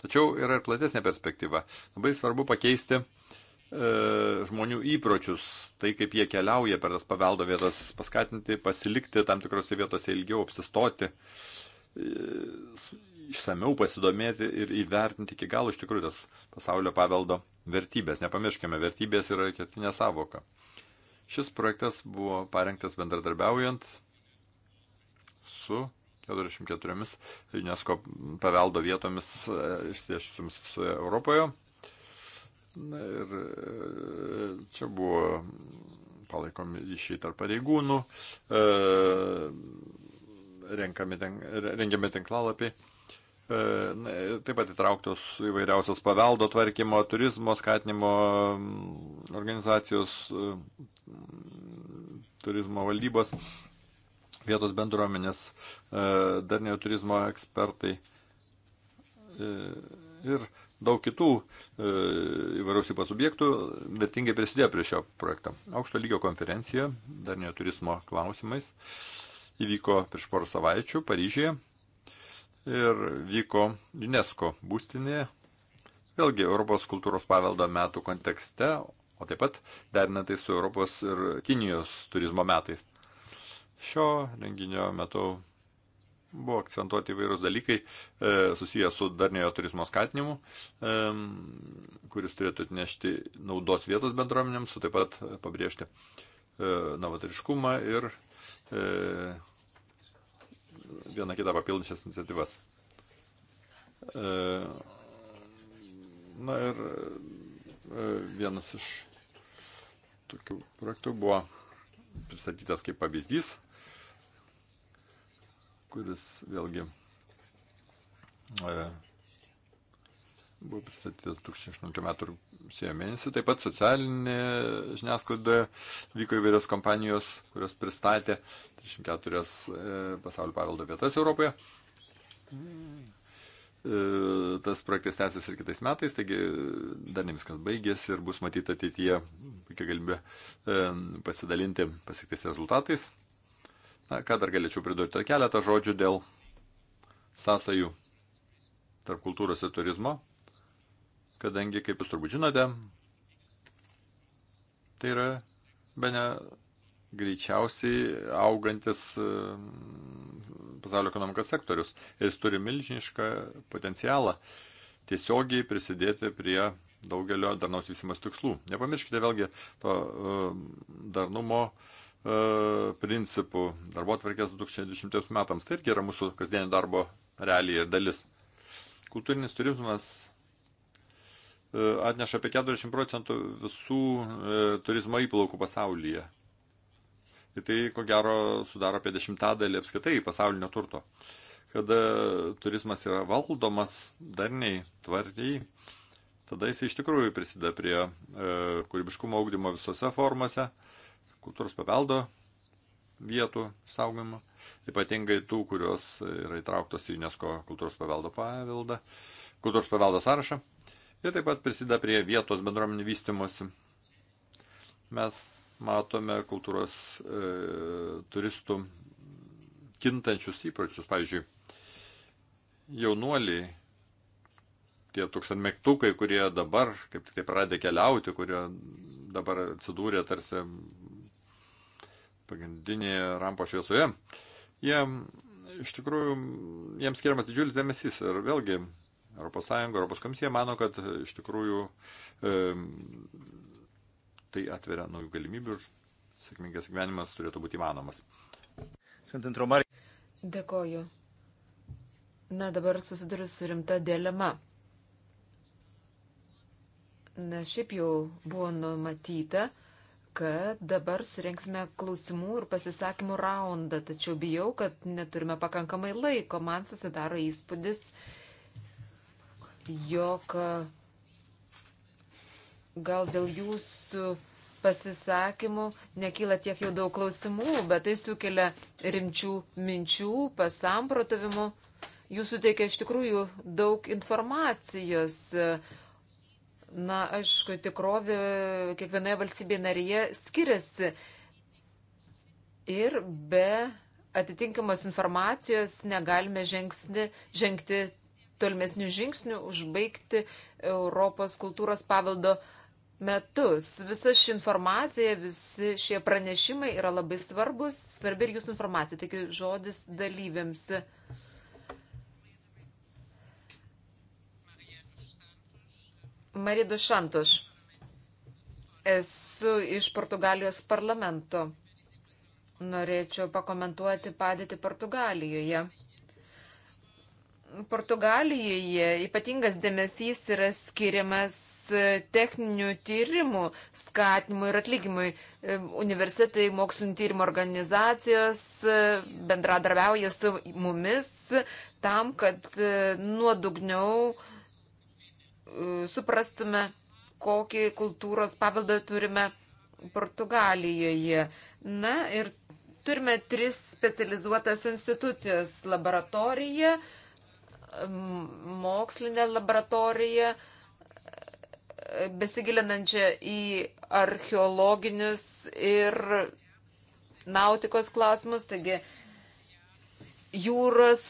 S1: Tačiau yra ir platesnė perspektyva. Labai svarbu pakeisti e, žmonių įpročius, tai kaip jie keliauja per tas paveldo vietas, paskatinti, pasilikti tam tikrose vietose ilgiau, apsistoti, e, išsameu pasidomėti ir įvertinti iki galo iš tikrųjų tas pasaulio paveldo vertybės. Nepamirškime, vertybės yra ketinė savoka. Šis projektas buvo parengtas bendradarbiaujant su 44 UNESCO paveldo vietomis e, išsiešusiamis visoje Europoje. Na, ir e, čia buvo palaikomi ryšiai tarp pareigūnų, e, rengiami tinklalapiai. Na, taip pat įtrauktos įvairiausios paveldo tvarkymo, turizmo skatinimo organizacijos, turizmo valdybos, vietos bendruomenės, e, darnėjo turizmo ekspertai e, ir daug kitų e, įvairiausių pasubjektų vertingai prisidėjo prie šio projekto. Aukšto lygio konferencija darnėjo turizmo klausimais įvyko prieš porą savaičių Paryžyje ir vyko UNESCO būstinėje. Vėlgi Europos kultūros paveldo metų kontekste, o taip pat derinant tai su Europos ir Kinijos turizmo metais. Šio renginio metu buvo akcentuoti įvairūs dalykai e, susijęs su darnėjo turizmo skatinimu, e, kuris turėtų atnešti naudos vietos bendruomenėms, o taip pat pabrėžti e, novatoriškumą ir e, vieną kitą papildančias iniciatyvas. E, na ir e, vienas iš tokių projektų buvo pristatytas kaip pavyzdys, kuris vėlgi e, buvo pristatytas 2008 metų rugsėjo mėnesį. Taip pat socialinė žiniasklaidoje vyko įvairios kompanijos, kurios pristatė 34 e, pasaulio paveldo vietas Europoje. E, tas projektas tęsis ir kitais metais, taigi dar ne viskas baigėsi ir bus matyti ateityje, kiek galimybė e, pasidalinti pasiektais rezultatais. Na, ką dar galėčiau pridurti? Tai keletą žodžių dėl sąsajų tarp kultūros ir turizmo, kadangi, kaip jūs turbūt žinote, tai yra be ne greičiausiai augantis e, pasaulio ekonomikos sektorius. Ir jis turi milžinišką potencialą tiesiogiai prisidėti prie daugelio darnaus vysimas tikslų. Nepamirškite vėlgi to e, darnumo e, principų darbo atvarkės 2020 metams. Tai irgi yra mūsų kasdienio darbo realija ir dalis. Kultūrinis turizmas atneša apie 40 procentų visų turizmo įplaukų pasaulyje. Ir tai, ko gero, sudaro apie dešimtadalį apskaitai pasaulinio turto. Kada e, turizmas yra valdomas darniai, tvariai, tada jis iš tikrųjų prisideda prie e, kūrybiškumo augdymo visose formose, kultūros paveldo vietų saugojimo, ypatingai tų, kurios yra įtrauktos į UNESCO kultūros paveldo paveldą, kultūros paveldo sąrašą ir taip pat prisideda prie vietos bendruomenių vystimosi. Mes matome kultūros e, turistų kintančius įpročius. Pavyzdžiui, jaunuoliai, tie tūkstantmektukai, kurie dabar kaip tik tai pradė keliauti, kurie dabar atsidūrė tarsi pagrindinėje rampo šviesoje, jie iš tikrųjų, jiems skiriamas didžiulis dėmesys ir vėlgi ES, ES komisija mano, kad iš tikrųjų e, Tai atveria naujų galimybių ir sėkmingas gyvenimas turėtų būti įmanomas.
S2: Dėkoju. Na, dabar susiduriu su rimta dilema. Na, šiaip jau buvo numatyta, kad dabar surinksime klausimų ir pasisakymų raundą, tačiau bijau, kad neturime pakankamai laiko. Man susidaro įspūdis, jog gal dėl jūsų pasisakymų nekyla tiek jau daug klausimų, bet tai sukelia rimčių minčių, pasamprotavimų. Jūs suteikia iš tikrųjų daug informacijos. Na, aišku, tikrovė kiekvienoje valstybėje narėje skiriasi. Ir be atitinkamos informacijos negalime žingsni, žengti tolimesnių žingsnių, užbaigti Europos kultūros paveldo uh, metus. Visa ši informacija, visi šie pranešimai yra labai svarbus, svarbi ir jūsų informacija, taigi žodis dalyviams. Maridu Šantuš. Esu iš Portugalijos parlamento. Norėčiau pakomentuoti padėtį Portugalijoje. Portugalijoje ypatingas dėmesys yra skiriamas e, techninių tyrimų skatimui ir atlygimui. E, universitetai, mokslinio tyrimo organizacijos e, bendradarbiauja su mumis tam, kad nuodugniau suprastume, kokį kultūros paveldą turime Portugalijoje. Na ir turime tris specializuotas institucijas - laboratoriją, mokslinę laboratoriją, besigilinančią į archeologinius ir nautikos klausimus, taigi jūros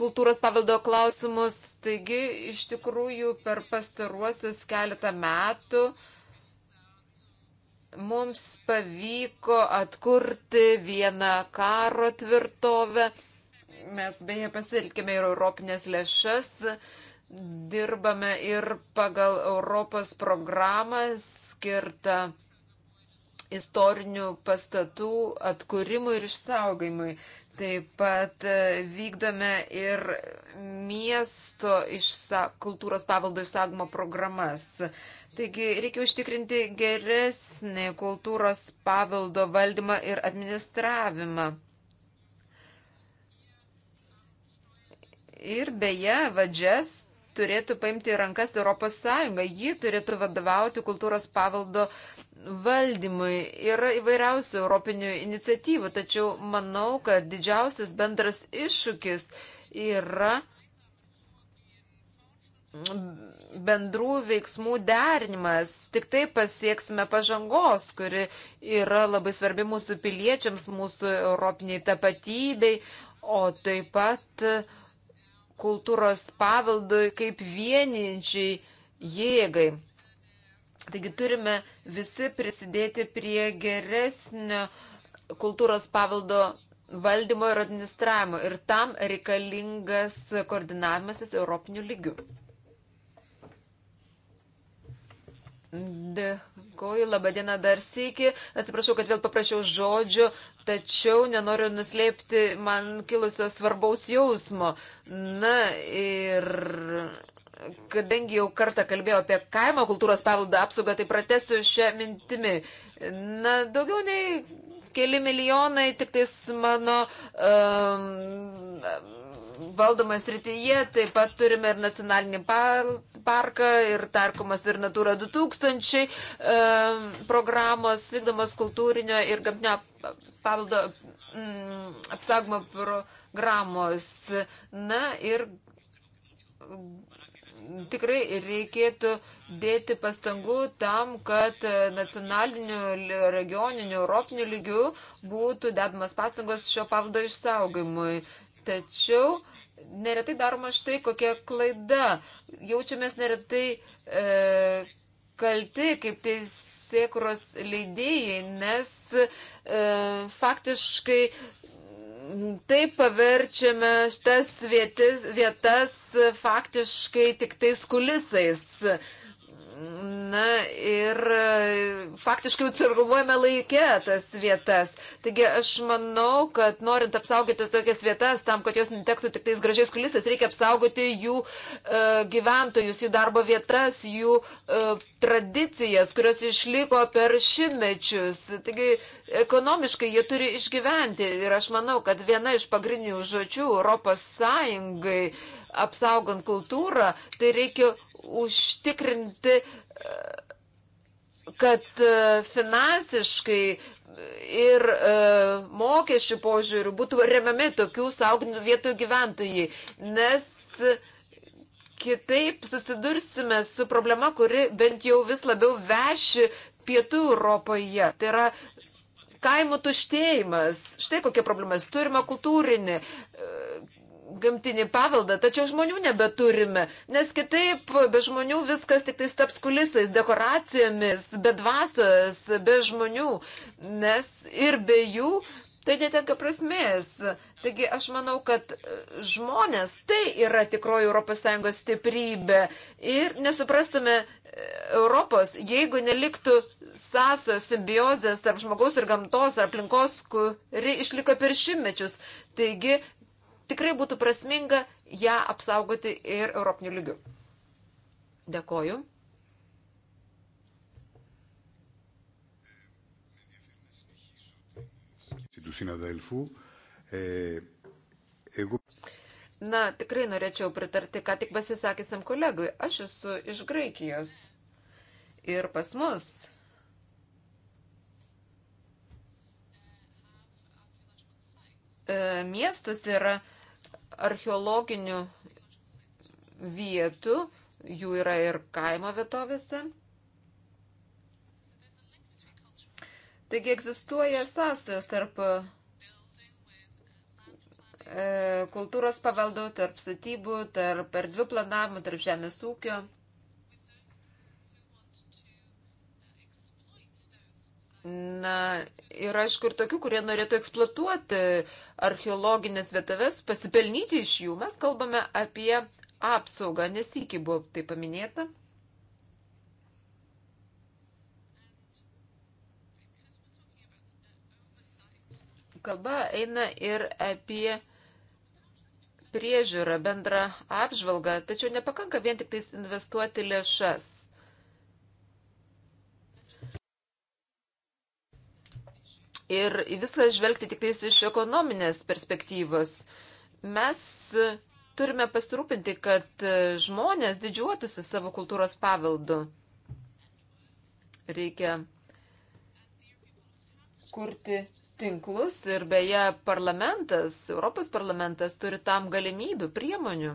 S2: kultūros paveldo klausimus. Taigi, iš tikrųjų, per pastaruosius keletą metų mums pavyko atkurti vieną karo tvirtovę. Mes beje pasitelkime ir europinės lėšas, dirbame ir pagal Europos programą skirtą istorinių pastatų atkūrimui ir išsaugojimui. Taip pat e, vykdome ir miesto išsa, kultūros pavaldo išsaugomo programas. Taigi reikia užtikrinti geresnį kultūros paveldo valdymą ir administravimą. Ir beje, vadžias turėtų paimti rankas Europos Sąjunga. Ji turėtų vadovauti kultūros pavaldo valdymui. Yra įvairiausių europinių iniciatyvų, tačiau manau, kad didžiausias bendras iššūkis yra bendrų veiksmų derinimas. Tik tai pasieksime pažangos, kuri yra labai svarbi mūsų piliečiams, mūsų europiniai tapatybei, o taip pat uh, kultūros paveldui kaip vieninčiai jėgai. Taigi turime visi prisidėti prie geresnio kultūros paveldo valdymo ir administravimo ir tam reikalingas koordinavimasis europiniu lygiu. Dėkui. Dėkoju, labadiena dar sėki. Atsiprašau, kad vėl paprašiau žodžio, tačiau nenoriu nuslėpti man kilusio svarbaus jausmo. Na ir kadangi jau kartą kalbėjau apie kaimo kultūros paveldą apsaugą, tai pratesiu šią mintimį. Na, daugiau nei keli milijonai, tik tais mano. Um, valdomoje srityje, taip pat turime ir nacionalinį parką, ir tarkomas ir Natura 2000 programos, vykdomos kultūrinio ir gamtinio pavaldo mm, apsaugumo programos. Na ir tikrai reikėtų dėti pastangų tam, kad nacionaliniu, regioniniu, europiniu lygiu būtų dedamas pastangos šio pavaldo išsaugimui. Tačiau neretai daroma štai kokia klaida. Jaučiamės neretai e, kalti kaip teisėkuros leidėjai, nes e, faktiškai taip paverčiame šitas vietis, vietas faktiškai tik tais kulisais. E, Na ir e, faktiškai atsarguojame laikę tas vietas. Taigi aš manau, kad norint apsaugoti tokias vietas, tam, kad jos netektų tik tais gražiais kulisais, reikia apsaugoti jų e, gyventojus, jų darbo vietas, jų e, tradicijas, kurios išliko per šimmečius. Taigi ekonomiškai jie turi išgyventi. Ir aš manau, kad viena iš pagrindinių žodžių Europos Sąjungai apsaugant kultūrą, tai reikia užtikrinti, kad e, finansiškai ir e, mokesčių požiūrių būtų remiami tokių sauginių vietų gyventojai, nes kitaip susidursime su problema, kuri bent jau vis labiau veši pietų Europoje. Tai yra kaimo tuštėjimas. Štai kokia problema. Turime kultūrinį, e, gamtinį paveldą, tačiau žmonių nebeturime, nes kitaip be žmonių viskas tik tai taps kulisais, dekoracijomis, be dvasios, be žmonių, nes ir be jų tai netenka prasmės. Taigi aš manau, kad žmonės tai yra tikroji ES stiprybė ir nesuprastume e, Europos, jeigu neliktų sąsojos, simbiozės tarp žmogaus ir gamtos ar aplinkos, kuri išliko per šimmečius. Taigi tikrai būtų prasminga ją apsaugoti ir europinių lygių. Dėkoju.
S1: E,
S2: Na, tikrai norėčiau pritarti, ką tik pasisakysim kolegui. Aš esu iš Graikijos. Ir pas mus e, miestuose yra archeologinių vietų, jų yra ir kaimo vietovėse. Taigi egzistuoja sąsajos tarp e, kultūros paveldo, tarp statybų, tarp erdvių planavimų, tarp žemės ūkio. Na, yra aišku ir tokių, kurie norėtų eksploatuoti archeologinės vietoves, pasipelnyti iš jų. Mes kalbame apie apsaugą, nes iki buvo tai paminėta. Kalba eina ir apie priežiūrą, bendrą apžvalgą, tačiau nepakanka vien tik tais investuoti lėšas. ir viską žvelgti tik iš ekonominės perspektyvos. Mes turime pasirūpinti, kad žmonės didžiuotųsi savo kultūros paveldu. Reikia kurti tinklus ir beje parlamentas, Europos parlamentas turi tam galimybių, priemonių.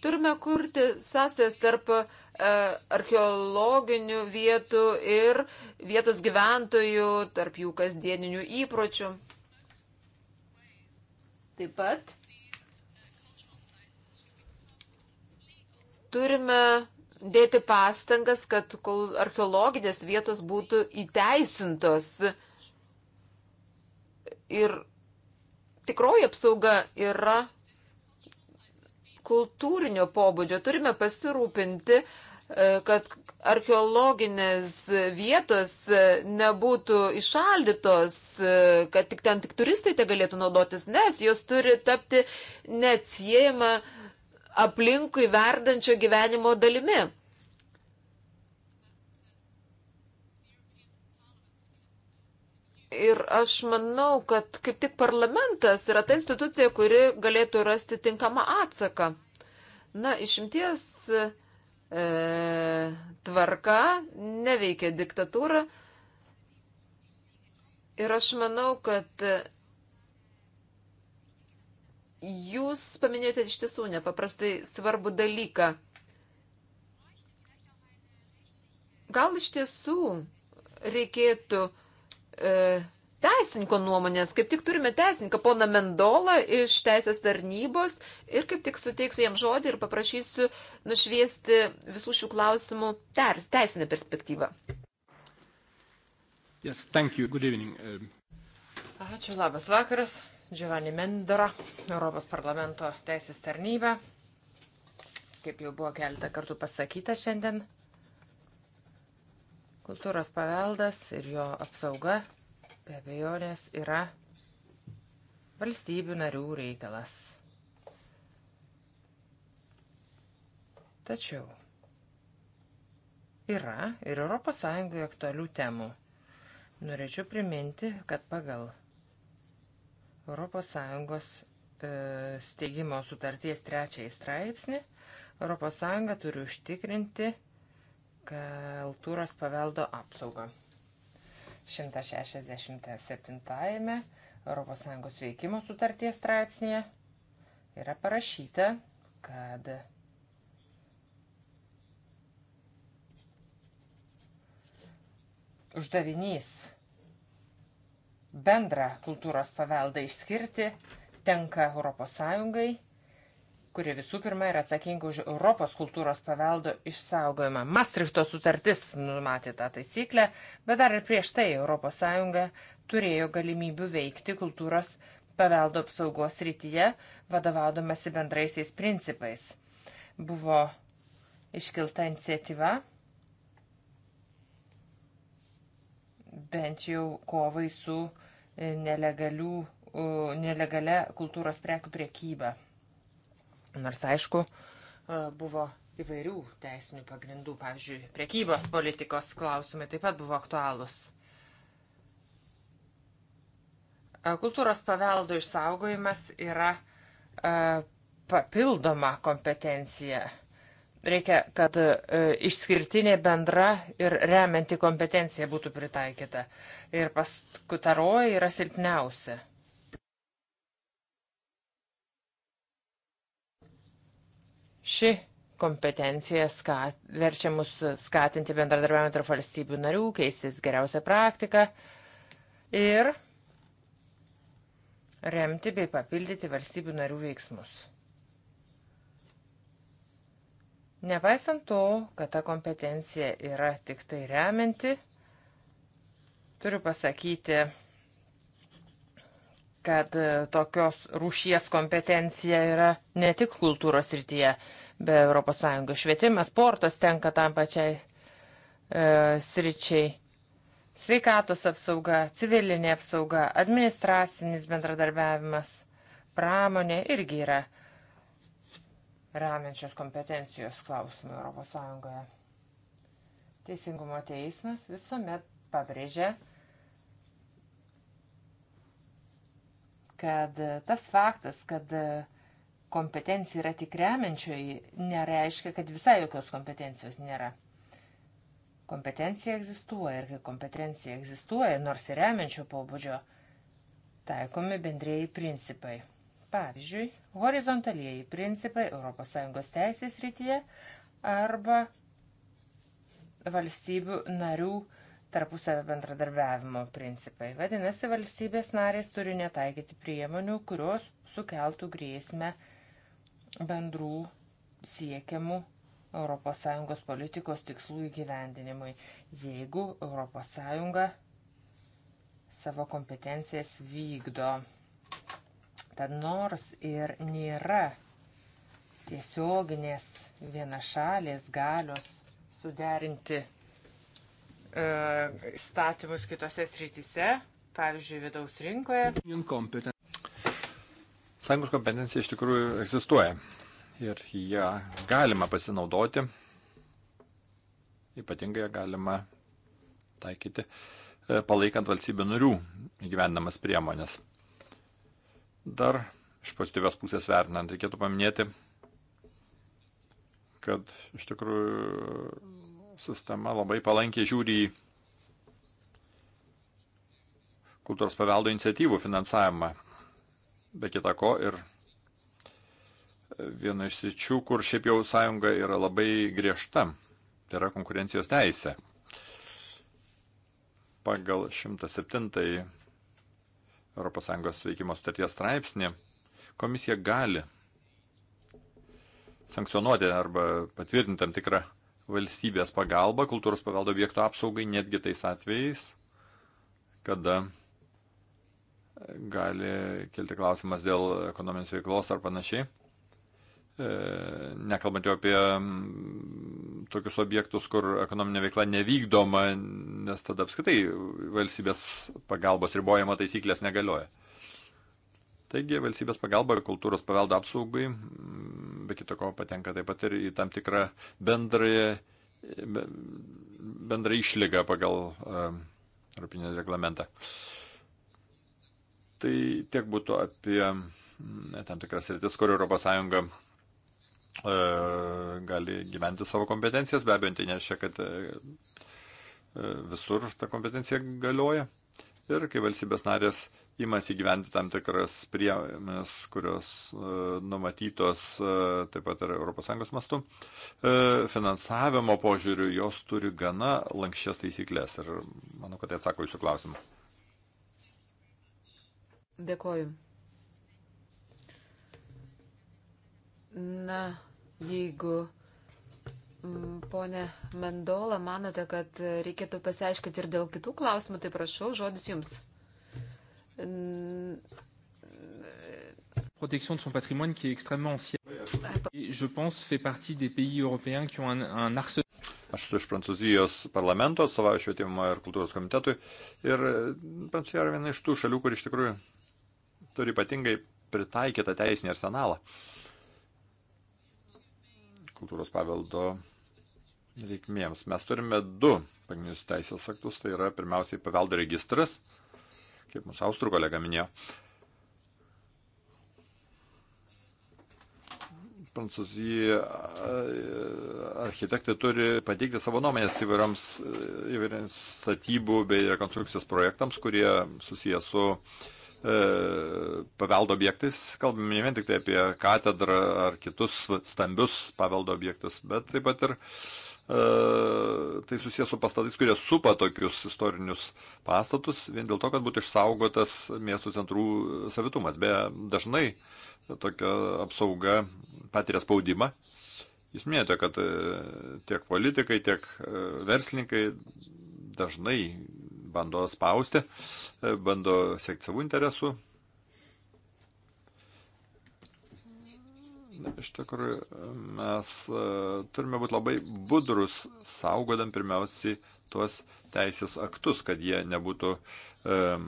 S2: Turime kurti sąsės tarp E, archeologinių vietų ir vietos gyventojų, tarp jų kasdieninių įpročių. Taip pat turime dėti pastangas, kad archeologinės vietos būtų įteisintos ir tikroji apsauga yra kultūrinio pobūdžio. Turime pasirūpinti uh, E, kad archeologinės vietos e, nebūtų išaldytos, e, kad tik ten tik turistai te galėtų naudotis, nes jos turi tapti neatsiejama aplinkui verdančio gyvenimo dalimi. Ir aš manau, kad kaip tik parlamentas yra ta institucija, kuri galėtų rasti tinkamą atsaką. Na, išimties e, tvarka, neveikia diktatūra. Ir aš manau, kad jūs paminėjote iš tiesų nepaprastai svarbų dalyką. Gal iš tiesų reikėtų e, teisinko nuomonės. Kaip tik turime teisinką, pona Mendola iš teisės tarnybos ir kaip tik suteiksiu jam žodį ir paprašysiu nušviesti visų šių klausimų ters, teisinę perspektyvą.
S1: Yes, thank you. Good evening. Um,
S2: Ačiū, labas vakaras. Giovanni Mendora,
S3: Europos parlamento teisės tarnyba. Kaip jau buvo keletą kartų pasakyta šiandien, kultūros paveldas ir jo apsauga be abejonės yra valstybių narių reikalas. Tačiau yra ir ES aktualių temų. Norėčiau priminti, kad pagal ES e, steigimo sutarties trečiai straipsnį ES turi užtikrinti kultūros paveldo apsaugą. 167 ES veikimo sutarties straipsnėje yra parašyta, kad uždavinys bendrą kultūros paveldą išskirti tenka ES kuri visų pirma yra atsakinga už Europos kultūros paveldo išsaugojimą. Mastrichto sutartis numatė tą taisyklę, bet dar ir prieš tai ES turėjo galimybių veikti kultūros paveldo apsaugos rytyje, vadovaudomasi bendraisiais principais. Buvo iškilta iniciatyva bent jau kovai su nelegalių, nelegalia kultūros prekių priekyba. Nors aišku, buvo įvairių teisinių pagrindų, pavyzdžiui, priekybos politikos klausimai taip pat buvo aktualūs. Kultūros paveldo išsaugojimas yra papildoma kompetencija. Reikia, kad išskirtinė bendra ir remianti kompetencija būtų pritaikyta. Ir paskutaroji yra silpniausia. Ši kompetencija skat, verčia mus skatinti bendradarbiavimą tarp valstybių narių, keistis geriausią praktiką ir remti bei papildyti valstybių narių veiksmus. Nepaisant to, kad ta kompetencija yra tik tai remianti, turiu pasakyti, kad e, tokios rūšies kompetencija yra ne tik kultūros rytyje, be ES švietimas, sportas tenka tam pačiai e, sričiai, sveikatos apsauga, civilinė apsauga, administracinis bendradarbiavimas, pramonė irgi yra remiančios kompetencijos klausimai ES. Teisingumo teismas visuomet pabrėžia, kad e, tas faktas, kad e, kompetencija yra tik remiančioji, nereiškia, kad visai jokios kompetencijos nėra. Kompetencija egzistuoja ir kai kompetencija egzistuoja, nors ir remiančio pobūdžio, taikomi bendrėjai principai. Pavyzdžiui, horizontalieji principai ES teisės rytyje arba valstybių narių uh, tarpusavio bendradarbiavimo principai. Vadinasi, valstybės narės turi netaikyti priemonių, kurios sukeltų grėsmę bendrų siekiamų ES politikos tikslų įgyvendinimui, jeigu ES savo kompetencijas vykdo. Tad nors ir nėra tiesioginės vienašalės galios suderinti E, statymus kitose srityse, pavyzdžiui, vidaus rinkoje.
S1: Sąjungos kompetencija iš tikrųjų egzistuoja ir ją galima pasinaudoti, ypatingai ją galima taikyti e, palaikant valstybių narių įgyvendamas priemonės. Dar iš pozityvios pusės vertinant, reikėtų paminėti, kad iš tikrųjų sistema labai palankiai žiūri į kultūros paveldo iniciatyvų finansavimą. Be kita ko ir viena iš sričių, kur šiaip jau sąjunga yra labai griežta, tai yra konkurencijos teisė. Pagal 107 ES veikimo sutarties straipsnį komisija gali sankcionuoti arba patvirtinti tam tikrą valstybės pagalbą kultūros paveldo objektų apsaugai netgi tais atvejais, kada gali kilti klausimas dėl ekonominės veiklos ar panašiai. E, nekalbant jau apie tokius objektus, kur ekonominė veikla nevykdoma, nes tada apskaitai valstybės pagalbos ribojimo taisyklės negalioja. Taigi valstybės pagalba kultūros paveldo apsaugai be kito ko patenka taip pat ir į tam tikrą bendrąją, bendrą išlygą pagal um, Europinį reglamentą. Tai tiek būtų apie ne, mm, tam tikras rytis, kur ES e, gali gyventi savo kompetencijas. Be abejo, tai nereiškia, kad e, e visur ta kompetencija galioja ir kai valstybės narės imasi gyventi tam tikras priemonės, kurios e, numatytos e, taip pat ir ES mastu, e, finansavimo požiūriu jos turi gana lankščias taisyklės ir manau, kad tai atsako jūsų klausimą.
S2: Dėkoju. Na, jeigu Mm, pone Mendola, manote, kad reikėtų pasiaiškinti ir dėl kitų klausimų, tai prašau, žodis jums.
S1: protection de son patrimoine qui est extrêmement ancien et je pense fait partie des pays européens qui ont un, un arsenal. Aš esu iš Prancūzijos parlamento, savo švietimo ir kultūros komitetui ir e, Prancūzija yra viena iš tų šalių, kur iš tikrųjų turi ypatingai pritaikytą teisinį arsenalą kultūros paveldo reikmėms. Mes turime du pagrindinius teisės aktus, tai yra pirmiausiai paveldo registras, kaip mūsų austrų kolega minėjo. Prancūzija architektai turi pateikti savo nuomonės įvairiams, įvairiams statybų bei rekonstrukcijos projektams, kurie susijęs su e, paveldo objektais. Kalbame ne vien tik tai apie katedrą ar kitus stambius paveldo objektus, bet taip pat ir e, E, tai susijęs su pastatais, kurie supa tokius istorinius pastatus, vien dėl to, kad būtų išsaugotas miestų centrų savitumas. Beje, dažnai tokia apsauga patiria spaudimą. Jūs minėjote, kad e, tiek politikai, tiek e, verslininkai dažnai bando spausti, bando siekti savo interesų, Iš tikrųjų, mes e, turime būti labai budrus, saugodam pirmiausiai tuos teisės aktus, kad jie nebūtų um,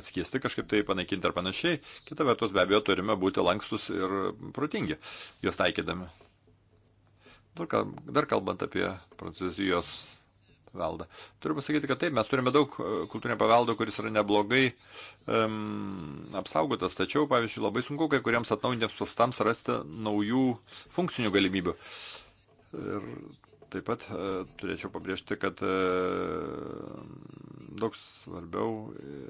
S1: atskiesti kažkaip tai panaikinti ar panašiai. Kita vertus, be abejo, turime būti lankstus ir protingi juos taikydami. Dar, dar kalbant apie Prancūzijos paveldą. Turiu pasakyti, kad taip, mes turime daug e, kultūrinio paveldo, kuris yra neblogai um, apsaugotas, tačiau, pavyzdžiui, labai sunku kai kuriems atnaujintiems pastams rasti naujų funkcinių galimybių. Ir Taip pat e, turėčiau pabrėžti, kad e, daug svarbiau e,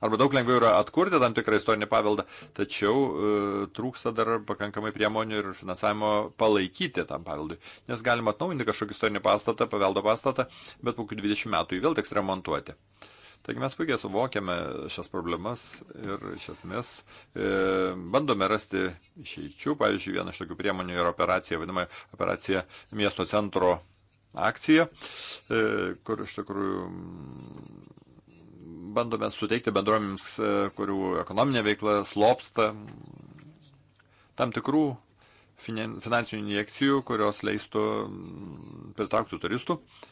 S1: arba daug lengviau yra atkurti tam tikrą istorinį paveldą, tačiau trūksta dar pakankamai priemonių ir finansavimo palaikyti tam paveldui. Nes galima atnaujinti kažkokį istorinį pastatą, paveldo pastatą, bet po 20 metų jį vėl teks remontuoti. Taigi mes puikiai suvokiame šias problemas ir iš esmės e, bandome rasti išeičių. Pavyzdžiui, viena iš tokių priemonių yra operacija, vadinama operacija miesto centro akcija, e, kur iš tikrųjų mm, bandome suteikti bendruomėms, e, kurių ekonominė veikla slopsta, tam tikrų finansinių injekcijų, kurios leistų mm, pritraukti turistų. E,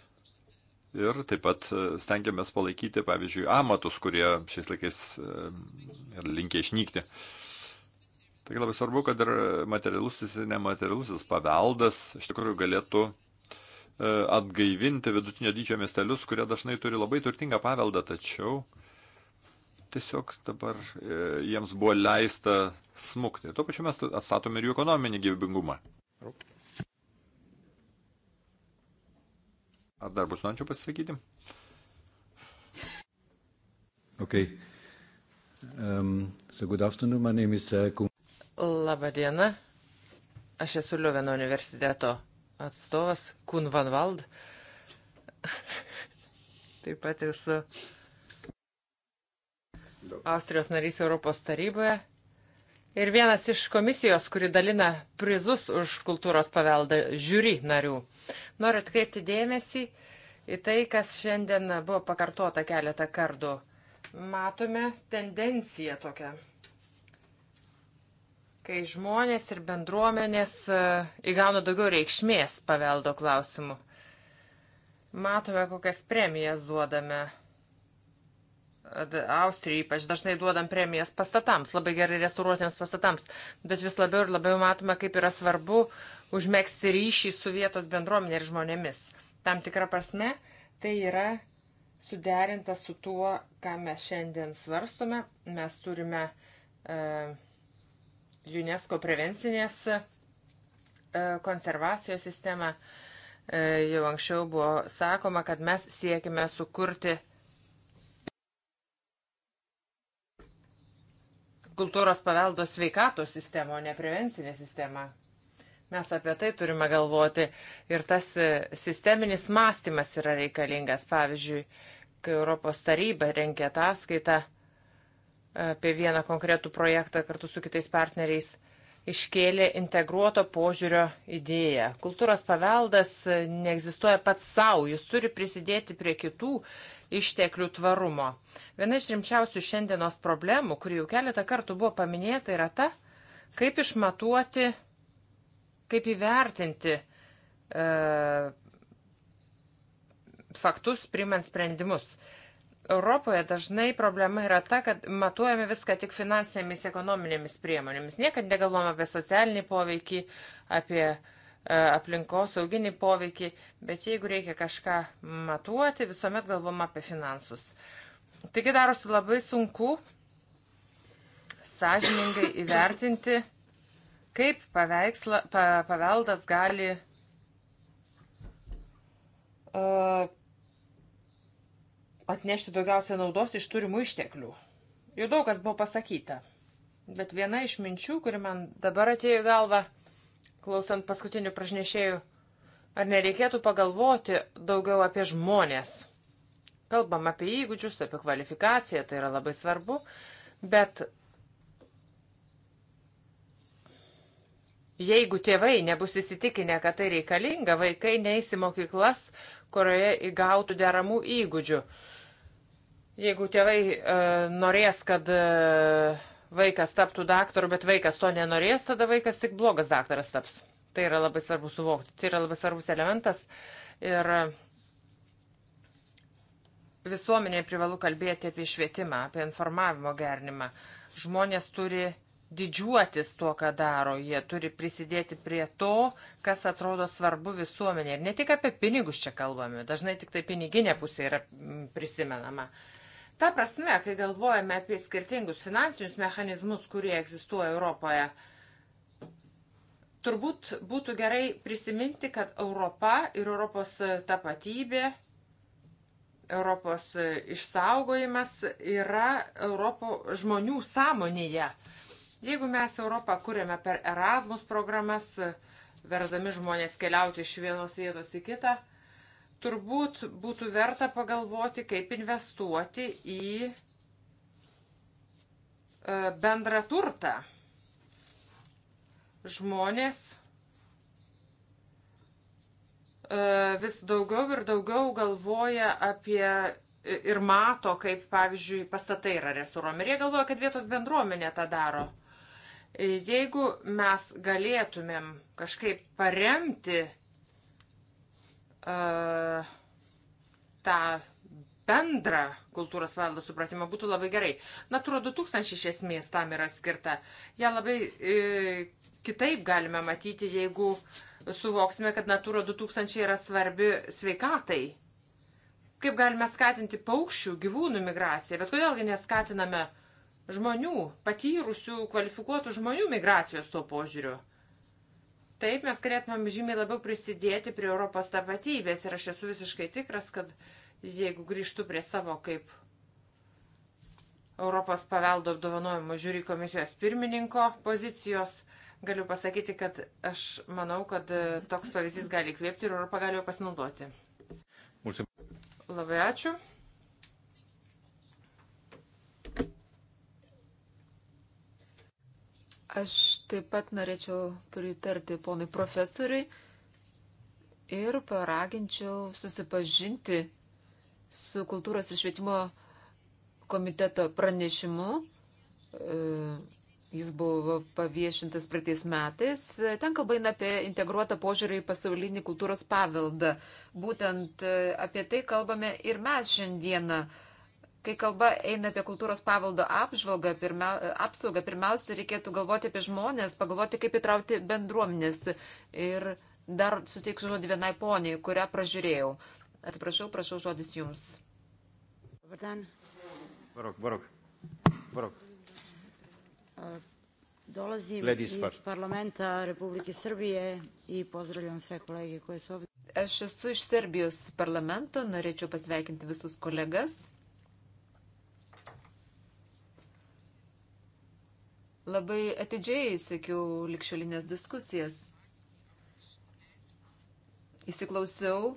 S1: Ir taip pat e, stengiamės palaikyti, pavyzdžiui, amatus, kurie šiais laikais ir e, linkia išnykti. Taigi labai svarbu, kad ir materialusis ir nematerialusis paveldas iš tikrųjų galėtų e, atgaivinti vidutinio dydžio miestelius, kurie dažnai turi labai turtingą paveldą, tačiau tiesiog dabar jiems buvo leista smukti. Tuo pačiu mes atstatome ir jų ekonominį gyvybingumą. Rūp. Ar dar bus norinčių pasisakyti? Okay. Um, so good afternoon, my name is uh, Kum.
S3: Labą dieną. Aš esu Liuveno universiteto atstovas Kun Van Vald. Taip pat esu Austrijos narys Europos taryboje ir vienas iš komisijos, kuri dalina prizus už kultūros paveldą žiūri narių. Noriu atkreipti dėmesį į tai, kas šiandien buvo pakartota keletą kartų. Matome tendenciją tokią kai žmonės ir bendruomenės e, įgauna daugiau reikšmės paveldo klausimų. Matome, kokias premijas duodame Austrijai ypač dažnai duodam premijas pastatams, labai gerai restauruotiems pastatams, bet vis labiau ir labiau matome, kaip yra svarbu užmėgsti ryšį su vietos bendruomenė ir žmonėmis. Tam tikrą prasme tai yra suderinta su tuo, ką mes šiandien svarstome. Mes turime uh, UNESCO prevencinės uh, konservacijos sistemą. Uh, jau anksčiau buvo sakoma, kad mes siekime sukurti kultūros paveldo sveikatos sistemą, o ne prevencinę sistemą. Mes apie tai turime galvoti ir tas e, sisteminis mąstymas yra reikalingas. Pavyzdžiui, kai Europos taryba rengia ataskaitą e, apie vieną konkretų projektą kartu su kitais partneriais, iškėlė integruoto požiūrio idėją. Kultūros paveldas neegzistuoja pats savo, jis turi prisidėti prie kitų išteklių tvarumo. Viena iš rimčiausių šiandienos problemų, kuri jau keletą kartų buvo paminėta, yra ta, kaip išmatuoti, kaip įvertinti e, faktus primant sprendimus. E, Europoje dažnai problema yra ta, kad matuojame viską tik finansinėmis ekonominėmis priemonėmis. Niekad negalvom apie socialinį poveikį, apie e, aplinkos sauginį poveikį, bet jeigu reikia kažką matuoti, visuomet galvom apie finansus. Taigi darosi labai sunku sąžiningai įvertinti, kaip paveiksla, pa, paveldas gali uh, atnešti daugiausia naudos iš turimų išteklių. Jau daug kas buvo pasakyta. Bet viena iš minčių, kuri man dabar atėjo į galvą, klausant paskutinių prašnešėjų, ar nereikėtų pagalvoti daugiau apie žmonės. Kalbam apie įgūdžius, apie kvalifikaciją, tai yra labai svarbu, bet Jeigu tėvai nebus įsitikinę, kad tai reikalinga, vaikai neįsi mokyklas, kurioje įgautų deramų įgūdžių. Jeigu tėvai e, norės, kad e, vaikas taptų daktaru, bet vaikas to nenorės, tada vaikas tik blogas daktaras taps. Tai yra labai svarbu suvokti. Tai yra labai svarbus elementas. Ir visuomenėje privalu kalbėti apie švietimą, apie informavimo gernimą. Žmonės turi didžiuotis tuo, ką daro. Jie turi prisidėti prie to, kas atrodo svarbu visuomenė. Ir ne tik apie pinigus čia kalbame, dažnai tik tai piniginė pusė yra prisimenama. Uh, Ta prasme, kai galvojame apie skirtingus finansinius mechanizmus, kurie egzistuoja Europoje, turbūt būtų gerai prisiminti, kad Europa ir Europos tapatybė, Europos išsaugojimas yra Europo žmonių sąmonėje. Jeigu mes Europą kūrėme per Erasmus programas, versdami žmonės keliauti iš vienos vietos į kitą, Turbūt būtų verta pagalvoti, kaip investuoti į e, bendrą turtą. Žmonės e, vis daugiau ir daugiau galvoja apie ir mato, kaip, pavyzdžiui, pastatai yra restauruomi. Ir jie galvoja, kad vietos bendruomenė tą daro. Jeigu mes galėtumėm kažkaip paremti uh, tą bendrą kultūros valdo supratimą būtų labai gerai. Natūra 2000 iš esmės tam yra skirta. Ja labai e, kitaip galime matyti, jeigu suvoksime, kad Natūra 2000 yra svarbi sveikatai. Kaip galime skatinti paukščių, gyvūnų migraciją, bet kodėlgi neskatiname žmonių, patyrusių, kvalifikuotų žmonių migracijos to požiūriu. Taip mes galėtumėm žymiai labiau prisidėti prie Europos tapatybės ir aš esu visiškai tikras, kad jeigu grįžtų prie savo kaip Europos paveldo apdovanojimo žiūri komisijos pirmininko pozicijos, galiu pasakyti, kad aš manau, kad e, toks pavyzdys gali kvėpti ir Europą galėjo pasinaudoti. Mulțumim. Labai ačiū.
S2: Aš taip pat norėčiau pritarti ponui profesoriui ir paraginčiau susipažinti su kultūros ir švietimo komiteto pranešimu. E, jis buvo paviešintas praeitais metais. Ten kalba eina apie integruotą požiūrį į pasaulinį kultūros paveldą. Būtent e, apie tai kalbame ir mes šiandieną Kai kalba eina apie kultūros paveldo apžvalgą, pirmia, apsaugą, pirmiausia, reikėtų galvoti apie žmonės, pagalvoti, kaip įtraukti bendruomenės. Ir dar suteiksiu žodį vienai poniai, kurią pražiūrėjau. Atsiprašau, prašau žodis jums.
S1: Barok, barok. Barok.
S2: Uh, dolazim Ladies iz first. parlamenta Republike Srbije i pozdravljam sve kolege koje su ovdje. Aš esu iš Serbijos parlamento, norėčiau pasveikinti visus kolegas. Labai atidžiai sekiau likščiolinės diskusijas. Įsiklausiau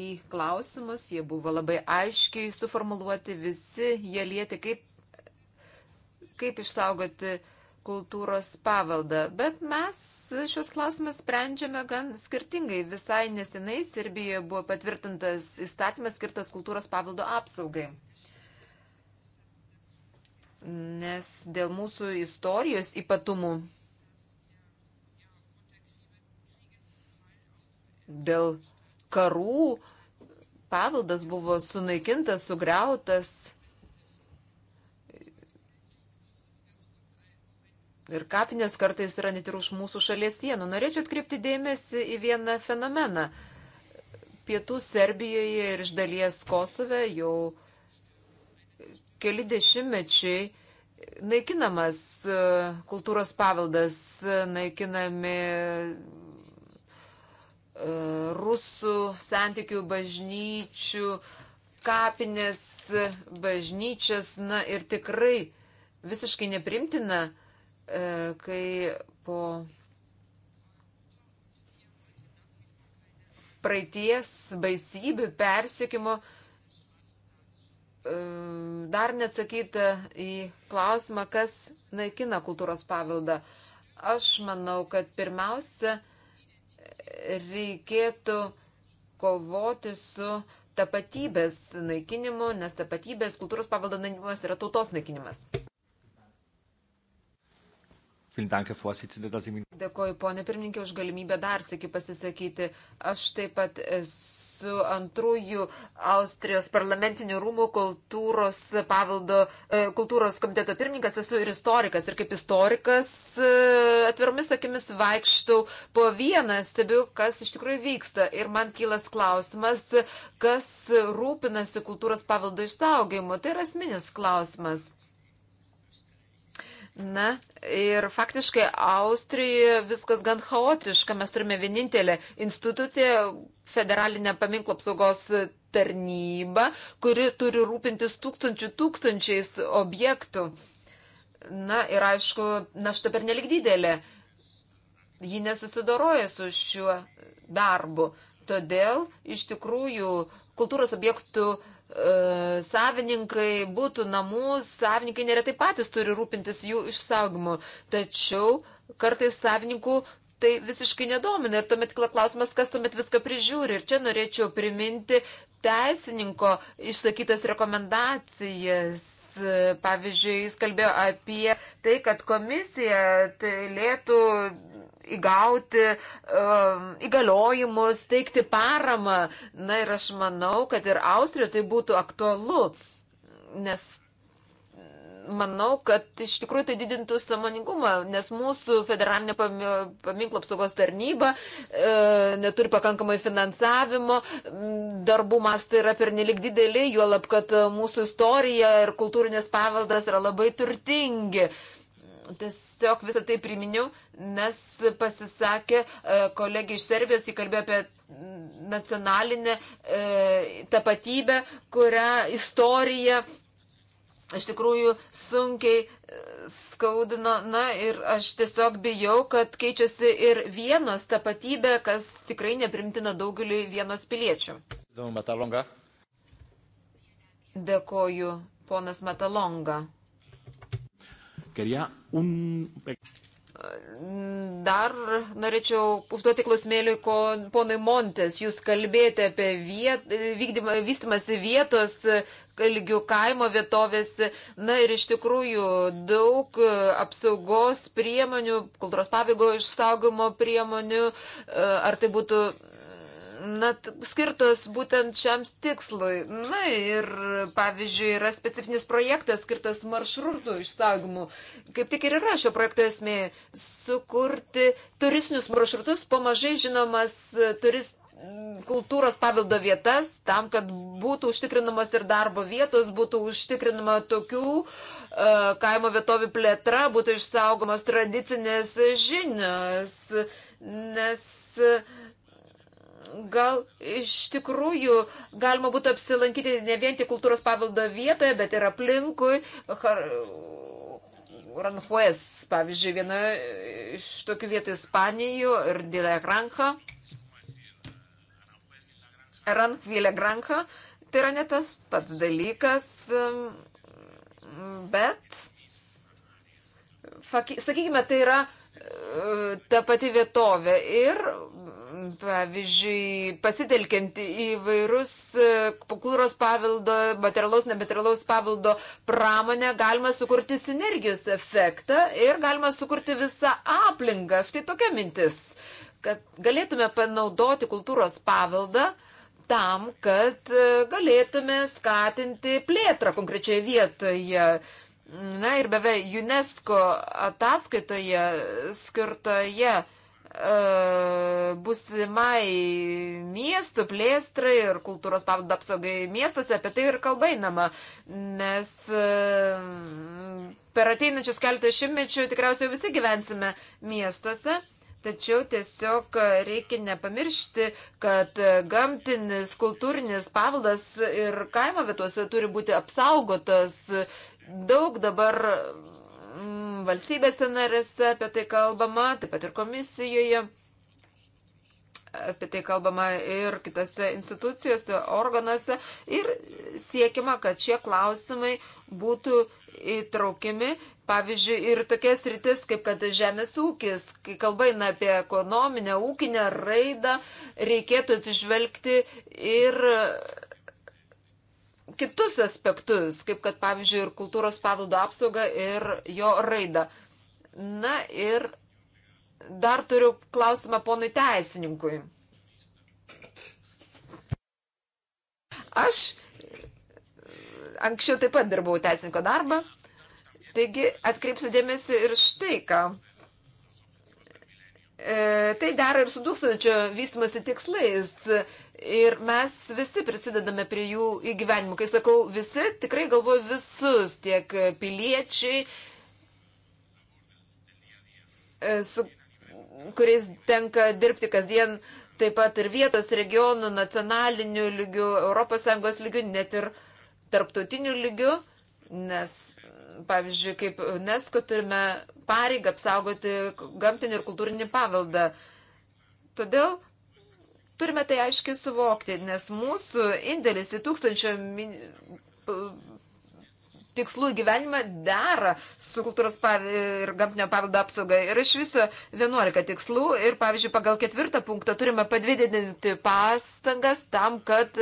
S2: į klausimus, jie buvo labai aiškiai suformuluoti, visi jie lieti, kaip, kaip išsaugoti kultūros paveldą. Bet mes šios klausimus sprendžiame gan skirtingai. Visai nesenai Sirbijoje buvo patvirtintas įstatymas skirtas kultūros paveldo apsaugai nes dėl mūsų istorijos ypatumų, dėl karų, paveldas buvo sunaikintas, sugriautas. Ir kapinės kartais yra net ir už mūsų šalies sienų. Norėčiau atkreipti dėmesį į vieną fenomeną. Pietų Serbijoje ir iš dalies Kosove jau uh, keli dešimtmečiai naikinamas e, kultūros paveldas, e, naikinami e, rusų santykių bažnyčių, kapinės bažnyčias, na ir tikrai visiškai neprimtina, kai po praeities baisybių persiekimo E, dar neatsakyta į klausimą, kas naikina kultūros paveldą. Aš manau, kad pirmiausia reikėtų kovoti su tapatybės naikinimu, nes tapatybės kultūros paveldo naikinimas yra tautos naikinimas.
S1: Dėkoju,
S2: ponė pirmininkė, už galimybę dar sėki pasisakyti. Aš taip pat esu su antrųjų Austrijos parlamentinių rūmų kultūros paveldo, e, kultūros komiteto pirmininkas, esu ir istorikas. Ir kaip istorikas e, atviromis akimis vaikštau po vieną, stebiu, kas iš tikrųjų vyksta. Ir man kylas klausimas, kas rūpinasi kultūros paveldo išsaugojimu. Tai yra asmenis klausimas. Na ir faktiškai Austrijoje viskas gan chaotiška. Mes turime vienintelę instituciją, federalinę paminklo apsaugos tarnybą, kuri turi rūpintis tūkstančių tūkstančiais objektų. Na ir aišku, našta per nelik didelė. Ji nesusidoroja su šiuo darbu. Todėl iš tikrųjų kultūros objektų uh, E, savininkai būtų namų, savininkai neretai patys turi rūpintis jų išsaugimu. Tačiau kartais savininkų tai visiškai nedomina ir tuomet kila klausimas, kas tuomet viską prižiūri. Ir čia norėčiau priminti teisininko išsakytas rekomendacijas. Pavyzdžiui, jis kalbėjo apie tai, kad komisija turėtų tai įgauti um, įgaliojimus, teikti paramą. Na ir aš manau, kad ir Austrijoje tai būtų aktualu, nes manau, kad iš tikrųjų tai didintų samoningumą, nes mūsų federalinė paminklo apsaugos tarnyba e, neturi pakankamai finansavimo, darbų mastai yra pernelik dideli, juolab, kad mūsų istorija ir kultūrinis paveldas yra labai turtingi. E, tiesiog visą tai priminiau, nes pasisakė e, kolegė iš Serbijos, įkalbėjo apie nacionalinę e, tapatybę, kurią istorija iš tikrųjų sunkiai e, skaudino. Na ir aš tiesiog bijau, kad keičiasi ir vienos tapatybė, kas tikrai neprimtina daugeliu vienos piliečių. Dėkoju, ponas Matalonga.
S1: Quería un...
S2: Dar norėčiau užduoti klausimėlį ponui Montes. Jūs kalbėjote apie viet, vykdymą, vystimąsi vietos lygių kaimo vietovėse. Na ir iš tikrųjų daug apsaugos priemonių, kultūros pabėgo išsaugimo priemonių, ar tai būtų na, skirtos būtent šiam tikslui. Na ir, pavyzdžiui, yra specifinis projektas skirtas maršrutų išsaugimu. Kaip tik ir yra šio projekto esmė - sukurti turistinius maršrutus po mažai žinomas e, turist kultūros pavildo vietas, tam, kad būtų užtikrinamas ir darbo vietos, būtų užtikrinama tokių e, kaimo vietovių plėtra, būtų išsaugomas tradicinės žinios, nes e, gal iš tikrųjų galima būtų apsilankyti ne vien tik kultūros paveldo vietoje, bet ir aplinkui. Har... Ranfues, pavyzdžiui, viena iš tokių vietų Ispanijų ir Dile Granka. Rankvilė Granka. Tai yra ne tas pats dalykas, bet sakykime, tai yra e, ta pati vietovė ir pavyzdžiui, pasitelkiant įvairus e, kultūros pavildo, materialaus, nematerialaus pavildo pramonę, galima sukurti sinergijos efektą ir galima sukurti visą aplinką. Štai tokia mintis, kad galėtume panaudoti kultūros pavildą tam, kad e, galėtume skatinti plėtrą konkrečioje vietoje. Na ir beveik UNESCO ataskaitoje skirtoje. Ja, E, busimai miestų plėstrai ir kultūros paveldo apsaugai miestuose apie tai ir kalba einama, nes e, per ateinančius keletą šimtmečių tikriausiai visi gyvensime miestuose. Tačiau tiesiog reikia nepamiršti, kad gamtinis, kultūrinis paveldas ir kaimo vietuose turi būti apsaugotas. Daug dabar valstybėse narėse apie tai kalbama, taip pat ir komisijoje, apie tai kalbama ir kitose institucijose, organuose ir siekima, kad šie klausimai būtų įtraukiami, pavyzdžiui, ir tokias rytis, kaip kad žemės ūkis, kai kalba eina apie ekonominę, ūkinę raidą, reikėtų atsižvelgti ir kitus aspektus, kaip kad, pavyzdžiui, ir kultūros pavildo apsaugą ir jo raidą. Na ir dar turiu klausimą ponui teisininkui. Aš anksčiau taip pat dirbau teisinko darbą, taigi atkreipsiu dėmesį ir štai ką. E, tai dera ir su tūkstančio vystimosi tikslais. E, Ir mes visi prisidedame prie jų įgyvenimų. Kai sakau visi, tikrai galvoju visus, tiek piliečiai, e, su kuriais tenka dirbti kasdien, taip pat ir vietos, regionų, nacionalinių lygių, ES lygių, net ir tarptautinių lygių, nes, pavyzdžiui, kaip UNESCO turime pareigą apsaugoti gamtinį ir kultūrinį paveldą. Todėl Turime tai aiškiai suvokti, nes mūsų indėlis į tūkstančio min... tikslų gyvenimą dera su kultūros pav... ir gamtinio paveldo apsauga. Ir iš viso 11 tikslų ir, pavyzdžiui, pagal ketvirtą punktą turime padvidinti pastangas tam, kad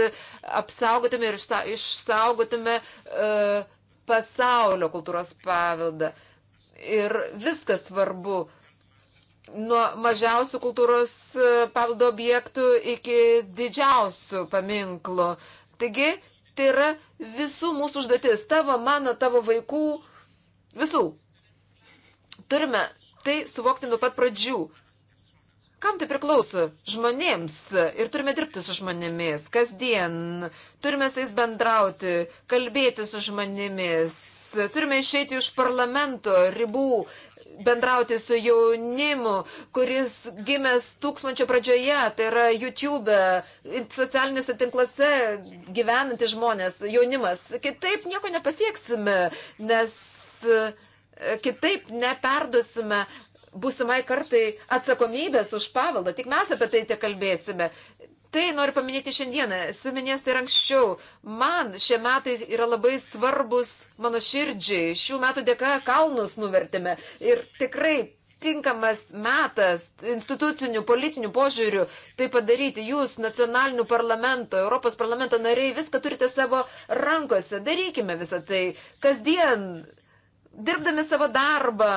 S2: apsaugotume ir išsaugotume uh, pasaulio kultūros paveldą. Ir viskas svarbu. Uh, nuo mažiausių kultūros e, paveldo objektų iki didžiausių paminklų. Taigi, tai yra visų mūsų užduotis. Tavo, mano, tavo vaikų, visų. Turime tai suvokti nuo pat pradžių. Kam tai priklauso? Žmonėms. Ir turime dirbti su žmonėmis kasdien. Turime su jais bendrauti, kalbėti su žmonėmis. Turime išeiti iš parlamento ribų bendrauti su jaunimu, kuris gimęs tūkstančio pradžioje, tai yra YouTube, socialiniuose tinkluose gyvenantys žmonės, jaunimas. Kitaip nieko nepasieksime, nes e, kitaip neperdusime būsimai kartai atsakomybės už paveldą. Tik mes apie tai te kalbėsime tai noriu paminėti šiandieną, esu minėjęs tai ir anksčiau. Man šie metai yra labai svarbus mano širdžiai. Šių metų dėka kalnus nuvertėme. Ir tikrai tinkamas metas institucinių, politinių požiūrių tai padaryti. Jūs, nacionalinių parlamento, Europos parlamento nariai, viską turite savo rankose. Darykime visą tai. Kasdien, dirbdami savo darbą,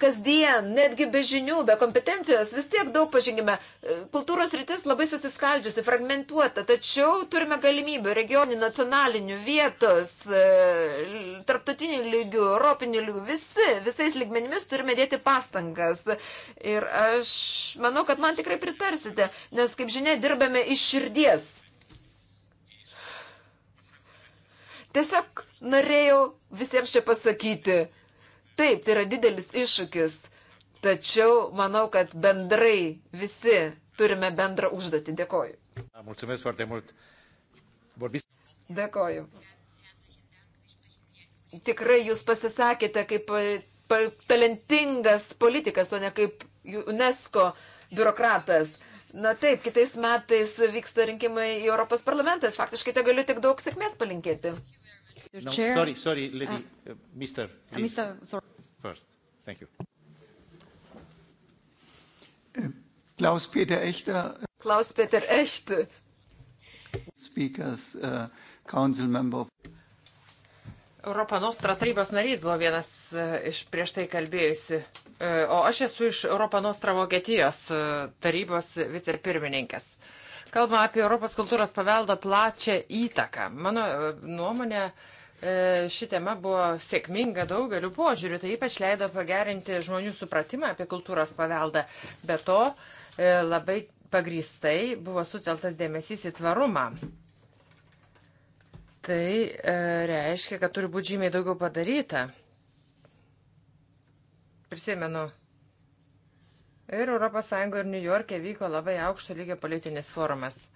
S2: kasdien, netgi be žinių, be kompetencijos, vis tiek daug pažengime. E, kultūros rytis labai susiskaldžiusi, fragmentuota, tačiau turime galimybę regioninių, nacionalinių, vietos, e, tarptautinių lygių, europinių lygių, visi, visais lygmenimis turime dėti pastangas. Ir aš manau, kad man tikrai pritarsite, nes, kaip žinia, dirbame iš širdies. Tiesiog norėjau visiems čia pasakyti. Taip, tai yra didelis iššūkis, tačiau manau, kad bendrai visi turime bendrą užduotį. Dėkoju.
S1: Mulțumesc foarte mult. Vorbiți...
S2: Dėkoju. Tikrai jūs pasisakėte kaip talentingas politikas, o ne kaip UNESCO biurokratas. Na taip, kitais metais vyksta rinkimai į Europos parlamentą. Faktiškai te galiu tik daug sėkmės palinkėti. No, sorry, sorry, lady,
S1: ah. uh, mister. Ah, please. Mister, sorry first. Thank you. Äh, Klaus-Peter Echter. Äh,
S2: Klaus-Peter
S1: Echter. Speakers, uh, council member.
S3: Europą Nostra tarybos narys buvo vienas e, iš prieš tai kalbėjusių, e, o aš esu iš Europą Nostra Vokietijos e, tarybos vicepirmininkas. Kalbama apie Europos kultūros paveldo plačią įtaką. Mano nuomonė, uh, E, ši tema buvo sėkminga daugeliu požiūrių, tai ypač leido pagerinti žmonių supratimą apie kultūros paveldą. Be to, e, labai pagrįstai buvo suteltas dėmesys į tvarumą. Tai e, reiškia, kad turi būti žymiai daugiau padaryta. Prisimenu. Ir ES ir New York'e vyko labai aukšto lygio politinis forumas.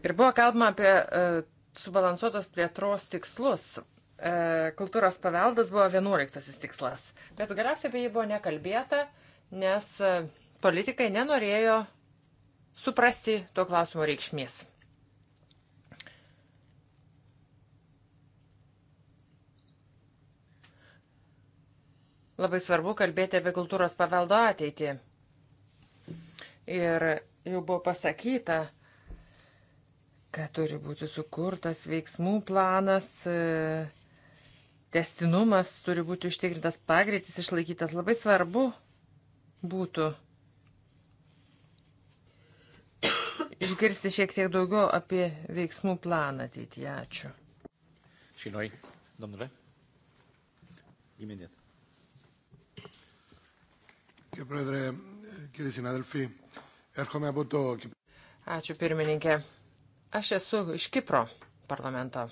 S3: Ir buvo kalbama apie uh, subalansuotos plėtros tikslus. Uh, kultūros paveldas buvo vienuoliktasis tikslas. Bet galiausiai apie jį buvo nekalbėta, nes uh, politikai nenorėjo suprasti to klausimo reikšmės. Labai svarbu kalbėti apie kultūros paveldo ateitį. Ir jau buvo pasakyta, kad turi būti sukurtas veiksmų planas, e, testinumas turi būti užtikrintas, pagreitis išlaikytas. Labai svarbu būtų išgirsti šiek tiek daugiau apie veiksmų planą ateityje. Ačiū.
S1: Șinoi, domnule? Imediat.
S3: Ačiū pirmininkė. Aš esu iš Kipro parlamento.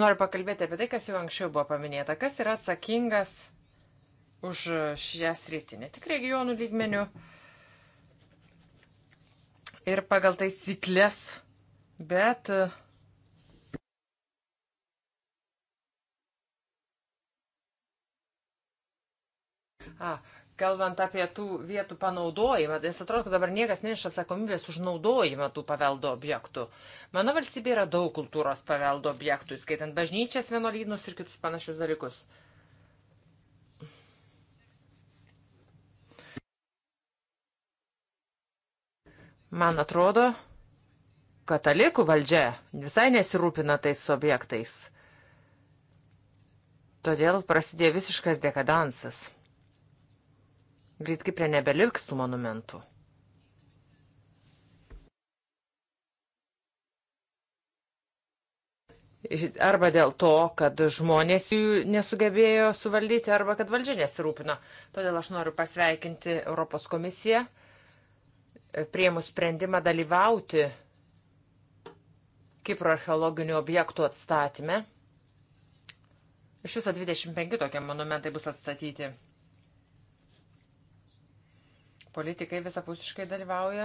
S3: Noriu pakalbėti apie tai, kas jau anksčiau buvo paminėta. Kas yra atsakingas už šią sritį, ne tik regionų lygmenių. Ir pagal taisyklės, bet uh, A, kalbant apie tų vietų panaudojimą, nes atrodo, kad dabar niekas neša atsakomybės už naudojimą tų paveldo objektų. Mano valstybė yra daug kultūros paveldo objektų, skaitant bažnyčias, vienolynus ir kitus panašius dalykus. Man atrodo, katalikų valdžia visai nesirūpina tais objektais. Todėl prasidėjo visiškas dekadansas. Greit kaip prie nebeliks tų monumentų. Arba dėl to, kad žmonės jų nesugebėjo suvaldyti, arba kad valdžia nesirūpino. Todėl aš noriu pasveikinti Europos komisiją, e, prieimus sprendimą dalyvauti Kipro archeologinių objektų atstatyme. Iš viso 25 tokie monumentai bus atstatyti. Politikai visapusiškai dalyvauja.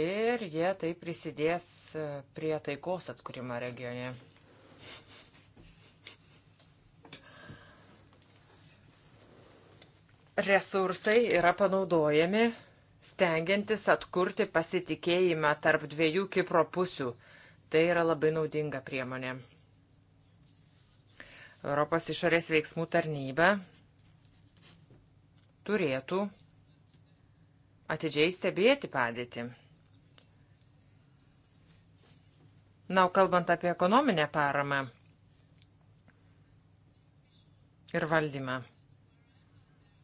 S3: Ir jie tai prisidės e, prie taikos atkūrimo regione. Resursai yra panaudojami stengiantis atkurti pasitikėjimą tarp dviejų Kipro pusių. Tai yra labai naudinga priemonė. Europos išorės veiksmų tarnyba turėtų atidžiai stebėti padėtį. Na, o kalbant apie ekonominę paramą ir valdymą,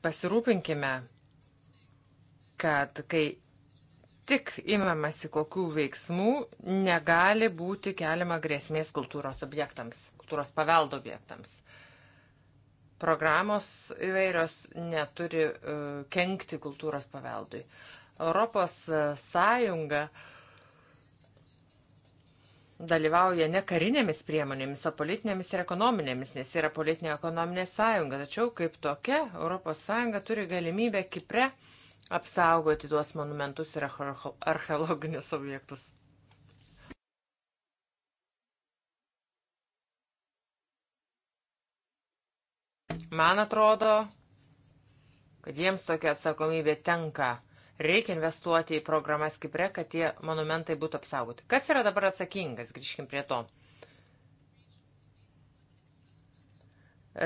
S3: pasirūpinkime, kad kai tik imamasi kokių veiksmų, negali būti keliama grėsmės kultūros objektams, kultūros paveldo objektams programos įvairios neturi e, kenkti kultūros paveldui. Europos e, Sąjunga dalyvauja ne karinėmis priemonėmis, o politinėmis ir ekonominėmis, nes yra politinė ekonominė sąjunga. Tačiau kaip tokia Europos Sąjunga turi galimybę Kipre apsaugoti tuos monumentus ir archeologinius objektus. Man atrodo, kad jiems tokia atsakomybė tenka. Reikia investuoti į programas Kiprė, kad tie monumentai būtų apsaugoti. Kas yra dabar atsakingas? Grįžkim prie to.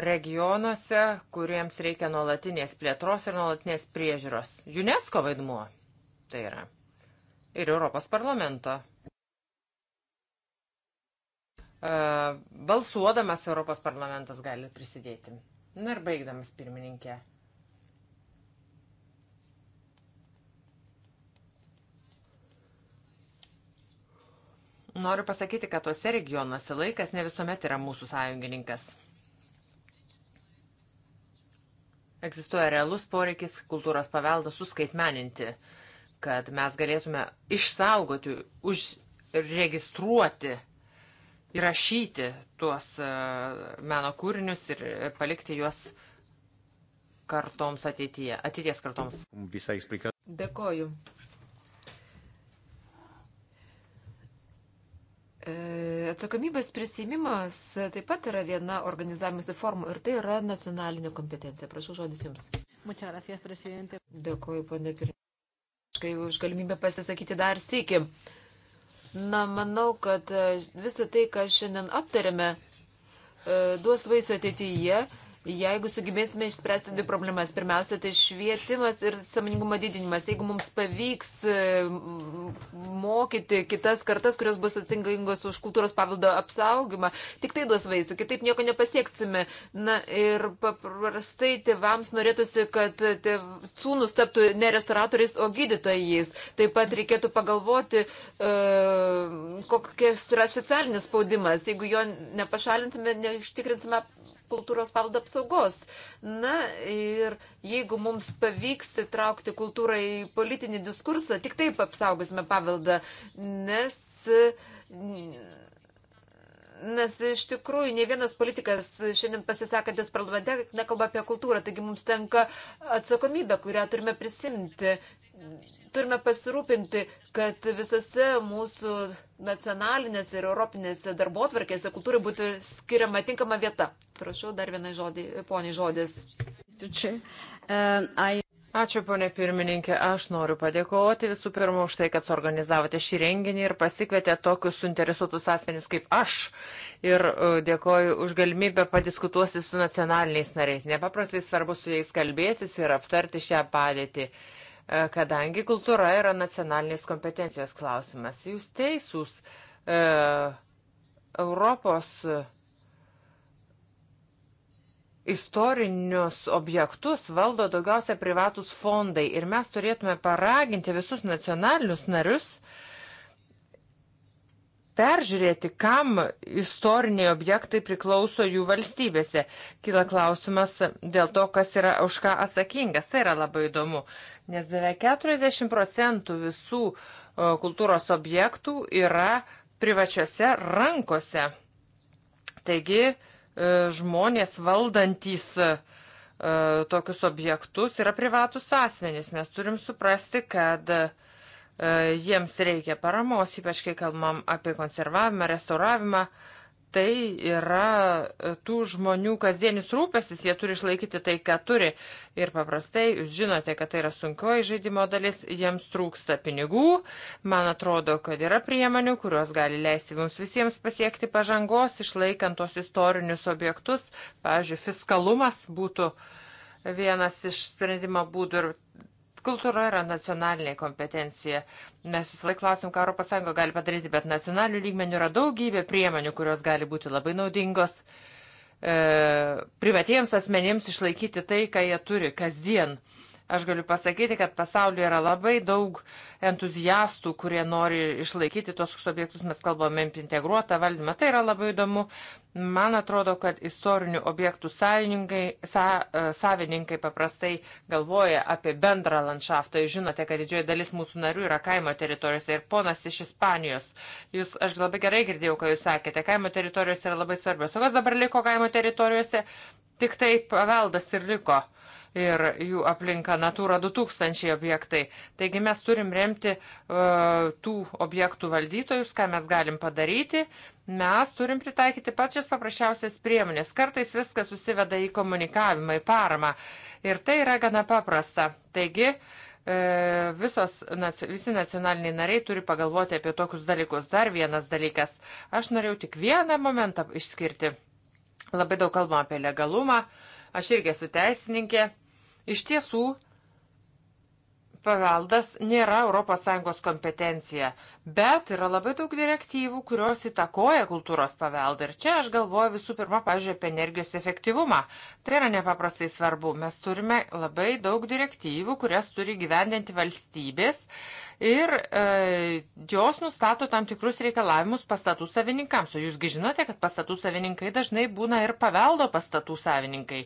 S3: Regionuose, kuriems reikia nuolatinės plėtros ir nuolatinės priežiūros. UNESCO vaidmuo tai yra. Ir Europos parlamento. Balsuodamas Europos parlamentas gali prisidėti. Na ir baigdamas pirmininkė. Noriu pasakyti, kad tuose regionuose laikas ne visuomet yra mūsų sąjungininkas. Egzistuoja realus poreikis kultūros paveldą suskaitmeninti, kad mes galėtume išsaugoti, užregistruoti įrašyti tuos e, meno kūrinius ir palikti juos kartoms ateityje, ateities kartoms.
S1: Visą ekspliką.
S3: Dėkoju.
S2: E, atsakomybės prisėmimas taip pat yra viena organizavimosi formų ir tai yra nacionalinė kompetencija. Prašau žodis Jums. Gracias, Dėkoju, ponė Pirmininkė, už galimybę pasisakyti dar sėki. Uh, Na, manau, kad e, visą tai, ką šiandien aptarėme, e, duos vaisių ateityje, Jeigu sugebėsime išspręsti dvi problemas, pirmiausia, tai švietimas ir samoningumo didinimas. Jeigu mums pavyks e, mokyti kitas kartas, kurios bus atsingingos už kultūros pavildo apsaugimą, tik tai duos vaisių, kitaip nieko nepasieksime. Na ir paprastai tėvams norėtųsi, kad sūnus taptų ne restauratoriais, o gydytojais. Taip pat reikėtų pagalvoti, e, kokias yra socialinis spaudimas. Jeigu jo nepašalinsime, neužtikrinsime kultūros paveldo apsaugos. Na ir jeigu mums pavyks įtraukti kultūrą į politinį diskursą, tik taip apsaugosime paveldą, nes. Nes iš tikrųjų ne vienas politikas šiandien pasisakantis parlamente nekalba apie kultūrą, taigi mums tenka atsakomybė, kurią turime prisimti turime pasirūpinti, kad visose mūsų nacionalinėse ir europinėse darbotvarkėse kultūrai būtų skiriama tinkama vieta. Prašau, dar vienai žodį, poniai žodis.
S3: Ačiū, ponė pirmininkė. Aš noriu padėkoti visų pirma už tai, kad suorganizavote šį renginį ir pasikvietė tokius suinteresuotus asmenys kaip aš. Ir e, dėkoju už galimybę padiskutuosi su nacionaliniais nariais. Nepaprastai svarbu su jais kalbėtis ir aptarti šią padėtį. Uh, E, kadangi kultūra yra nacionalinės kompetencijos klausimas. Jūs teisūs, e, Europos istorinius objektus valdo daugiausia privatus fondai ir mes turėtume paraginti visus nacionalinius narius peržiūrėti, kam istoriniai objektai priklauso jų valstybėse. Kila klausimas dėl to, kas yra už ką atsakingas. Tai yra labai įdomu, nes beveik 40 procentų visų kultūros objektų yra privačiose rankose. Taigi e, žmonės valdantis e, tokius objektus yra privatus asmenys. Mes turim suprasti, kad uh, E, jiems reikia paramos, ypač kai kalbam apie konservavimą, restauravimą. Tai yra e, tų žmonių kasdienis rūpesis, jie turi išlaikyti tai, ką turi. Ir paprastai, jūs žinote, kad tai yra sunkioji žaidimo dalis, jiems trūksta pinigų. Man atrodo, kad yra priemonių, kurios gali leisti mums visiems pasiekti pažangos, išlaikant tos istorinius objektus. Pavyzdžiui, fiskalumas būtų vienas iš sprendimo būdų ir kultūra yra nacionalinė kompetencija. Mes vis laik klausim, ką ES gali padaryti, bet nacionalinių lygmenių yra daugybė priemonių, kurios gali būti labai naudingos e, privatiems asmenims išlaikyti tai, ką jie turi kasdien. E, Aš galiu pasakyti, kad pasaulyje yra labai daug entuziastų, kurie nori išlaikyti tos objektus, mes kalbame apie integruotą valdymą, tai yra labai įdomu. Man atrodo, kad istorinių objektų savininkai, sa, e, savininkai paprastai galvoja apie bendrą landšaftą. Jūs žinote, kad didžioji dalis mūsų narių yra kaimo teritorijose ir ponas iš Ispanijos. Jūs, aš labai gerai girdėjau, ką jūs sakėte, kaimo teritorijos yra labai svarbios. O kas dabar liko kaimo teritorijose? Tik tai paveldas ir liko. Uh, ir jų aplinka Natura 2000 objektai. Taigi mes turim remti uh, tų objektų valdytojus, ką mes galim padaryti. Mes turim pritaikyti pačias paprasčiausias priemonės. Kartais viskas susiveda į komunikavimą, į paramą. Ir tai yra gana paprasta. Taigi, e, visos, visi nacionaliniai nariai turi pagalvoti apie tokius dalykus. Dar vienas dalykas. Aš norėjau tik vieną momentą išskirti. Labai daug kalbama apie legalumą. Aš irgi esu teisininkė Iš tiesų, paveldas nėra ES kompetencija, bet yra labai daug direktyvų, kurios įtakoja kultūros paveldą. Ir čia aš galvoju visų pirma, pažiūrėjau, apie energijos efektyvumą. Tai yra nepaprastai svarbu. Mes turime labai daug direktyvų, kurias turi gyvendinti valstybės, ir e, jos nustato tam tikrus reikalavimus pastatų savininkams. O jūsgi žinote, kad pastatų savininkai dažnai būna ir paveldo pastatų savininkai.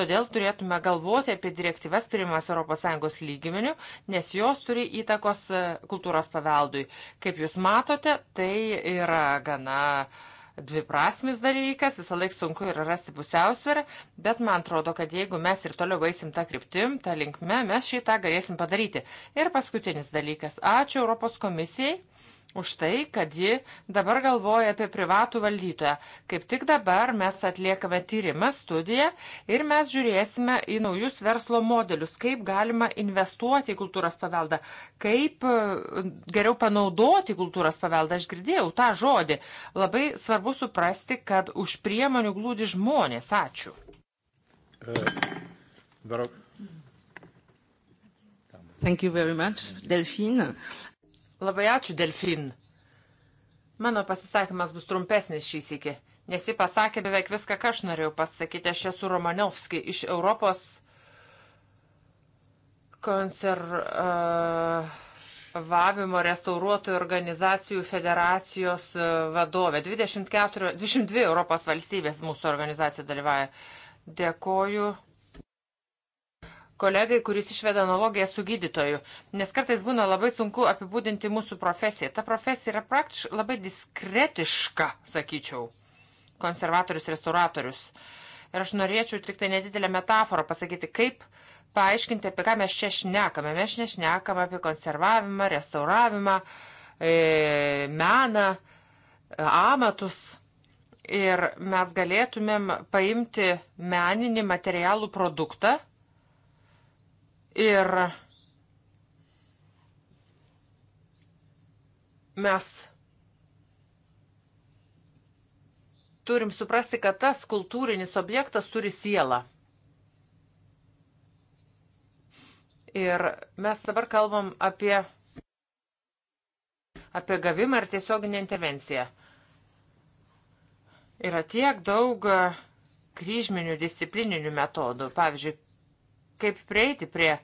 S3: Todėl turėtume galvoti apie direktyvas priimas ES lygmenių, nes jos turi įtakos e, kultūros paveldui. Kaip jūs matote, tai yra gana. E, dviprasmis dalykas, visą laiką sunku yra rasti pusiausvyrą, bet man atrodo, kad jeigu mes ir toliau vaisim tą kryptim, tą linkme, mes šitą galėsim padaryti. Ir paskutinis dalykas. Ačiū Europos komisijai už tai, kad ji dabar galvoja apie privatų valdytoją. Kaip tik dabar mes atliekame tyrimą, studiją ir mes žiūrėsime į naujus verslo modelius, kaip galima investuoti į kultūros paveldą, kaip e, geriau panaudoti kultūros paveldą. Aš girdėjau tą žodį. Labai svarbu suprasti, kad už priemonių glūdi žmonės. Ačiū.
S1: Uh,
S3: Thank you very much, Delfina. Labai ačiū, Delfin. Mano pasisakymas bus trumpesnis šį sėkį, nes ji pasakė beveik viską, ką aš norėjau pasakyti. Aš esu Romanovski iš Europos konservavimo restauruotojų organizacijų federacijos e, vadovė. 24, 22 Europos valstybės mūsų organizacija dalyvauja. Dėkoju kolegai, kuris išveda analogiją su gydytoju, nes kartais būna labai sunku apibūdinti mūsų profesiją. Ta profesija yra praktiškai labai diskretiška, sakyčiau, konservatorius, restauratorius. Ir aš norėčiau tik tai nedidelę metaforą pasakyti, kaip paaiškinti, apie ką mes čia šnekame. Mes nešnekame apie konservavimą, restauravimą, e, meną, amatus ir mes galėtumėm paimti meninį materialų produktą Ir mes turim suprasti, kad tas kultūrinis objektas turi sielą. Ir mes dabar kalbam apie, apie gavimą ir tiesioginę intervenciją. Yra tiek daug e, kryžminių disciplininių metodų. Pavyzdžiui, kaip prieiti prie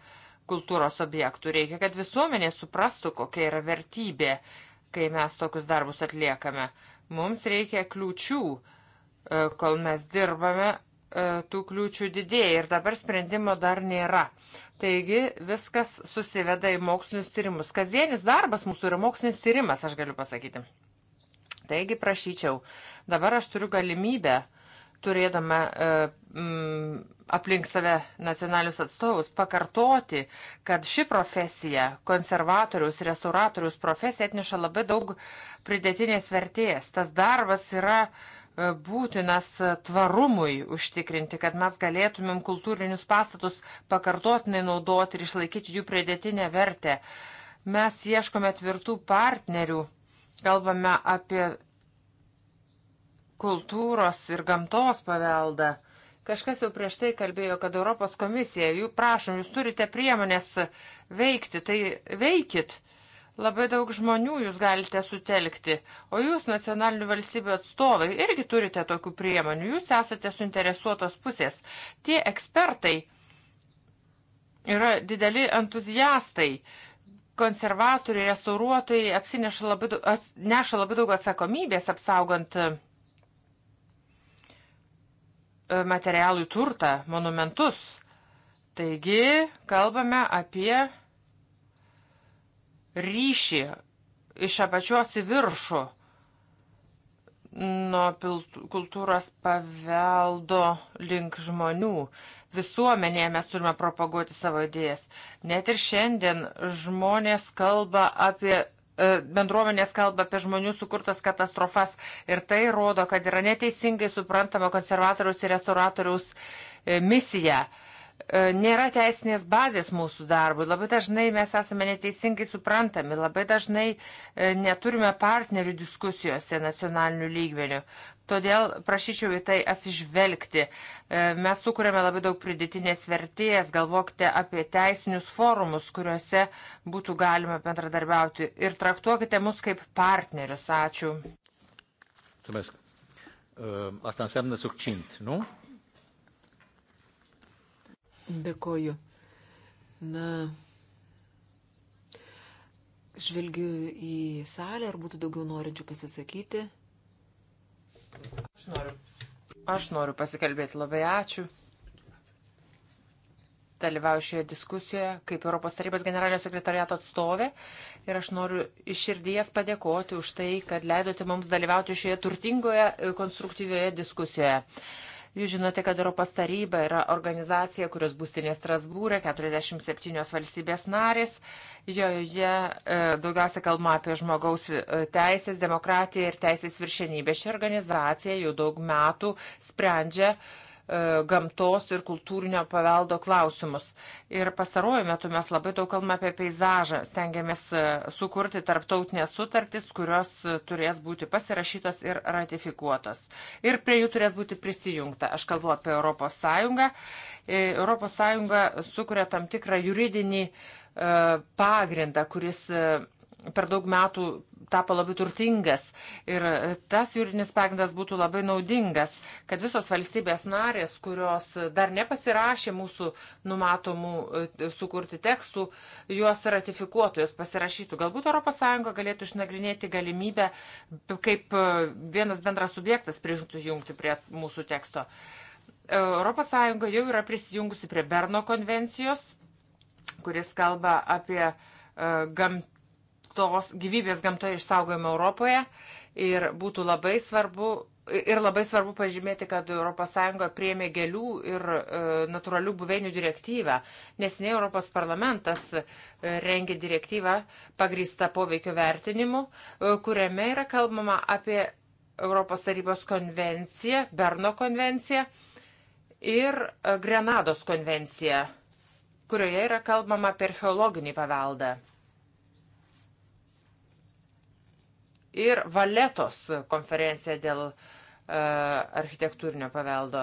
S3: kultūros objektų. Reikia, kad visuomenė suprastų, kokia yra vertybė, kai mes tokius darbus atliekame. Mums reikia kliūčių, e, kol mes dirbame, e, tų kliūčių didėja ir dabar sprendimo dar nėra. Taigi viskas susiveda į mokslinius tyrimus. Kasdienis darbas mūsų yra mokslinis tyrimas, aš galiu pasakyti. Taigi prašyčiau, dabar aš turiu galimybę uh, turėdama e, mm, aplink save nacionalius atstovus, pakartoti, kad ši profesija, konservatorius, restauratorius profesija atneša labai daug pridėtinės vertės. Tas darbas yra e, būtinas tvarumui užtikrinti, kad mes galėtumėm kultūrinius pastatus pakartotinai naudoti ir išlaikyti jų pridėtinę vertę. Mes ieškome tvirtų partnerių, kalbame apie kultūros ir gamtos paveldą. Kažkas jau prieš tai kalbėjo, kad Europos komisija, jų prašom, jūs turite priemonės veikti, tai veikit. Labai daug žmonių jūs galite sutelkti, o jūs, nacionalinių valstybių atstovai, irgi turite tokių priemonių, jūs esate suinteresuotos pusės. Tie ekspertai yra dideli entuziastai, konservatoriai, restauruotojai apsineša labai daug, neša labai daug atsakomybės apsaugant materialų turtą, monumentus. Taigi, kalbame apie ryšį iš apačios į viršų nuo kultūros paveldo link žmonių. Visuomenėje mes turime propaguoti savo idėjas. Net ir šiandien žmonės kalba apie E, bendruomenės kalba apie žmonių sukurtas katastrofas. Ir tai rodo, kad yra neteisingai suprantama konservatoriaus ir restauratoriaus e, misija. E, E, nėra teisinės bazės mūsų darbui. Labai dažnai mes esame neteisingai suprantami, labai dažnai e, neturime partnerių diskusijose nacionalinių lygmenių. Todėl prašyčiau į tai atsižvelgti. E, mes sukūrėme labai daug pridėtinės vertėjas, galvokite apie teisinius forumus, kuriuose būtų galima bendradarbiauti ir traktuokite mus kaip partnerius. Ačiū.
S1: Mulțumesc. Asta înseamnă succint, nu?
S2: Dėkoju. Na, žvelgiu į salę, ar būtų daugiau norinčių pasisakyti.
S3: Aš noriu. Aš noriu pasikalbėti labai ačiū. Dalyvauju šioje diskusijoje kaip Europos tarybos generalinio sekretariato atstovė ir aš noriu iš širdies padėkoti už tai, kad leidote mums dalyvauti šioje turtingoje, konstruktyvioje diskusijoje. Jūs žinote, kad Europos taryba yra organizacija, kurios būstinė Strasbūrė, 47 valstybės narės. Joje e, daugiausia kalbama apie žmogaus e, teisės, demokratiją ir teisės viršenybę. Ši organizacija jau daug metų sprendžia uh, E, gamtos ir kultūrinio paveldo klausimus. Ir pasaruoju metu mes labai daug kalbame apie peizažą. Stengiamės e, sukurti tarptautinės sutartys, kurios e, turės būti pasirašytos ir ratifikuotos. Ir prie jų turės būti prisijungta. Aš kalbu apie Europos Sąjungą. Europos Sąjunga sukuria tam tikrą juridinį pagrindą, kuris per daug metų tapo labai turtingas ir tas jūrinis pagrindas būtų labai naudingas, kad visos valstybės narės, kurios dar nepasirašė mūsų numatomų e, sukurti tekstų, juos ratifikuotų, juos pasirašytų. Galbūt ES galėtų išnagrinėti galimybę kaip e, vienas bendras subjektas prisijungti prie mūsų teksto. ES jau yra prisijungusi prie Berno konvencijos, kuris kalba apie e, gamt gamtos, gyvybės gamtoje išsaugojimą Europoje ir būtų labai svarbu. Ir labai svarbu pažymėti, kad ES priemė gėlių ir e, natūralių buveinių direktyvą, nes ne Europos parlamentas e, rengė direktyvą pagrįstą poveikio vertinimu, e, kuriame yra kalbama apie Europos tarybos konvenciją, Berno konvenciją ir e, Grenados konvenciją, kurioje yra kalbama apie archeologinį paveldą. ir Valetos konferencija dėl e, architektūrinio paveldo.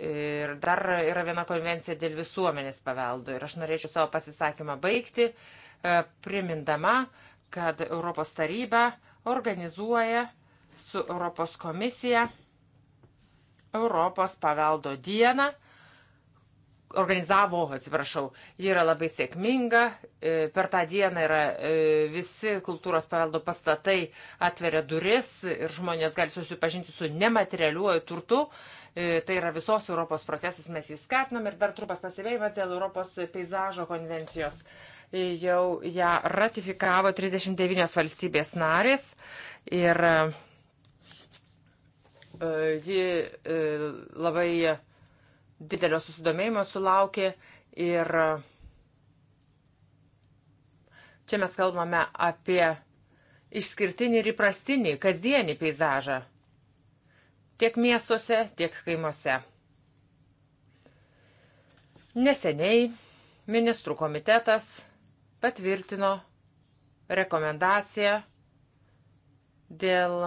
S3: Ir dar yra viena konvencija dėl visuomenės paveldo. Ir aš norėčiau savo pasisakymą baigti, e, primindama, kad Europos taryba organizuoja su Europos komisija Europos paveldo dieną organizavo, atsiprašau, ji yra labai sėkminga, e, per tą dieną yra e, visi kultūros paveldo pastatai atveria duris ir žmonės gali susipažinti su nematerialiuoju turtu. E, tai yra visos Europos procesas, mes jį skatinam ir dar trupas pasiveimas dėl Europos peizažo konvencijos. Jau ją ratifikavo 39 valstybės narės ir ji labai didelio susidomėjimo sulaukė ir čia mes kalbame apie išskirtinį ir įprastinį, kasdienį peizažą. Tiek miestuose, tiek kaimuose. Neseniai ministrų komitetas patvirtino rekomendaciją dėl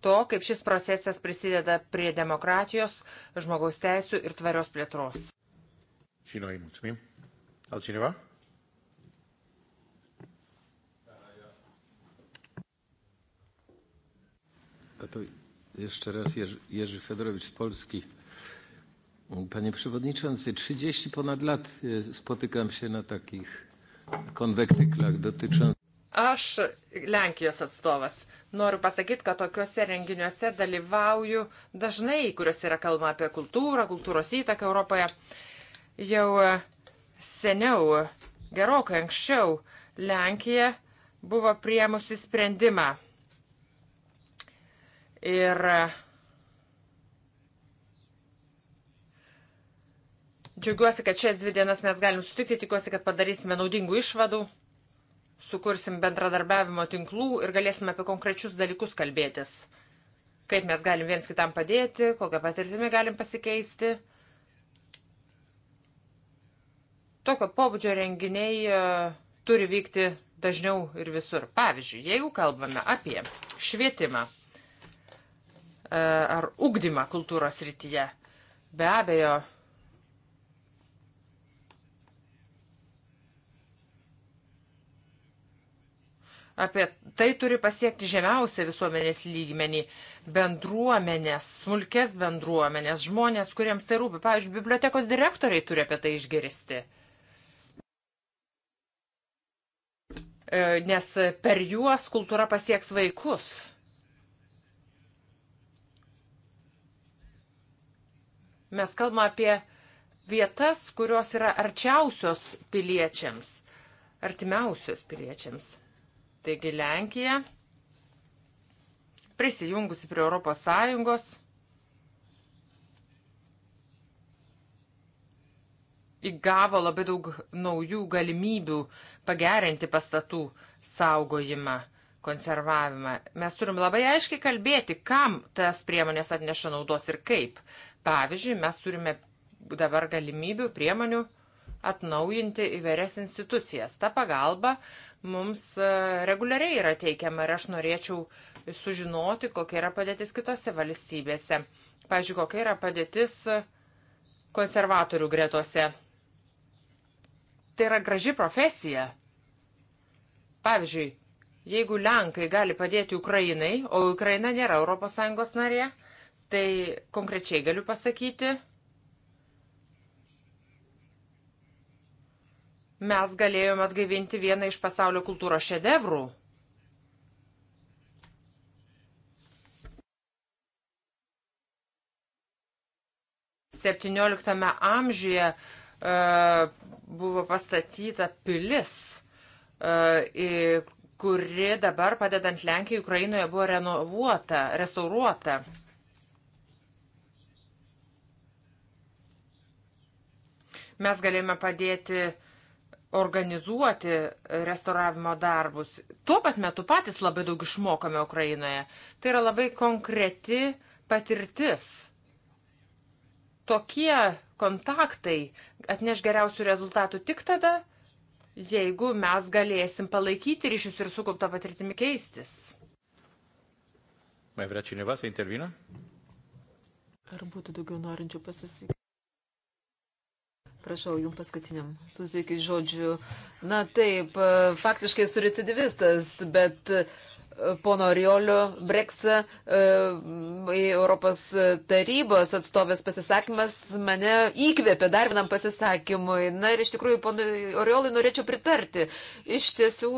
S3: to, kaip šis procesas prisideda prie demokratijos, žmogaus teisų ir tvarios plėtros.
S1: Žinojai, mūtumim. Alčineva? A to jeszcze raz Jerzy, Jerzy Fedorowicz z Polski. Panie Przewodniczący, 30 ponad lat e, spotykam się na takich konwektyklach dotyczących
S3: Aš, Lenkijos atstovas, noriu pasakyti, kad tokiuose renginiuose dalyvauju dažnai, kuriuose yra kalba apie kultūrą, kultūros įtaką Europoje. Jau e, seniau, gerokai anksčiau, Lenkija buvo priemusi sprendimą. Ir e, džiaugiuosi, kad šias dvi dienas mes galim sutikti, tikiuosi, kad padarysime naudingų išvadų sukursim bendradarbiavimo tinklų ir galėsim apie konkrečius dalykus kalbėtis. Kaip mes galim viens kitam padėti, kokią patirtimį galim pasikeisti. Tokio pobūdžio renginiai e, turi vykti dažniau ir visur. Pavyzdžiui, jeigu kalbame apie švietimą e, ar ugdymą kultūros rytyje, be abejo, Apie tai turi pasiekti žemiausią visuomenės lygmenį - bendruomenės, smulkės bendruomenės, žmonės, kuriems tai rūpi. Pavyzdžiui, bibliotekos direktoriai turi apie tai išgirsti. E, nes per juos kultūra pasieks vaikus. Mes kalbame apie vietas, kurios yra arčiausios piliečiams, artimiausios piliečiams. Taigi Lenkija, prisijungusi prie Europos Sąjungos, įgavo labai daug naujų galimybių pagerinti pastatų saugojimą, konservavimą. Mes turim labai aiškiai kalbėti, kam tas priemonės atneša naudos ir kaip. Pavyzdžiui, mes turime dabar galimybių, priemonių atnaujinti įvairias institucijas. Ta pagalba mums e, reguliariai yra teikiama ir aš norėčiau sužinoti, kokia yra padėtis kitose valstybėse. Pavyzdžiui, kokia yra padėtis e, konservatorių gretose. Tai yra graži profesija. Pavyzdžiui, jeigu Lenkai gali padėti Ukrainai, o Ukraina nėra ES narė, tai konkrečiai galiu pasakyti, mes galėjome atgaivinti vieną iš pasaulio kultūros šedevrų. XVII amžiuje e, buvo pastatyta pilis, e, kuri dabar padedant Lenkijai Ukrainoje buvo renovuota, restauruota. Mes galėjome padėti e, organizuoti restauravimo darbus. Tuo pat metu patys labai daug išmokame Ukrainoje. Tai yra labai konkreti patirtis. Tokie kontaktai atneš geriausių rezultatų tik tada, jeigu mes galėsim palaikyti ryšius ir sukauptą patirtimį keistis.
S1: Mai vrea cineva să intervină?
S2: Ar būtų daugiau norinčių pasisakyti? Prašau, jums paskutiniam susiekį žodžių. Na taip, faktiškai esu recidivistas, bet e, pono Riolio Brexa e, į Europos tarybos atstovės pasisakymas mane įkvėpė dar vienam pasisakymui. Na ir iš tikrųjų, pono Riolui norėčiau pritarti. Iš tiesų,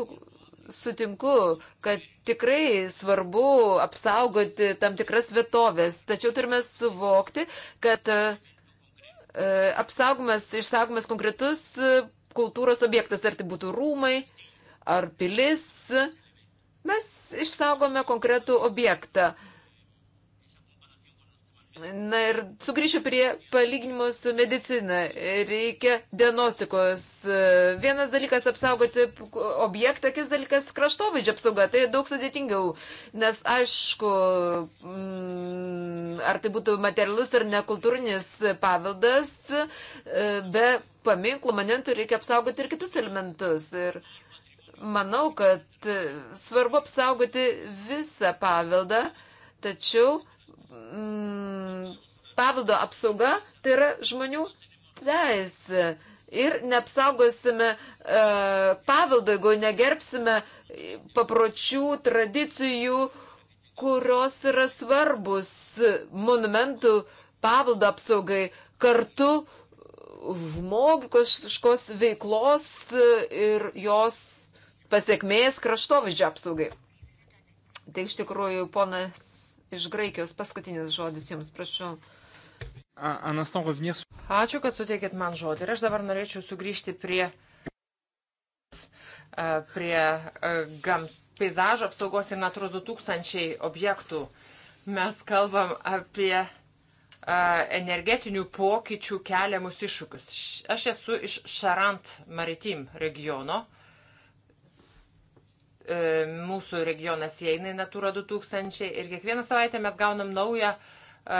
S2: sutinku, kad tikrai svarbu apsaugoti tam tikras vietovės, tačiau turime suvokti, kad uh, E, apsaugomas, išsaugomas konkretus e, kultūros objektas, ar tai būtų rūmai, ar pilis. Mes išsaugome konkretų objektą. Na ir sugrįšiu prie palyginimo su medicina. Reikia dienostikos. Vienas dalykas apsaugoti objektą, kitas dalykas kraštovaizdžio apsauga. Tai daug sudėtingiau, nes aišku, mm, ar tai būtų materialus ar nekultūrinis paveldas, be paminklų manentų reikia apsaugoti ir kitus elementus. Ir manau, kad svarbu apsaugoti visą paveldą, tačiau mm, pavaldo apsauga, tai yra žmonių teisė. Ir neapsaugosime e, pavaldo, jeigu negerbsime papročių, tradicijų, kurios yra svarbus monumentų pavaldo apsaugai kartu žmogiškos veiklos ir jos pasiekmės kraštovaizdžio apsaugai. Tai iš tikrųjų, ponas iš Graikijos. Paskutinis žodis jums, prašau. Ačiū, kad suteikėt man žodį. Ir
S3: aš dabar norėčiau sugrįžti prie, prie gam, peizažo apsaugos ir Natūros 2000 objektų. Mes kalbam apie energetinių pokyčių keliamus iššūkius. Aš esu iš Šarant Maritim regiono. E, mūsų regionas įeina į Natūra 2000 ir kiekvieną savaitę mes gaunam naują e,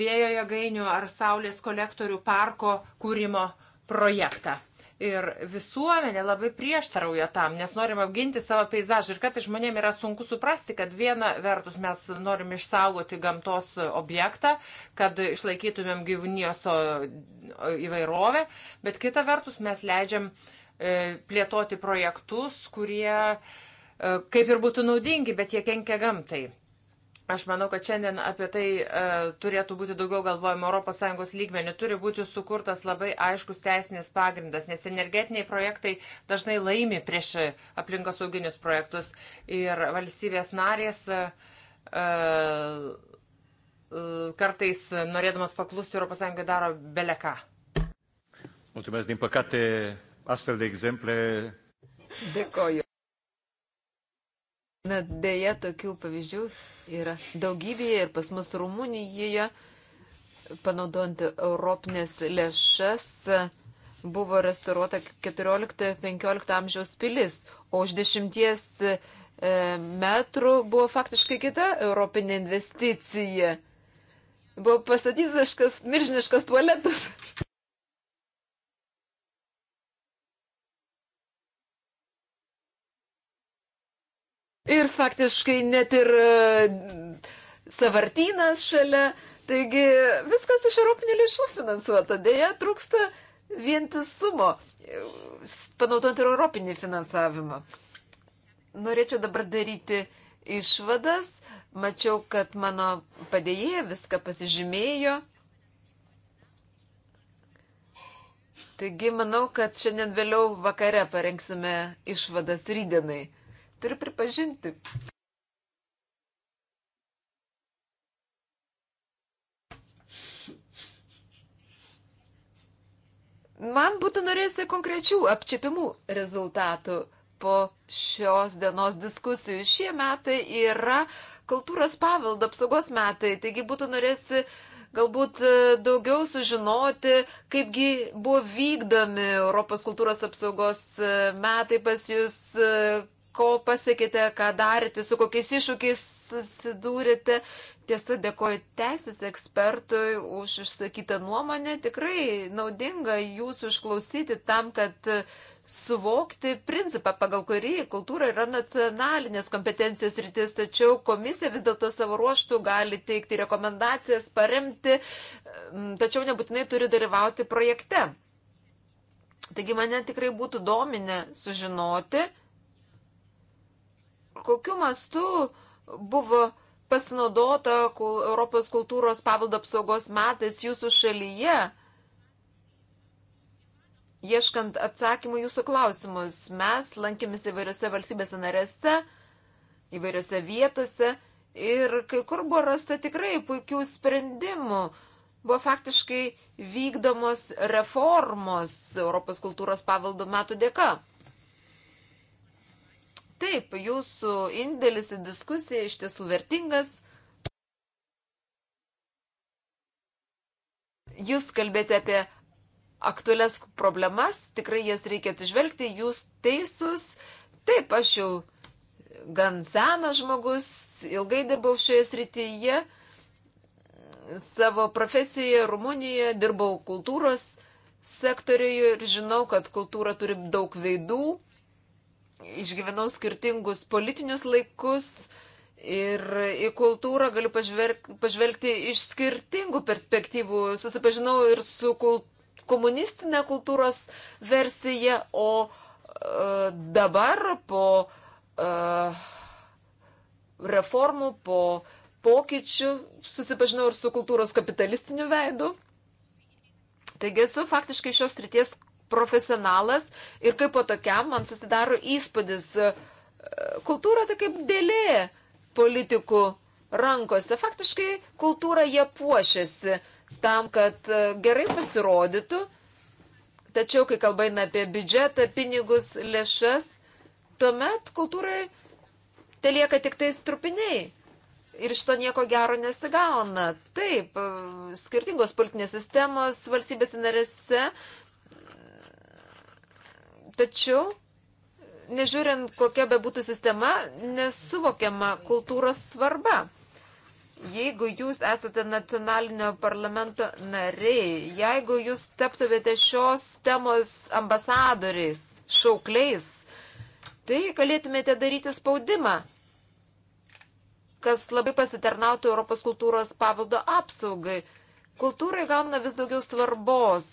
S3: vėjo jėgainių ar saulės kolektorių parko kūrimo projektą. Ir visuomenė labai prieštarauja tam, nes norim apginti savo peizažą. Ir kartais žmonėm yra sunku suprasti, kad viena vertus mes norim išsaugoti gamtos objektą, kad išlaikytumėm gyvūnijos įvairovę, bet kita vertus mes leidžiam uh, E, plėtoti projektus, kurie e, kaip ir būtų naudingi, bet jie kenkia gamtai. Aš manau, kad šiandien apie tai e, turėtų būti daugiau galvojama ES lygmenių. Turi būti sukurtas labai aiškus teisinis pagrindas, nes energetiniai projektai dažnai laimi prieš aplinkosauginius projektus ir valstybės narės. E, Cartais, e, norėdamas paklusti, ES daro beleką.
S1: Mulțumesc, din păcate, astfel de exemple.
S2: Dėkoju. Na, dėja, tokių pavyzdžių yra daugybėje ir pas mus Rumunijoje, panaudojant europinės lėšas, buvo restauruota 14-15 amžiaus pilis, o už dešimties e, metrų buvo faktiškai kita europinė investicija. Buvo pastatytas kažkas milžiniškas tualetas. ir faktiškai net ir e, savartynas šalia. Taigi viskas iš europinių lėšų finansuota. Deja, trūksta vientisumo, panaudojant ir europinį finansavimą. Norėčiau dabar daryti išvadas. Mačiau, kad mano padėjėja viską pasižymėjo. Taigi manau, kad šiandien vėliau vakare parengsime išvadas rydienai. Turiu pripažinti. Man būtų norėjusi konkrečių apčiapimų rezultatų po šios dienos diskusijų. Šie metai yra kultūros paveldo apsaugos metai, taigi būtų norėjusi galbūt daugiau sužinoti, kaipgi buvo vykdomi Europos kultūros apsaugos metai pas jūs, ko pasiekėte, ką darėte, su kokiais iššūkiais susidūrėte. Tiesa, dėkoju teisės ekspertui už išsakytą nuomonę. Tikrai naudinga jūsų išklausyti tam, kad suvokti principą, pagal kurį kultūra yra nacionalinės kompetencijos rytis, tačiau komisija vis dėlto savo ruoštų gali teikti rekomendacijas, paremti, tačiau nebūtinai turi dalyvauti projekte. Taigi mane tikrai būtų dominę sužinoti, kokiu mastu buvo pasinaudota Europos kultūros paveldo apsaugos metais jūsų šalyje, ieškant atsakymų jūsų klausimus. Mes lankėmės įvairiose valstybėse narėse, įvairiose vietose ir kai kur buvo rasta tikrai puikių sprendimų. Buvo faktiškai vykdomos reformos Europos kultūros paveldo metų dėka. Taip, jūsų indėlis į diskusiją iš tiesų vertingas. Jūs kalbėte apie aktualias problemas, tikrai jas reikia atsižvelgti, jūs teisus. Taip, aš jau gan senas žmogus, ilgai dirbau šioje srityje, savo profesijoje Rumunijoje dirbau kultūros sektoriuje ir žinau, kad kultūra turi daug veidų išgyvenau skirtingus politinius laikus ir į kultūrą galiu pažvelg, pažvelgti iš skirtingų perspektyvų. Susipažinau ir su kul, komunistinė kultūros versija, o e, dabar po e, reformų, po pokyčių susipažinau ir su kultūros kapitalistiniu veidu. Taigi esu faktiškai šios ryties profesionalas ir kaip po tokiam man susidaro įspūdis. E, kultūra tai kaip dėlė politikų rankose. Faktiškai kultūra jie puošiasi tam, kad e, gerai pasirodytų. Tačiau, kai kalba eina apie biudžetą, pinigus, lėšas, tuomet kultūrai tai lieka tik tais trupiniai. Ir iš to nieko gero nesigauna. Taip, e, skirtingos politinės sistemos valstybės narėse Tačiau, nežiūrint kokia bebūtų sistema, nesuvokiama kultūros svarba. Jeigu jūs esate nacionalinio parlamento nariai, jeigu jūs taptumėte šios temos ambasadoriais, šaukliais, tai galėtumėte daryti spaudimą, kas labai pasitarnautų Europos kultūros pavaldo apsaugai. Kultūrai gauna vis daugiau svarbos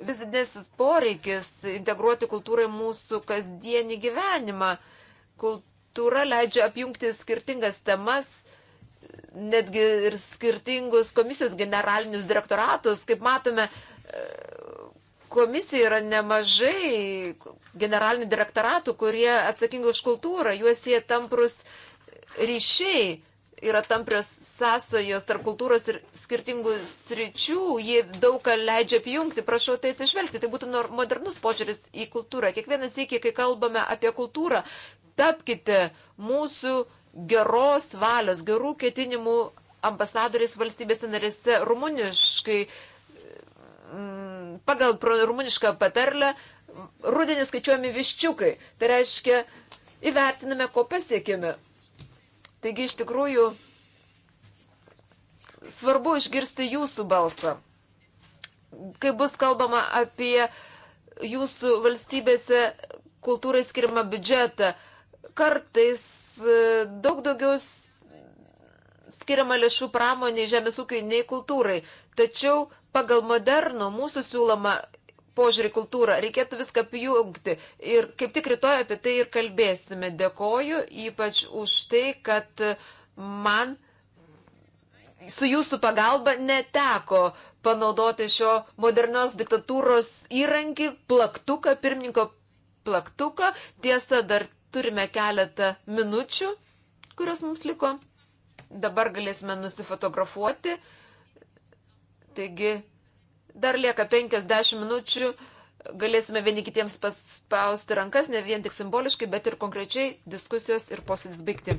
S2: vis didesnis poreikis integruoti kultūrą į mūsų kasdienį gyvenimą. Kultūra leidžia apjungti skirtingas temas, netgi ir skirtingus komisijos generalinius direktoratus. Kaip matome, komisija yra nemažai generalinių direktoratų, kurie atsakingi už kultūrą, juos jie tamprus ryšiai yra tamprios sąsajos tarp kultūros ir skirtingų sričių, jie daug ką leidžia apjungti, prašau tai atsižvelgti, tai būtų modernus požiūris į kultūrą. Kiekvienas iki, kai kalbame apie kultūrą, tapkite mūsų geros valios, gerų ketinimų ambasadoriais valstybėse narėse rumuniškai, mm, pagal rumunišką patarlę, rudenį skaičiuojami viščiukai. Tai reiškia, įvertiname, ko pasiekime. Taigi iš tikrųjų svarbu išgirsti jūsų balsą. Kai bus kalbama apie jūsų valstybėse kultūrai skiriamą biudžetą, kartais e, daug daugiau skiriama lėšų pramoniai, žemės ūkiai nei kultūrai. Tačiau pagal modernų mūsų siūlomą požiūrį kultūrą. Reikėtų viską apjungti. Ir kaip tik rytoj apie tai ir kalbėsime. Dėkoju ypač už tai, kad man su jūsų pagalba neteko panaudoti šio modernios diktatūros įrankį, plaktuką, pirmininko plaktuką. Tiesa, dar turime keletą minučių, kurios mums liko. Dabar galėsime nusifotografuoti. Taigi, Dar lieka 50 minučių, galėsime vieni kitiems paspausti rankas, ne vien tik simboliškai, bet ir konkrečiai diskusijos ir posėdis baigti.